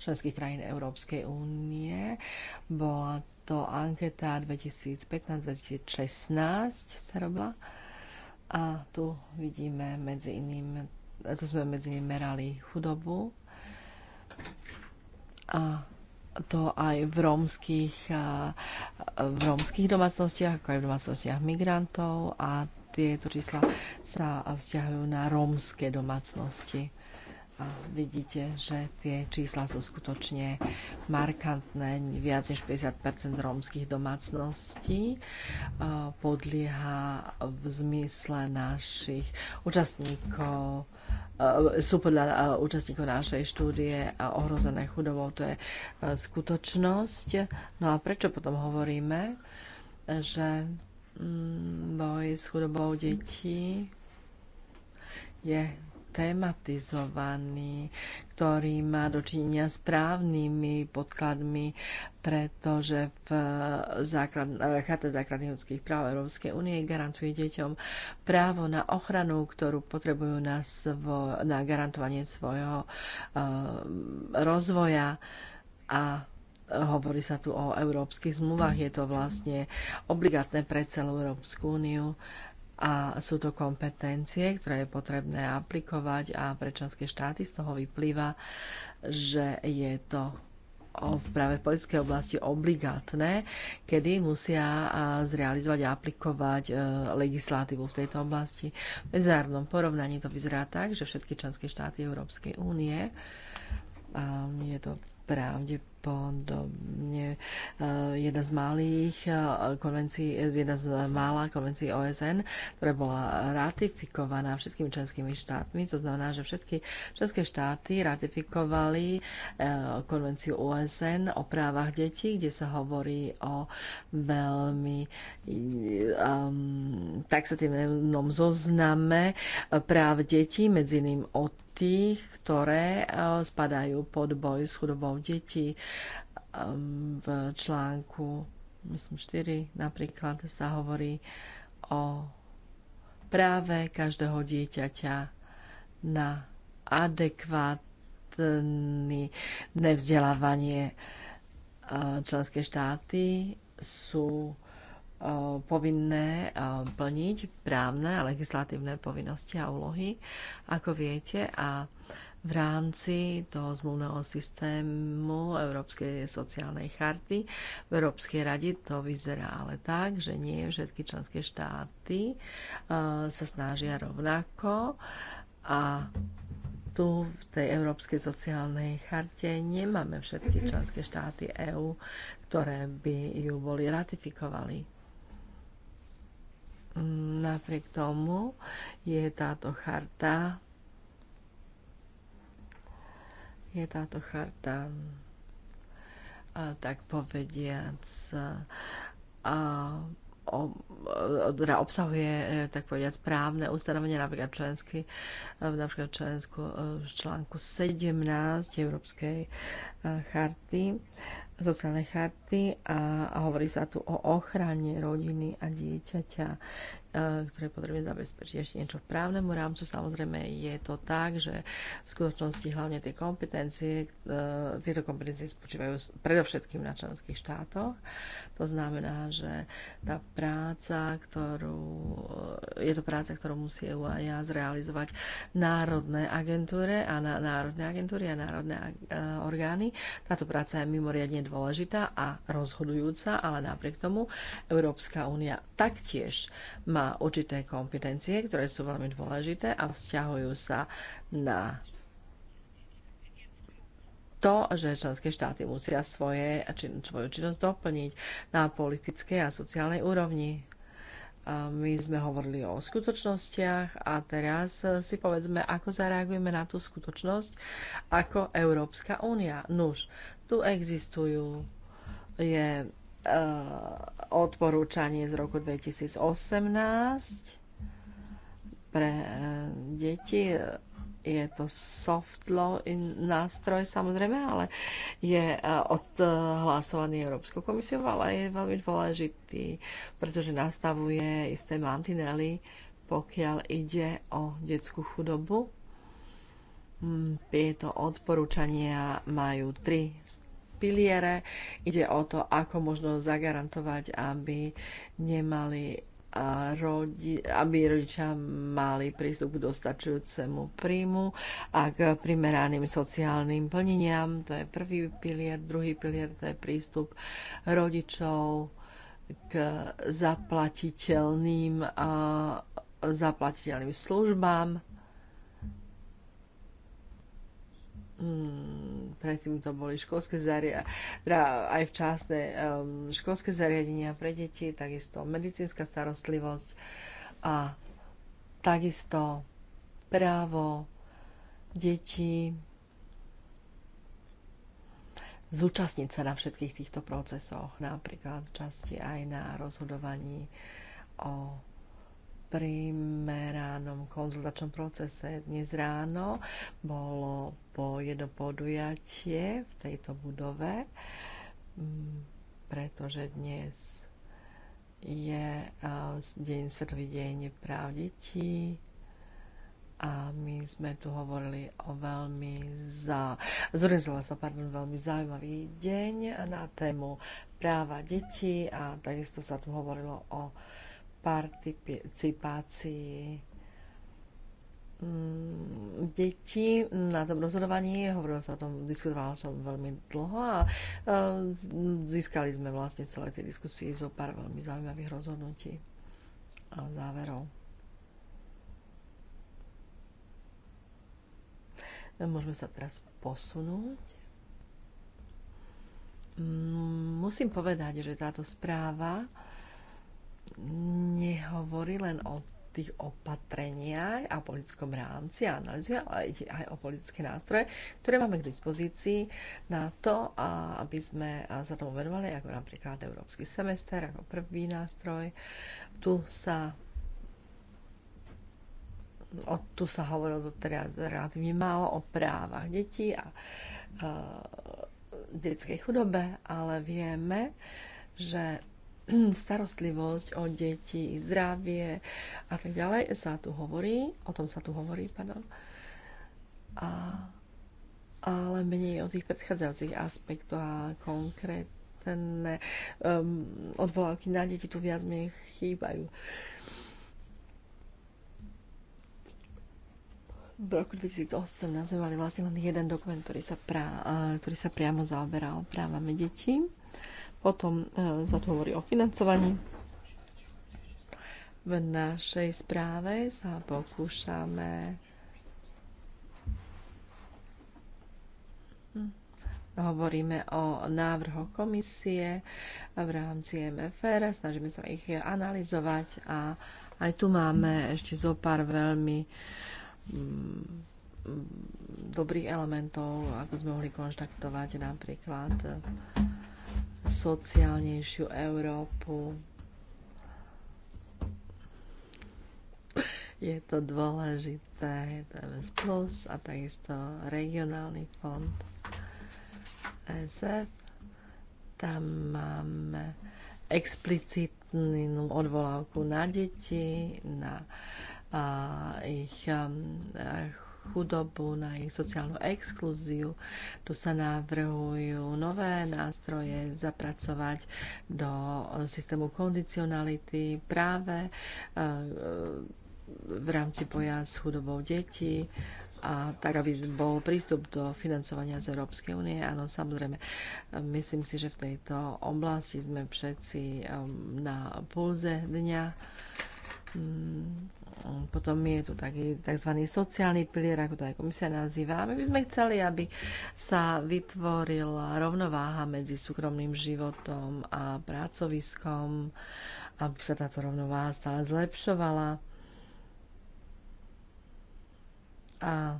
členských krajín Európskej únie. Bola to anketa 2015-2016 sa robila a tu vidíme medzi iným, tu sme medzi iným merali chudobu a to aj v rómskych, v rómskych domácnostiach, ako aj v domácnostiach migrantov a tieto čísla sa vzťahujú na rómske domácnosti. A vidíte, že tie čísla sú skutočne markantné. Viac než 50 rómskych domácností podlieha v zmysle našich účastníkov Eh, sú podľa eh, účastníkov našej štúdie eh, ohrozené chudobou. To je skutočnosť. No a prečo potom hovoríme, že mm, boj s chudobou detí je tematizovaný, ktorý má dočinenia s právnymi podkladmi, pretože v základ, Charte základných ľudských práv Európskej únie garantuje deťom právo na ochranu, ktorú potrebujú na, svo, na garantovanie svojho uh, rozvoja a hovorí sa tu o európskych zmluvách, je to vlastne obligátne pre celú Európsku úniu. Uh, a sú to kompetencie, ktoré je potrebné aplikovať a pre členské štáty z toho vyplýva, že je to v práve v politickej oblasti obligátne, kedy musia zrealizovať a aplikovať e, legislatívu v tejto oblasti. V medzinárodnom porovnaní to vyzerá tak, že všetky členské štáty Európskej únie je to pravde, podobne eh, jedna z malých eh, konvencií, jedna z mála konvencií OSN, ktorá bola ratifikovaná všetkými členskými štátmi. To znamená, že všetky členské štáty ratifikovali eh, konvenciu OSN o právach detí, kde sa hovorí o veľmi um, taxatívnom zozname práv detí, medzi iným o tých, ktoré e, spadajú pod boj s chudobou detí. E, v článku, myslím, 4 napríklad sa hovorí o práve každého dieťaťa na adekvátne nevzdelávanie e, Členské štáty sú Eh, povinné eh, plniť právne a legislatívne povinnosti a úlohy, ako viete, a v rámci toho zmluvného systému Európskej sociálnej charty v Európskej rade to vyzerá ale tak, že nie všetky členské štáty eh, sa snažia rovnako a tu v tej Európskej sociálnej charte nemáme všetky členské štáty EÚ, ktoré by ju boli ratifikovali. Napriek tomu je táto charta je táto charta a tak povediac a teda obsahuje, e, tak povediať, správne ustanovenie napríklad členský, e, napríklad členskú, e, článku 17 Európskej charty sociálnej charty a, a hovorí sa tu o ochrane rodiny a dieťaťa. E, ktoré potrebujeme zabezpečiť ešte niečo v právnemu rámcu. Samozrejme je to tak, že v skutočnosti hlavne tie kompetencie, e, tieto kompetencie spočívajú predovšetkým na členských štátoch. To znamená, že tá práca, ktorú, e, je to práca, ktorú musí EU a ja zrealizovať národné agentúre a na, národné agentúry a národné a, orgány. Táto práca je mimoriadne dôležitá a rozhodujúca, ale napriek tomu Európska únia taktiež má má určité kompetencie, ktoré sú veľmi dôležité a vzťahujú sa na to, že členské štáty musia svoje, čin, svoju činnosť doplniť na politickej a sociálnej úrovni. A my sme hovorili o skutočnostiach a teraz si povedzme, ako zareagujeme na tú skutočnosť ako Európska únia. Nuž, tu existujú je Eh, odporúčanie z roku 2018 pre eh, deti. Je to soft law nástroj samozrejme, ale je eh, odhlasovaný Európskou komisiou, ale je veľmi dôležitý, pretože nastavuje isté mantinely, pokiaľ ide o detskú chudobu. Tieto hm, odporúčania majú tri piliere. Ide o to, ako možno zagarantovať, aby nemali a rodi, aby rodičia mali prístup k dostačujúcemu príjmu a k primeraným sociálnym plneniam. To je prvý pilier. Druhý pilier to je prístup rodičov k zaplatiteľným, a, zaplatiteľným službám mm, predtým to boli školské zariadenia, teda aj včasné um, školské zariadenia pre deti, takisto medicínska starostlivosť a takisto právo detí zúčastniť sa na všetkých týchto procesoch, napríklad časti aj na rozhodovaní o primeranom konzultačnom procese dnes ráno bolo po jedno podujatie v tejto budove, mm, pretože dnes je deň, Svetový deň práv detí a my sme tu hovorili o veľmi za... Zorganizoval sa, pardon, veľmi zaujímavý deň na tému práva detí a takisto sa tu hovorilo o participácii mm, detí na tom rozhodovaní. Hovorila sa o tom, diskutovala som veľmi dlho a e, získali sme vlastne celé tie diskusie zo pár veľmi zaujímavých rozhodnutí a záverov. Môžeme sa teraz posunúť. Mm, musím povedať, že táto správa nehovorí len o tých opatreniach a politickom rámci a analýze, ale ide aj o politické nástroje, ktoré máme k dispozícii na to, aby sme sa tomu venovali, ako napríklad Európsky semester, ako prvý nástroj. Tu sa o, tu sa hovorilo doteraz rád málo o právach detí a e, detskej chudobe, ale vieme, že [clears throat] starostlivosť o deti, zdravie a tak ďalej sa tu hovorí, o tom sa tu hovorí, pána. A, ale menej o tých predchádzajúcich aspektoch a konkrétne um, odvolávky na deti tu viac menej chýbajú. V roku 2018 sme mali vlastne len jeden dokument, ktorý sa, pra, ktorý sa priamo zaoberal právami detí potom e, sa tu hovorí o financovaní. V našej správe sa pokúšame hovoríme o návrhoch komisie v rámci MFR, snažíme sa ich analyzovať a aj tu máme ešte zo pár veľmi mm, mm, dobrých elementov, ako sme mohli konštaktovať napríklad sociálnejšiu Európu. Je to dôležité, je to MS Plus a takisto regionálny fond SF. Tam máme explicitnú odvolávku na deti, na a ich a, chudobu, na ich sociálnu exkluziu. Tu sa navrhujú nové nástroje zapracovať do systému kondicionality práve eh, v rámci boja s chudobou detí a tak, aby bol prístup do financovania z Európskej únie. Áno, samozrejme, myslím si, že v tejto oblasti sme všetci eh, na pulze dňa Mm, potom je tu taký tzv. sociálny pilier, ako to aj komisia nazýva. My by sme chceli, aby sa vytvorila rovnováha medzi súkromným životom a pracoviskom, aby sa táto rovnováha stále zlepšovala. A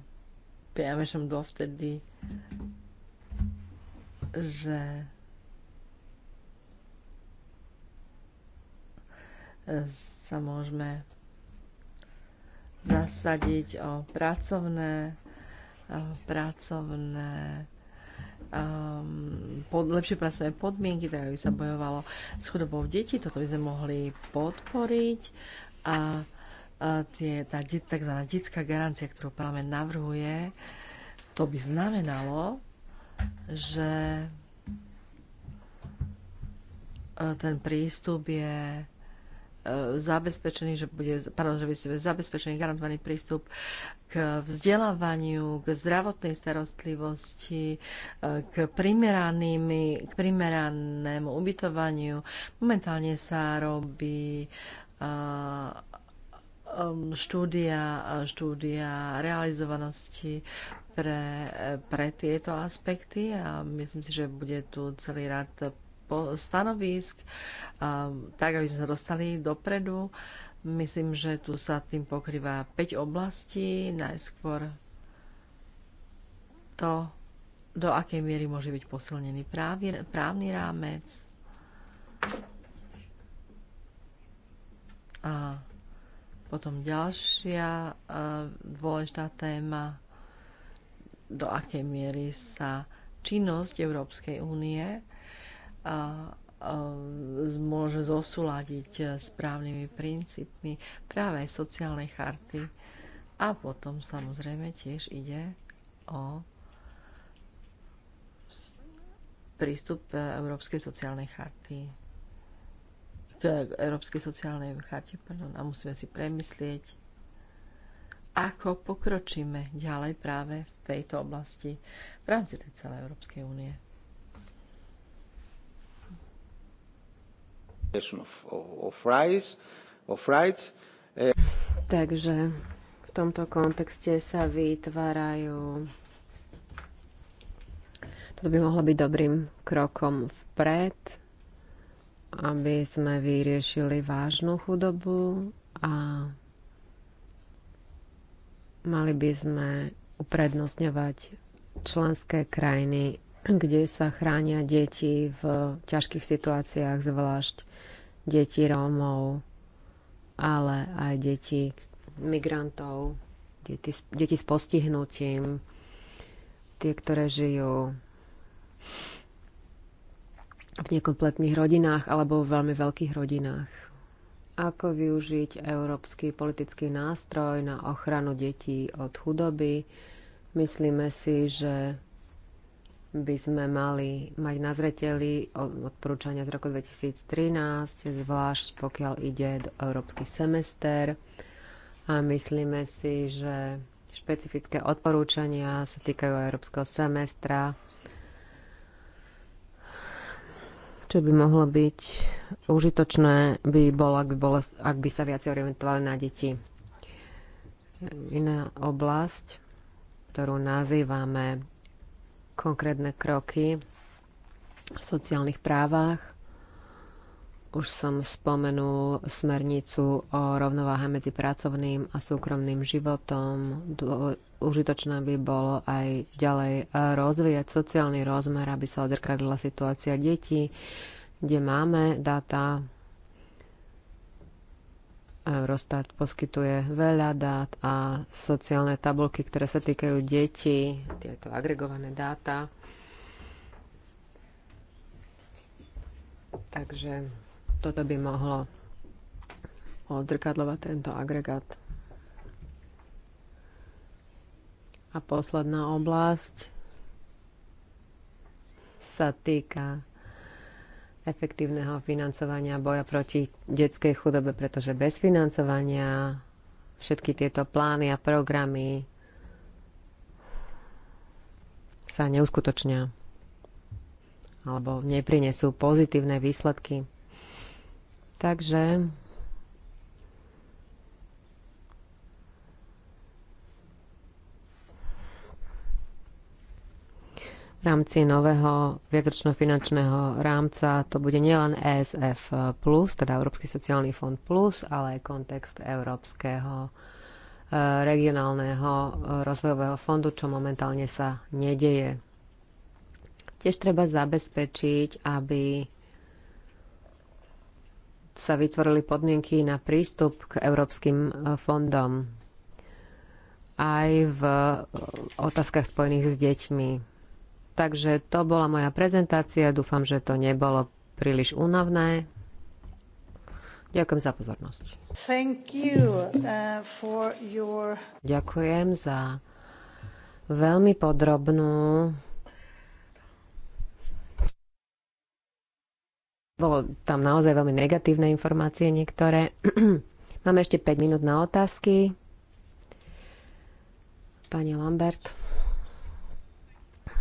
ja dovtedy, že sa môžeme zasadiť o pracovné, pracovné um, pod, lepšie pracovné podmienky, tak aby sa bojovalo s chudobou detí. Toto by sme mohli podporiť a, a tie, tá tzv. detská garancia, ktorú parlament navrhuje, to by znamenalo, že e, ten prístup je E, zabezpečený, že bude, pardon, že bude zabezpečený garantovaný prístup k vzdelávaniu, k zdravotnej starostlivosti, e, k, k primeranému ubytovaniu. Momentálne sa robí e, um, štúdia, štúdia realizovanosti pre, pre tieto aspekty a myslím si, že bude tu celý rad stanovísk, tak aby sme sa dostali dopredu. Myslím, že tu sa tým pokrýva 5 oblastí. Najskôr to, do akej miery môže byť posilnený právny, právny rámec. A potom ďalšia dôležitá téma, do akej miery sa činnosť Európskej únie a môže zosúľadiť e, správnymi princípmi práve sociálnej charty. A potom samozrejme tiež ide o prístup e, Európskej sociálnej charty k Európskej sociálnej charte pardon, a musíme si premyslieť, ako pokročíme ďalej práve v tejto oblasti v rámci tej celej Európskej únie. Takže v tomto kontexte sa vytvárajú. Toto by mohlo byť dobrým krokom vpred, aby sme vyriešili vážnu chudobu a mali by sme uprednostňovať členské krajiny, kde sa chránia deti v ťažkých situáciách zvlášť deti Rómov, ale aj deti migrantov, deti, deti s postihnutím, tie, ktoré žijú v nekompletných rodinách alebo v veľmi veľkých rodinách. Ako využiť európsky politický nástroj na ochranu detí od chudoby? Myslíme si, že by sme mali mať na zreteli odporúčania z roku 2013, zvlášť pokiaľ ide do európsky semester. A myslíme si, že špecifické odporúčania sa týkajú európskeho semestra, čo by mohlo byť užitočné, by bolo, ak by, bolo, ak by sa viac orientovali na deti. Iná oblasť, ktorú nazývame konkrétne kroky v sociálnych právach. Už som spomenul smernicu o rovnováhe medzi pracovným a súkromným životom. Užitočné by bolo aj ďalej rozvíjať sociálny rozmer, aby sa odzrkadlila situácia detí, kde máme dáta Eurostat poskytuje veľa dát a sociálne tabulky, ktoré sa týkajú detí, tieto agregované dáta. Takže toto by mohlo odzrkadľovať tento agregát. A posledná oblasť sa týka efektívneho financovania boja proti detskej chudobe, pretože bez financovania všetky tieto plány a programy sa neuskutočnia alebo neprinesú pozitívne výsledky. Takže V rámci nového viatočno finančného rámca to bude nielen ESF+, teda Európsky sociálny fond+, plus, ale aj kontext Európskeho e, regionálneho e, rozvojového fondu, čo momentálne sa nedeje. Tiež treba zabezpečiť, aby sa vytvorili podmienky na prístup k európskym e, fondom aj v otázkach spojených s deťmi Takže to bola moja prezentácia. Dúfam, že to nebolo príliš únavné. Ďakujem za pozornosť. Thank you, uh, for your... Ďakujem za veľmi podrobnú Bolo tam naozaj veľmi negatívne informácie niektoré. [clears throat] Máme ešte 5 minút na otázky. Pani Lambert.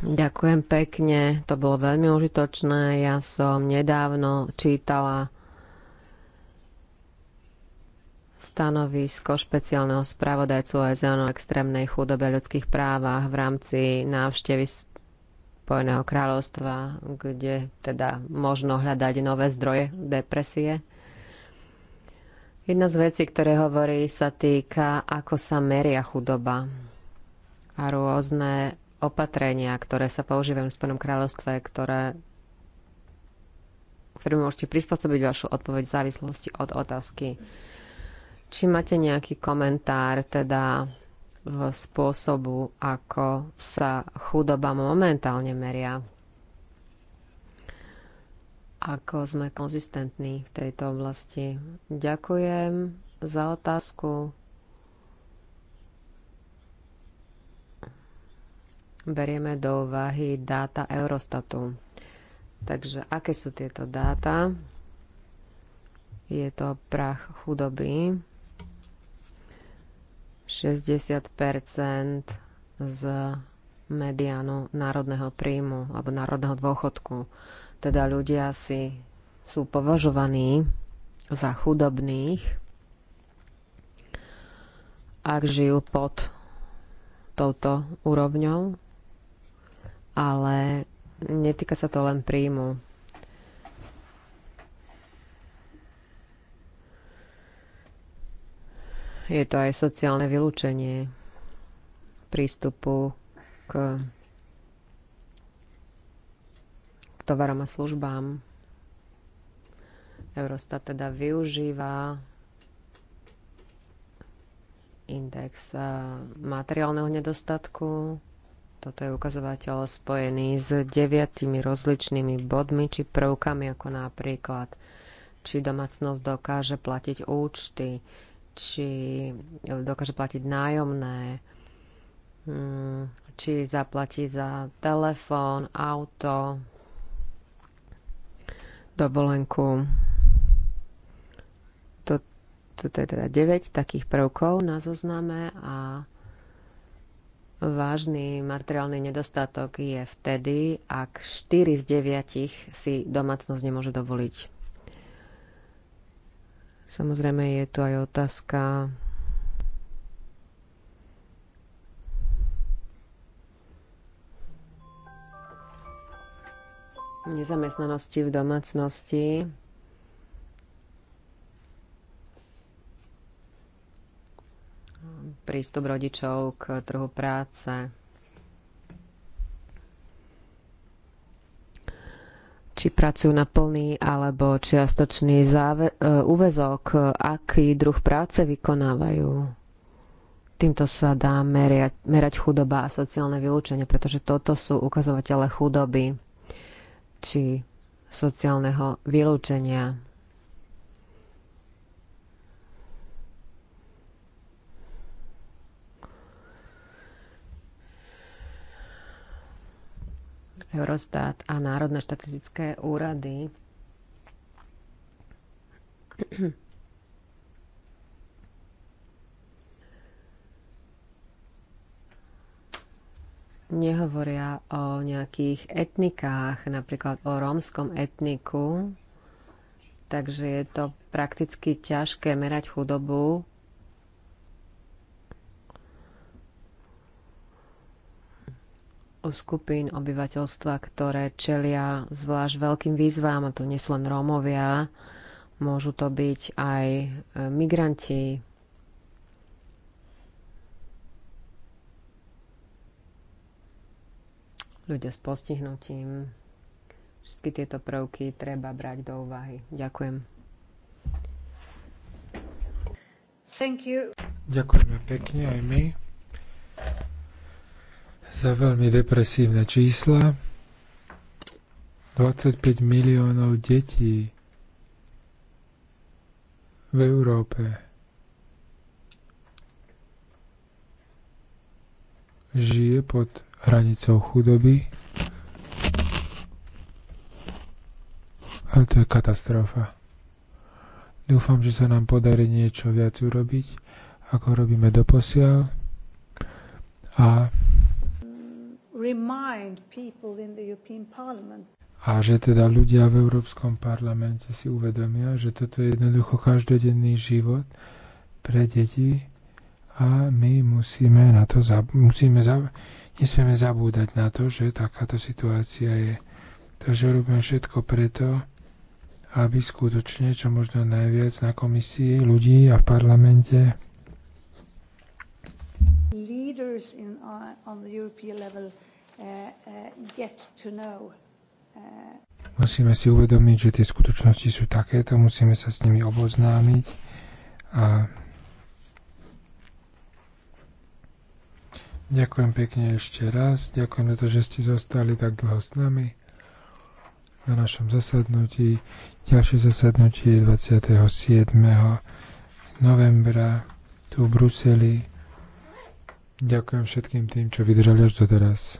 Ďakujem pekne, to bolo veľmi užitočné. Ja som nedávno čítala stanovisko špeciálneho spravodajcu OSN o extrémnej chudobe ľudských právach v rámci návštevy Spojeného kráľovstva, kde teda možno hľadať nové zdroje depresie. Jedna z vecí, ktoré hovorí, sa týka, ako sa meria chudoba a rôzne opatrenia, ktoré sa používajú v Spojenom kráľovstve, ktoré ktorým môžete prispôsobiť vašu odpoveď v závislosti od otázky. Či máte nejaký komentár teda v spôsobu, ako sa chudoba momentálne meria? Ako sme konzistentní v tejto oblasti? Ďakujem za otázku. berieme do úvahy dáta Eurostatu. Takže aké sú tieto dáta? Je to prach chudoby. 60 z mediánu národného príjmu alebo národného dôchodku. Teda ľudia si sú považovaní za chudobných, ak žijú pod touto úrovňou ale netýka sa to len príjmu. Je to aj sociálne vylúčenie prístupu k tovarom a službám. Eurostat teda využíva index eh, materiálneho nedostatku toto je ukazovateľ spojený s deviatimi rozličnými bodmi či prvkami, ako napríklad, či domácnosť dokáže platiť účty, či dokáže platiť nájomné, mm, či zaplatí za telefón, auto, dovolenku. toto je teda 9 takých prvkov na zozname a Vážny materiálny nedostatok je vtedy, ak 4 z 9 si domácnosť nemôže dovoliť. Samozrejme je tu aj otázka nezamestnanosti v domácnosti. prístup rodičov k trhu práce. či pracujú na plný alebo čiastočný záve- e, úvezok, aký druh práce vykonávajú. Týmto sa dá merať, merať chudoba a sociálne vylúčenie, pretože toto sú ukazovatele chudoby či sociálneho vylúčenia. Eurostat a Národné štatistické úrady nehovoria o nejakých etnikách, napríklad o rómskom etniku, takže je to prakticky ťažké merať chudobu skupín obyvateľstva, ktoré čelia zvlášť veľkým výzvám, a to nie sú len Rómovia, môžu to byť aj e, migranti, ľudia s postihnutím. Všetky tieto prvky treba brať do úvahy. Ďakujem. Thank you. Ďakujeme pekne aj my za veľmi depresívne čísla. 25 miliónov detí v Európe žije pod hranicou chudoby. A to je katastrofa. Dúfam, že sa nám podarí niečo viac urobiť, ako robíme doposiaľ. A a že teda ľudia v Európskom parlamente si uvedomia, že toto je jednoducho každodenný život pre deti a my musíme na to musíme za- nesmieme zabúdať na to, že takáto situácia je. Takže robíme všetko preto, aby skutočne čo možno najviac na komisii ľudí a v parlamente leaders in, uh, on the European level Uh, uh, uh, musíme si uvedomiť, že tie skutočnosti sú takéto, musíme sa s nimi oboznámiť a Ďakujem pekne ešte raz. Ďakujem za to, že ste zostali tak dlho s nami na našom zasadnutí. Ďalšie zasadnutie je 27. novembra tu v Bruseli. Ďakujem všetkým tým, čo vydržali až doteraz.